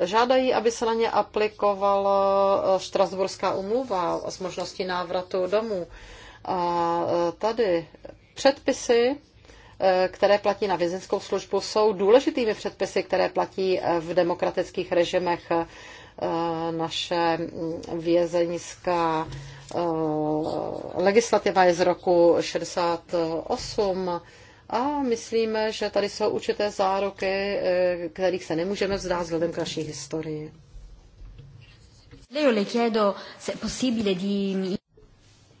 Žádají, aby se na ně aplikovala eh, Štrasburská umluva s možností návratu domů. A eh, tady předpisy, eh, které platí na vězeňskou službu, jsou důležitými předpisy, které platí v demokratických režimech naše mm, vězeňská legislativa je z roku 68 a myslíme, že tady jsou určité zároky, eh, kterých se nemůžeme vzdát vzhledem k naší historii.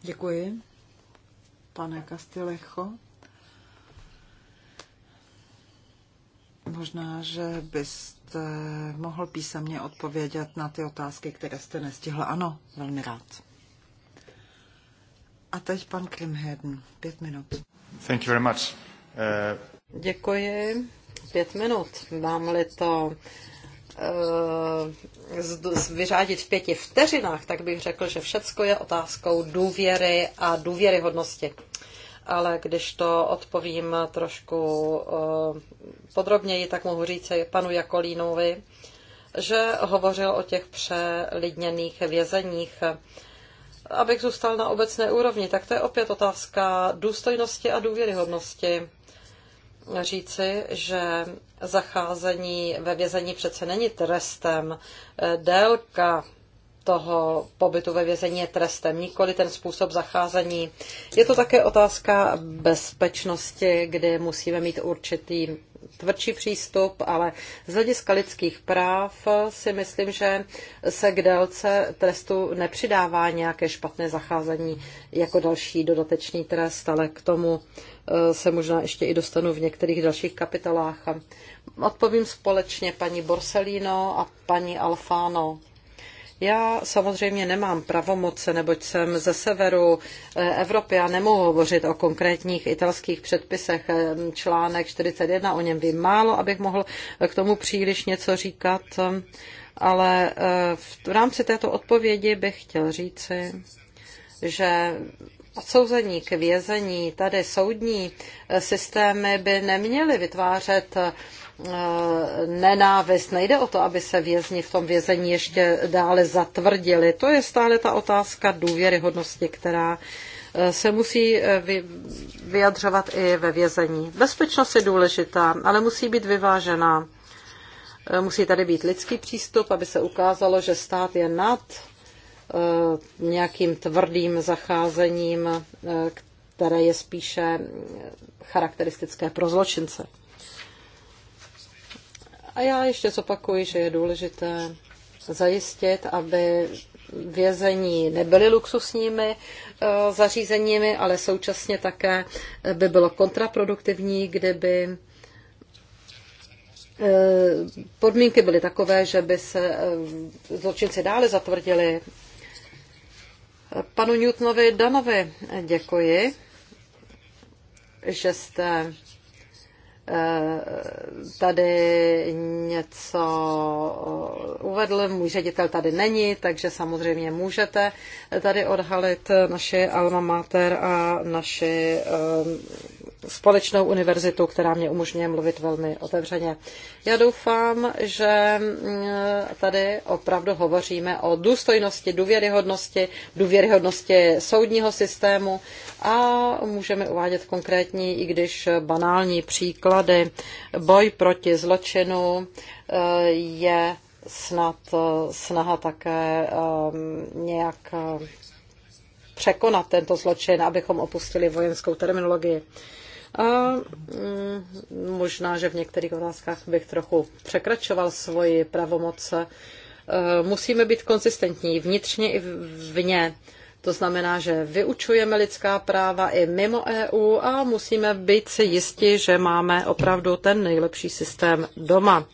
Děkuji, pane Castilecho. Možná, že byste mohl písemně odpovědět na ty otázky, které jste nestihla. Ano, velmi rád. A teď pan Krimheden, pět minut. Thank you very much. Děkuji. Pět minut. Mám-li to eh, vyřádit v pěti vteřinách, tak bych řekl, že všecko je otázkou důvěry a důvěryhodnosti. Ale když to odpovím trošku eh, podrobněji, tak mohu říct panu Jakolínovi, že hovořil o těch přelidněných vězeních. Abych zůstal na obecné úrovni, tak to je opět otázka důstojnosti a důvěryhodnosti říci, že zacházení ve vězení přece není trestem. Eh, délka toho pobytu ve vězení je trestem, nikoli ten způsob zacházení. Je to také otázka bezpečnosti, kdy musíme mít určitý tvrdší přístup, ale z hlediska lidských práv si myslím, že se k délce trestu nepřidává nějaké špatné zacházení jako další dodatečný trest, ale k tomu e, se možná ještě i dostanu v některých dalších kapitolách. Odpovím společně paní Borsellino a paní Alfano. Já samozřejmě nemám pravomoce, neboť jsem ze severu eh, Evropy a nemohu hovořit o konkrétních italských předpisech. Ehm, článek 41, o něm vím málo, abych mohl eh, k tomu příliš něco říkat, ale eh, v rámci této odpovědi bych chtěl říci, že odsouzení k vězení, tady soudní systémy by neměly vytvářet Eh, nenávist. Nejde o to, aby se vězni v tom vězení ještě dále zatvrdili. To je stále ta otázka důvěryhodnosti, která eh, se musí eh, vyjadřovat i ve vězení. Bezpečnost je důležitá, ale musí být vyvážená. Musí tady být lidský přístup, aby se ukázalo, že stát je nad nějakým tvrdým zacházením, které je spíše charakteristické pro zločince. A já ještě zopakuji, že je důležité zajistit, aby vězení nebyly luxusními eh, zařízeními, ale současně také by bylo kontraproduktivní, kdyby eh, podmínky byly takové, že by se eh, zločinci dále zatvrdili. Panu Newtonovi Danovi děkuji, že jste Eh, tady něco uvedl, můj ředitel tady není, takže samozřejmě můžete tady odhalit naše alma mater a naši eh, společnou univerzitu, která mě umožňuje mluvit velmi otevřeně. Já doufám, že mm, tady opravdu hovoříme o důstojnosti, důvěryhodnosti, důvěryhodnosti soudního systému a můžeme uvádět konkrétní, i když banální příklad příklady. Boj proti zločinu eh, je snad eh, snaha také ehm, nějak eh, překonat tento zločin, abychom opustili vojenskou terminologii. A mm, možná, že v některých otázkách bych trochu překračoval svoji pravomoc. Musíme být konzistentní vnitřně i vně. To znamená, že vyučujeme lidská práva i mimo EU a musíme být si jisti, že máme opravdu ten nejlepší systém doma.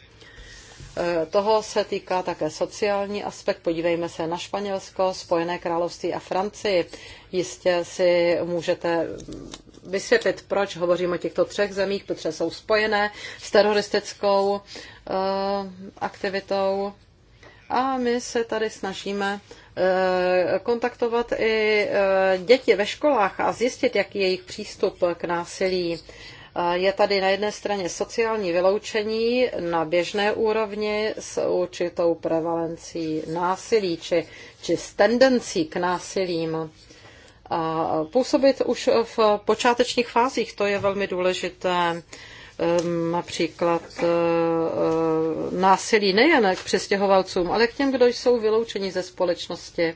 E, toho se týká také sociální aspekt. Podívejme se na Španělsko, Spojené království a Francii. Jistě si můžete vysvětlit, proč hovořím o těchto třech zemích, protože jsou spojené s teroristickou e, aktivitou a my se tady snažíme eh, kontaktovat i eh, děti ve školách a zjistit, jaký je jejich přístup k násilí. Je tady na jedné straně sociální vyloučení na běžné úrovni s určitou prevalencí násilí či, či s tendencí k násilím. A působit už v počátečních fázích, to je velmi důležité například e, e, násilí nejen k přestěhovalcům, ale k těm, kdo jsou vyloučeni ze společnosti.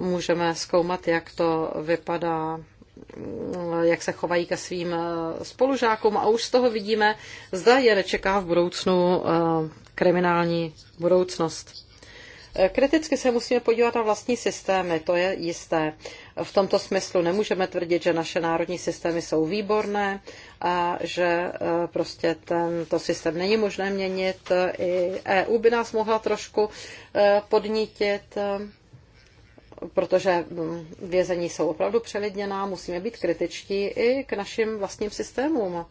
Můžeme zkoumat, jak to vypadá, e, jak se chovají ke svým spolužákům a už z toho vidíme, zda je nečeká v budoucnu kriminální budoucnost. Kriticky se musíme podívat na vlastní systémy, to je jisté. V tomto smyslu nemůžeme tvrdit, že naše národní systémy jsou výborné a že eh, prostě tento systém není možné měnit. I EU by nás mohla trošku eh, podnítit, eh, protože hm, vězení jsou opravdu přelidněná, musíme být kritičtí i k našim vlastním systémům.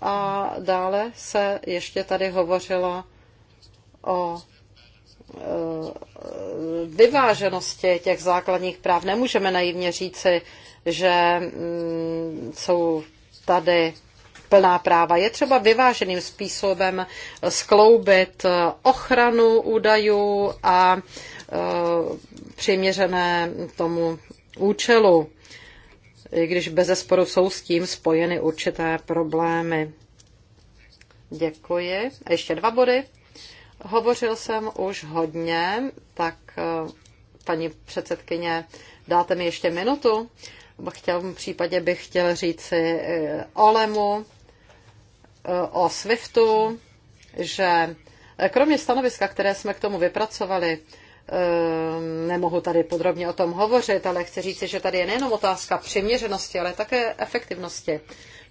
A dále se ještě tady hovořilo o Eh, vyváženosti těch základních práv. Nemůžeme naivně říci, že mm, jsou tady plná práva. Je třeba vyváženým způsobem skloubit eh, ochranu údajů a eh, přiměřené tomu účelu, i když bez zesporu jsou s tím spojeny určité problémy. Děkuji. A ještě dva body. Hovořil jsem už hodně, tak eh, paní předsedkyně, dáte mi ještě minutu? Chtěl, v případě bych chtěl říci eh, Olemu, eh, o SWIFTu, že kromě stanoviska, které jsme k tomu vypracovali, nemohu tady podrobně o tom hovořit, ale chci říci, že tady je nejenom otázka přiměřenosti, ale také efektivnosti.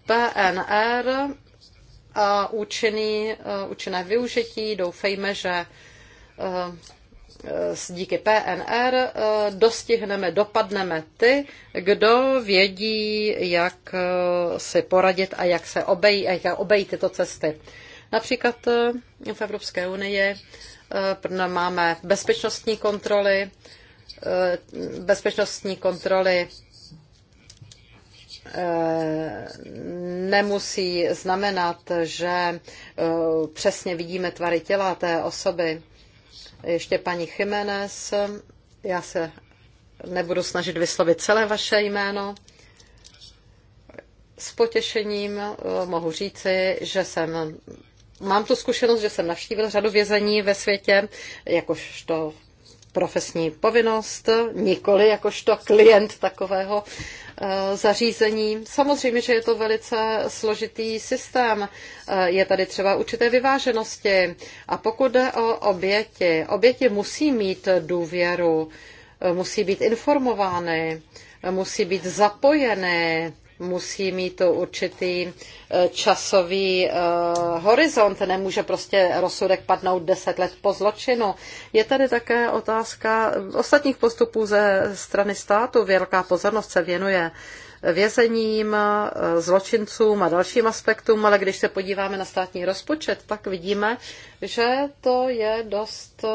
PNR a účinný, eh, účinné využití. Doufejme, že eh, díky PNR eh, dostihneme, dopadneme ty, kdo vědí, jak si poradit a jak se obejí, a jak obejí tyto cesty. Například v Evropské unii máme bezpečnostní kontroly, bezpečnostní kontroly Eh, nemusí znamenat, že eh, přesně vidíme tvary těla té osoby. Ještě paní Jiménez, já se nebudu snažit vyslovit celé vaše jméno. S potěšením eh, mohu říci, že jsem mám tu zkušenost, že jsem navštívil řadu vězení ve světě, jakožto profesní povinnost, nikoli jakožto klient takového Eh, zařízení. Samozřejmě, že je to velice složitý systém. Eh, je tady třeba určité vyváženosti. A pokud jde o oběti, oběti musí mít důvěru, eh, musí být informovány, musí být zapojeny musí mít to určitý eh, časový eh, horizont, nemůže prostě rozsudek padnout deset let po zločinu. Je tady také otázka ostatních postupů ze strany státu. Velká pozornost se věnuje vězením, eh, zločincům a dalším aspektům, ale když se podíváme na státní rozpočet, tak vidíme, že to je dost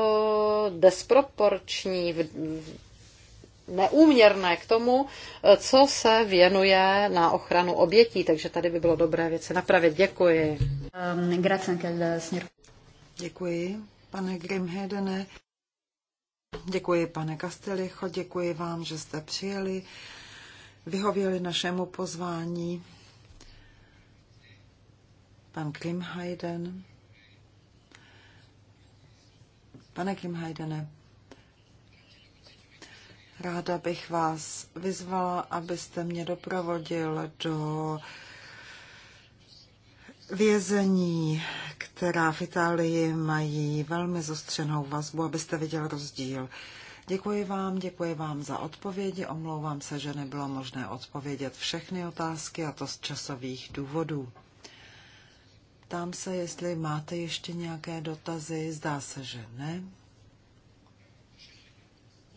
desproporční v neúměrné k tomu, eh, co se věnuje na ochranu obětí, takže tady by bylo dobré věci napravit. Děkuji. Děkuji, pane Grimhedene. Děkuji, pane Kastelicho, děkuji vám, že jste přijeli, vyhověli našemu pozvání. Pan Klimhajden. Pane Klimhajdene, Ráda bych vás vyzvala, abyste mě doprovodil do vězení, která v Itálii mají velmi zostřenou vazbu, abyste viděl rozdíl. Děkuji vám, děkuji vám za odpovědi. Omlouvám se, že nebylo možné odpovědět všechny otázky, a to z časových důvodů. Ptám se, jestli máte ještě nějaké dotazy. Zdá se, že ne.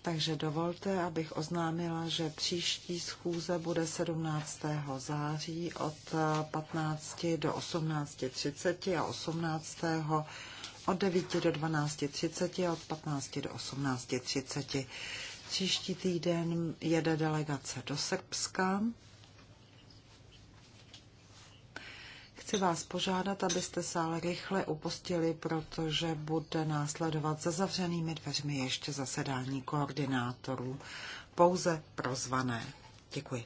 Takže dovolte, abych oznámila, že příští schůze bude 17. září od 15 do 18.30 a 18. od 9 do 12.30 a od 15 do 18.30. Příští týden jede delegace do Srbska Chci vás požádat, abyste ale rychle upustili, protože bude následovat za zavřenými dveřmi ještě zasedání koordinátorů pouze prozvané. Děkuji.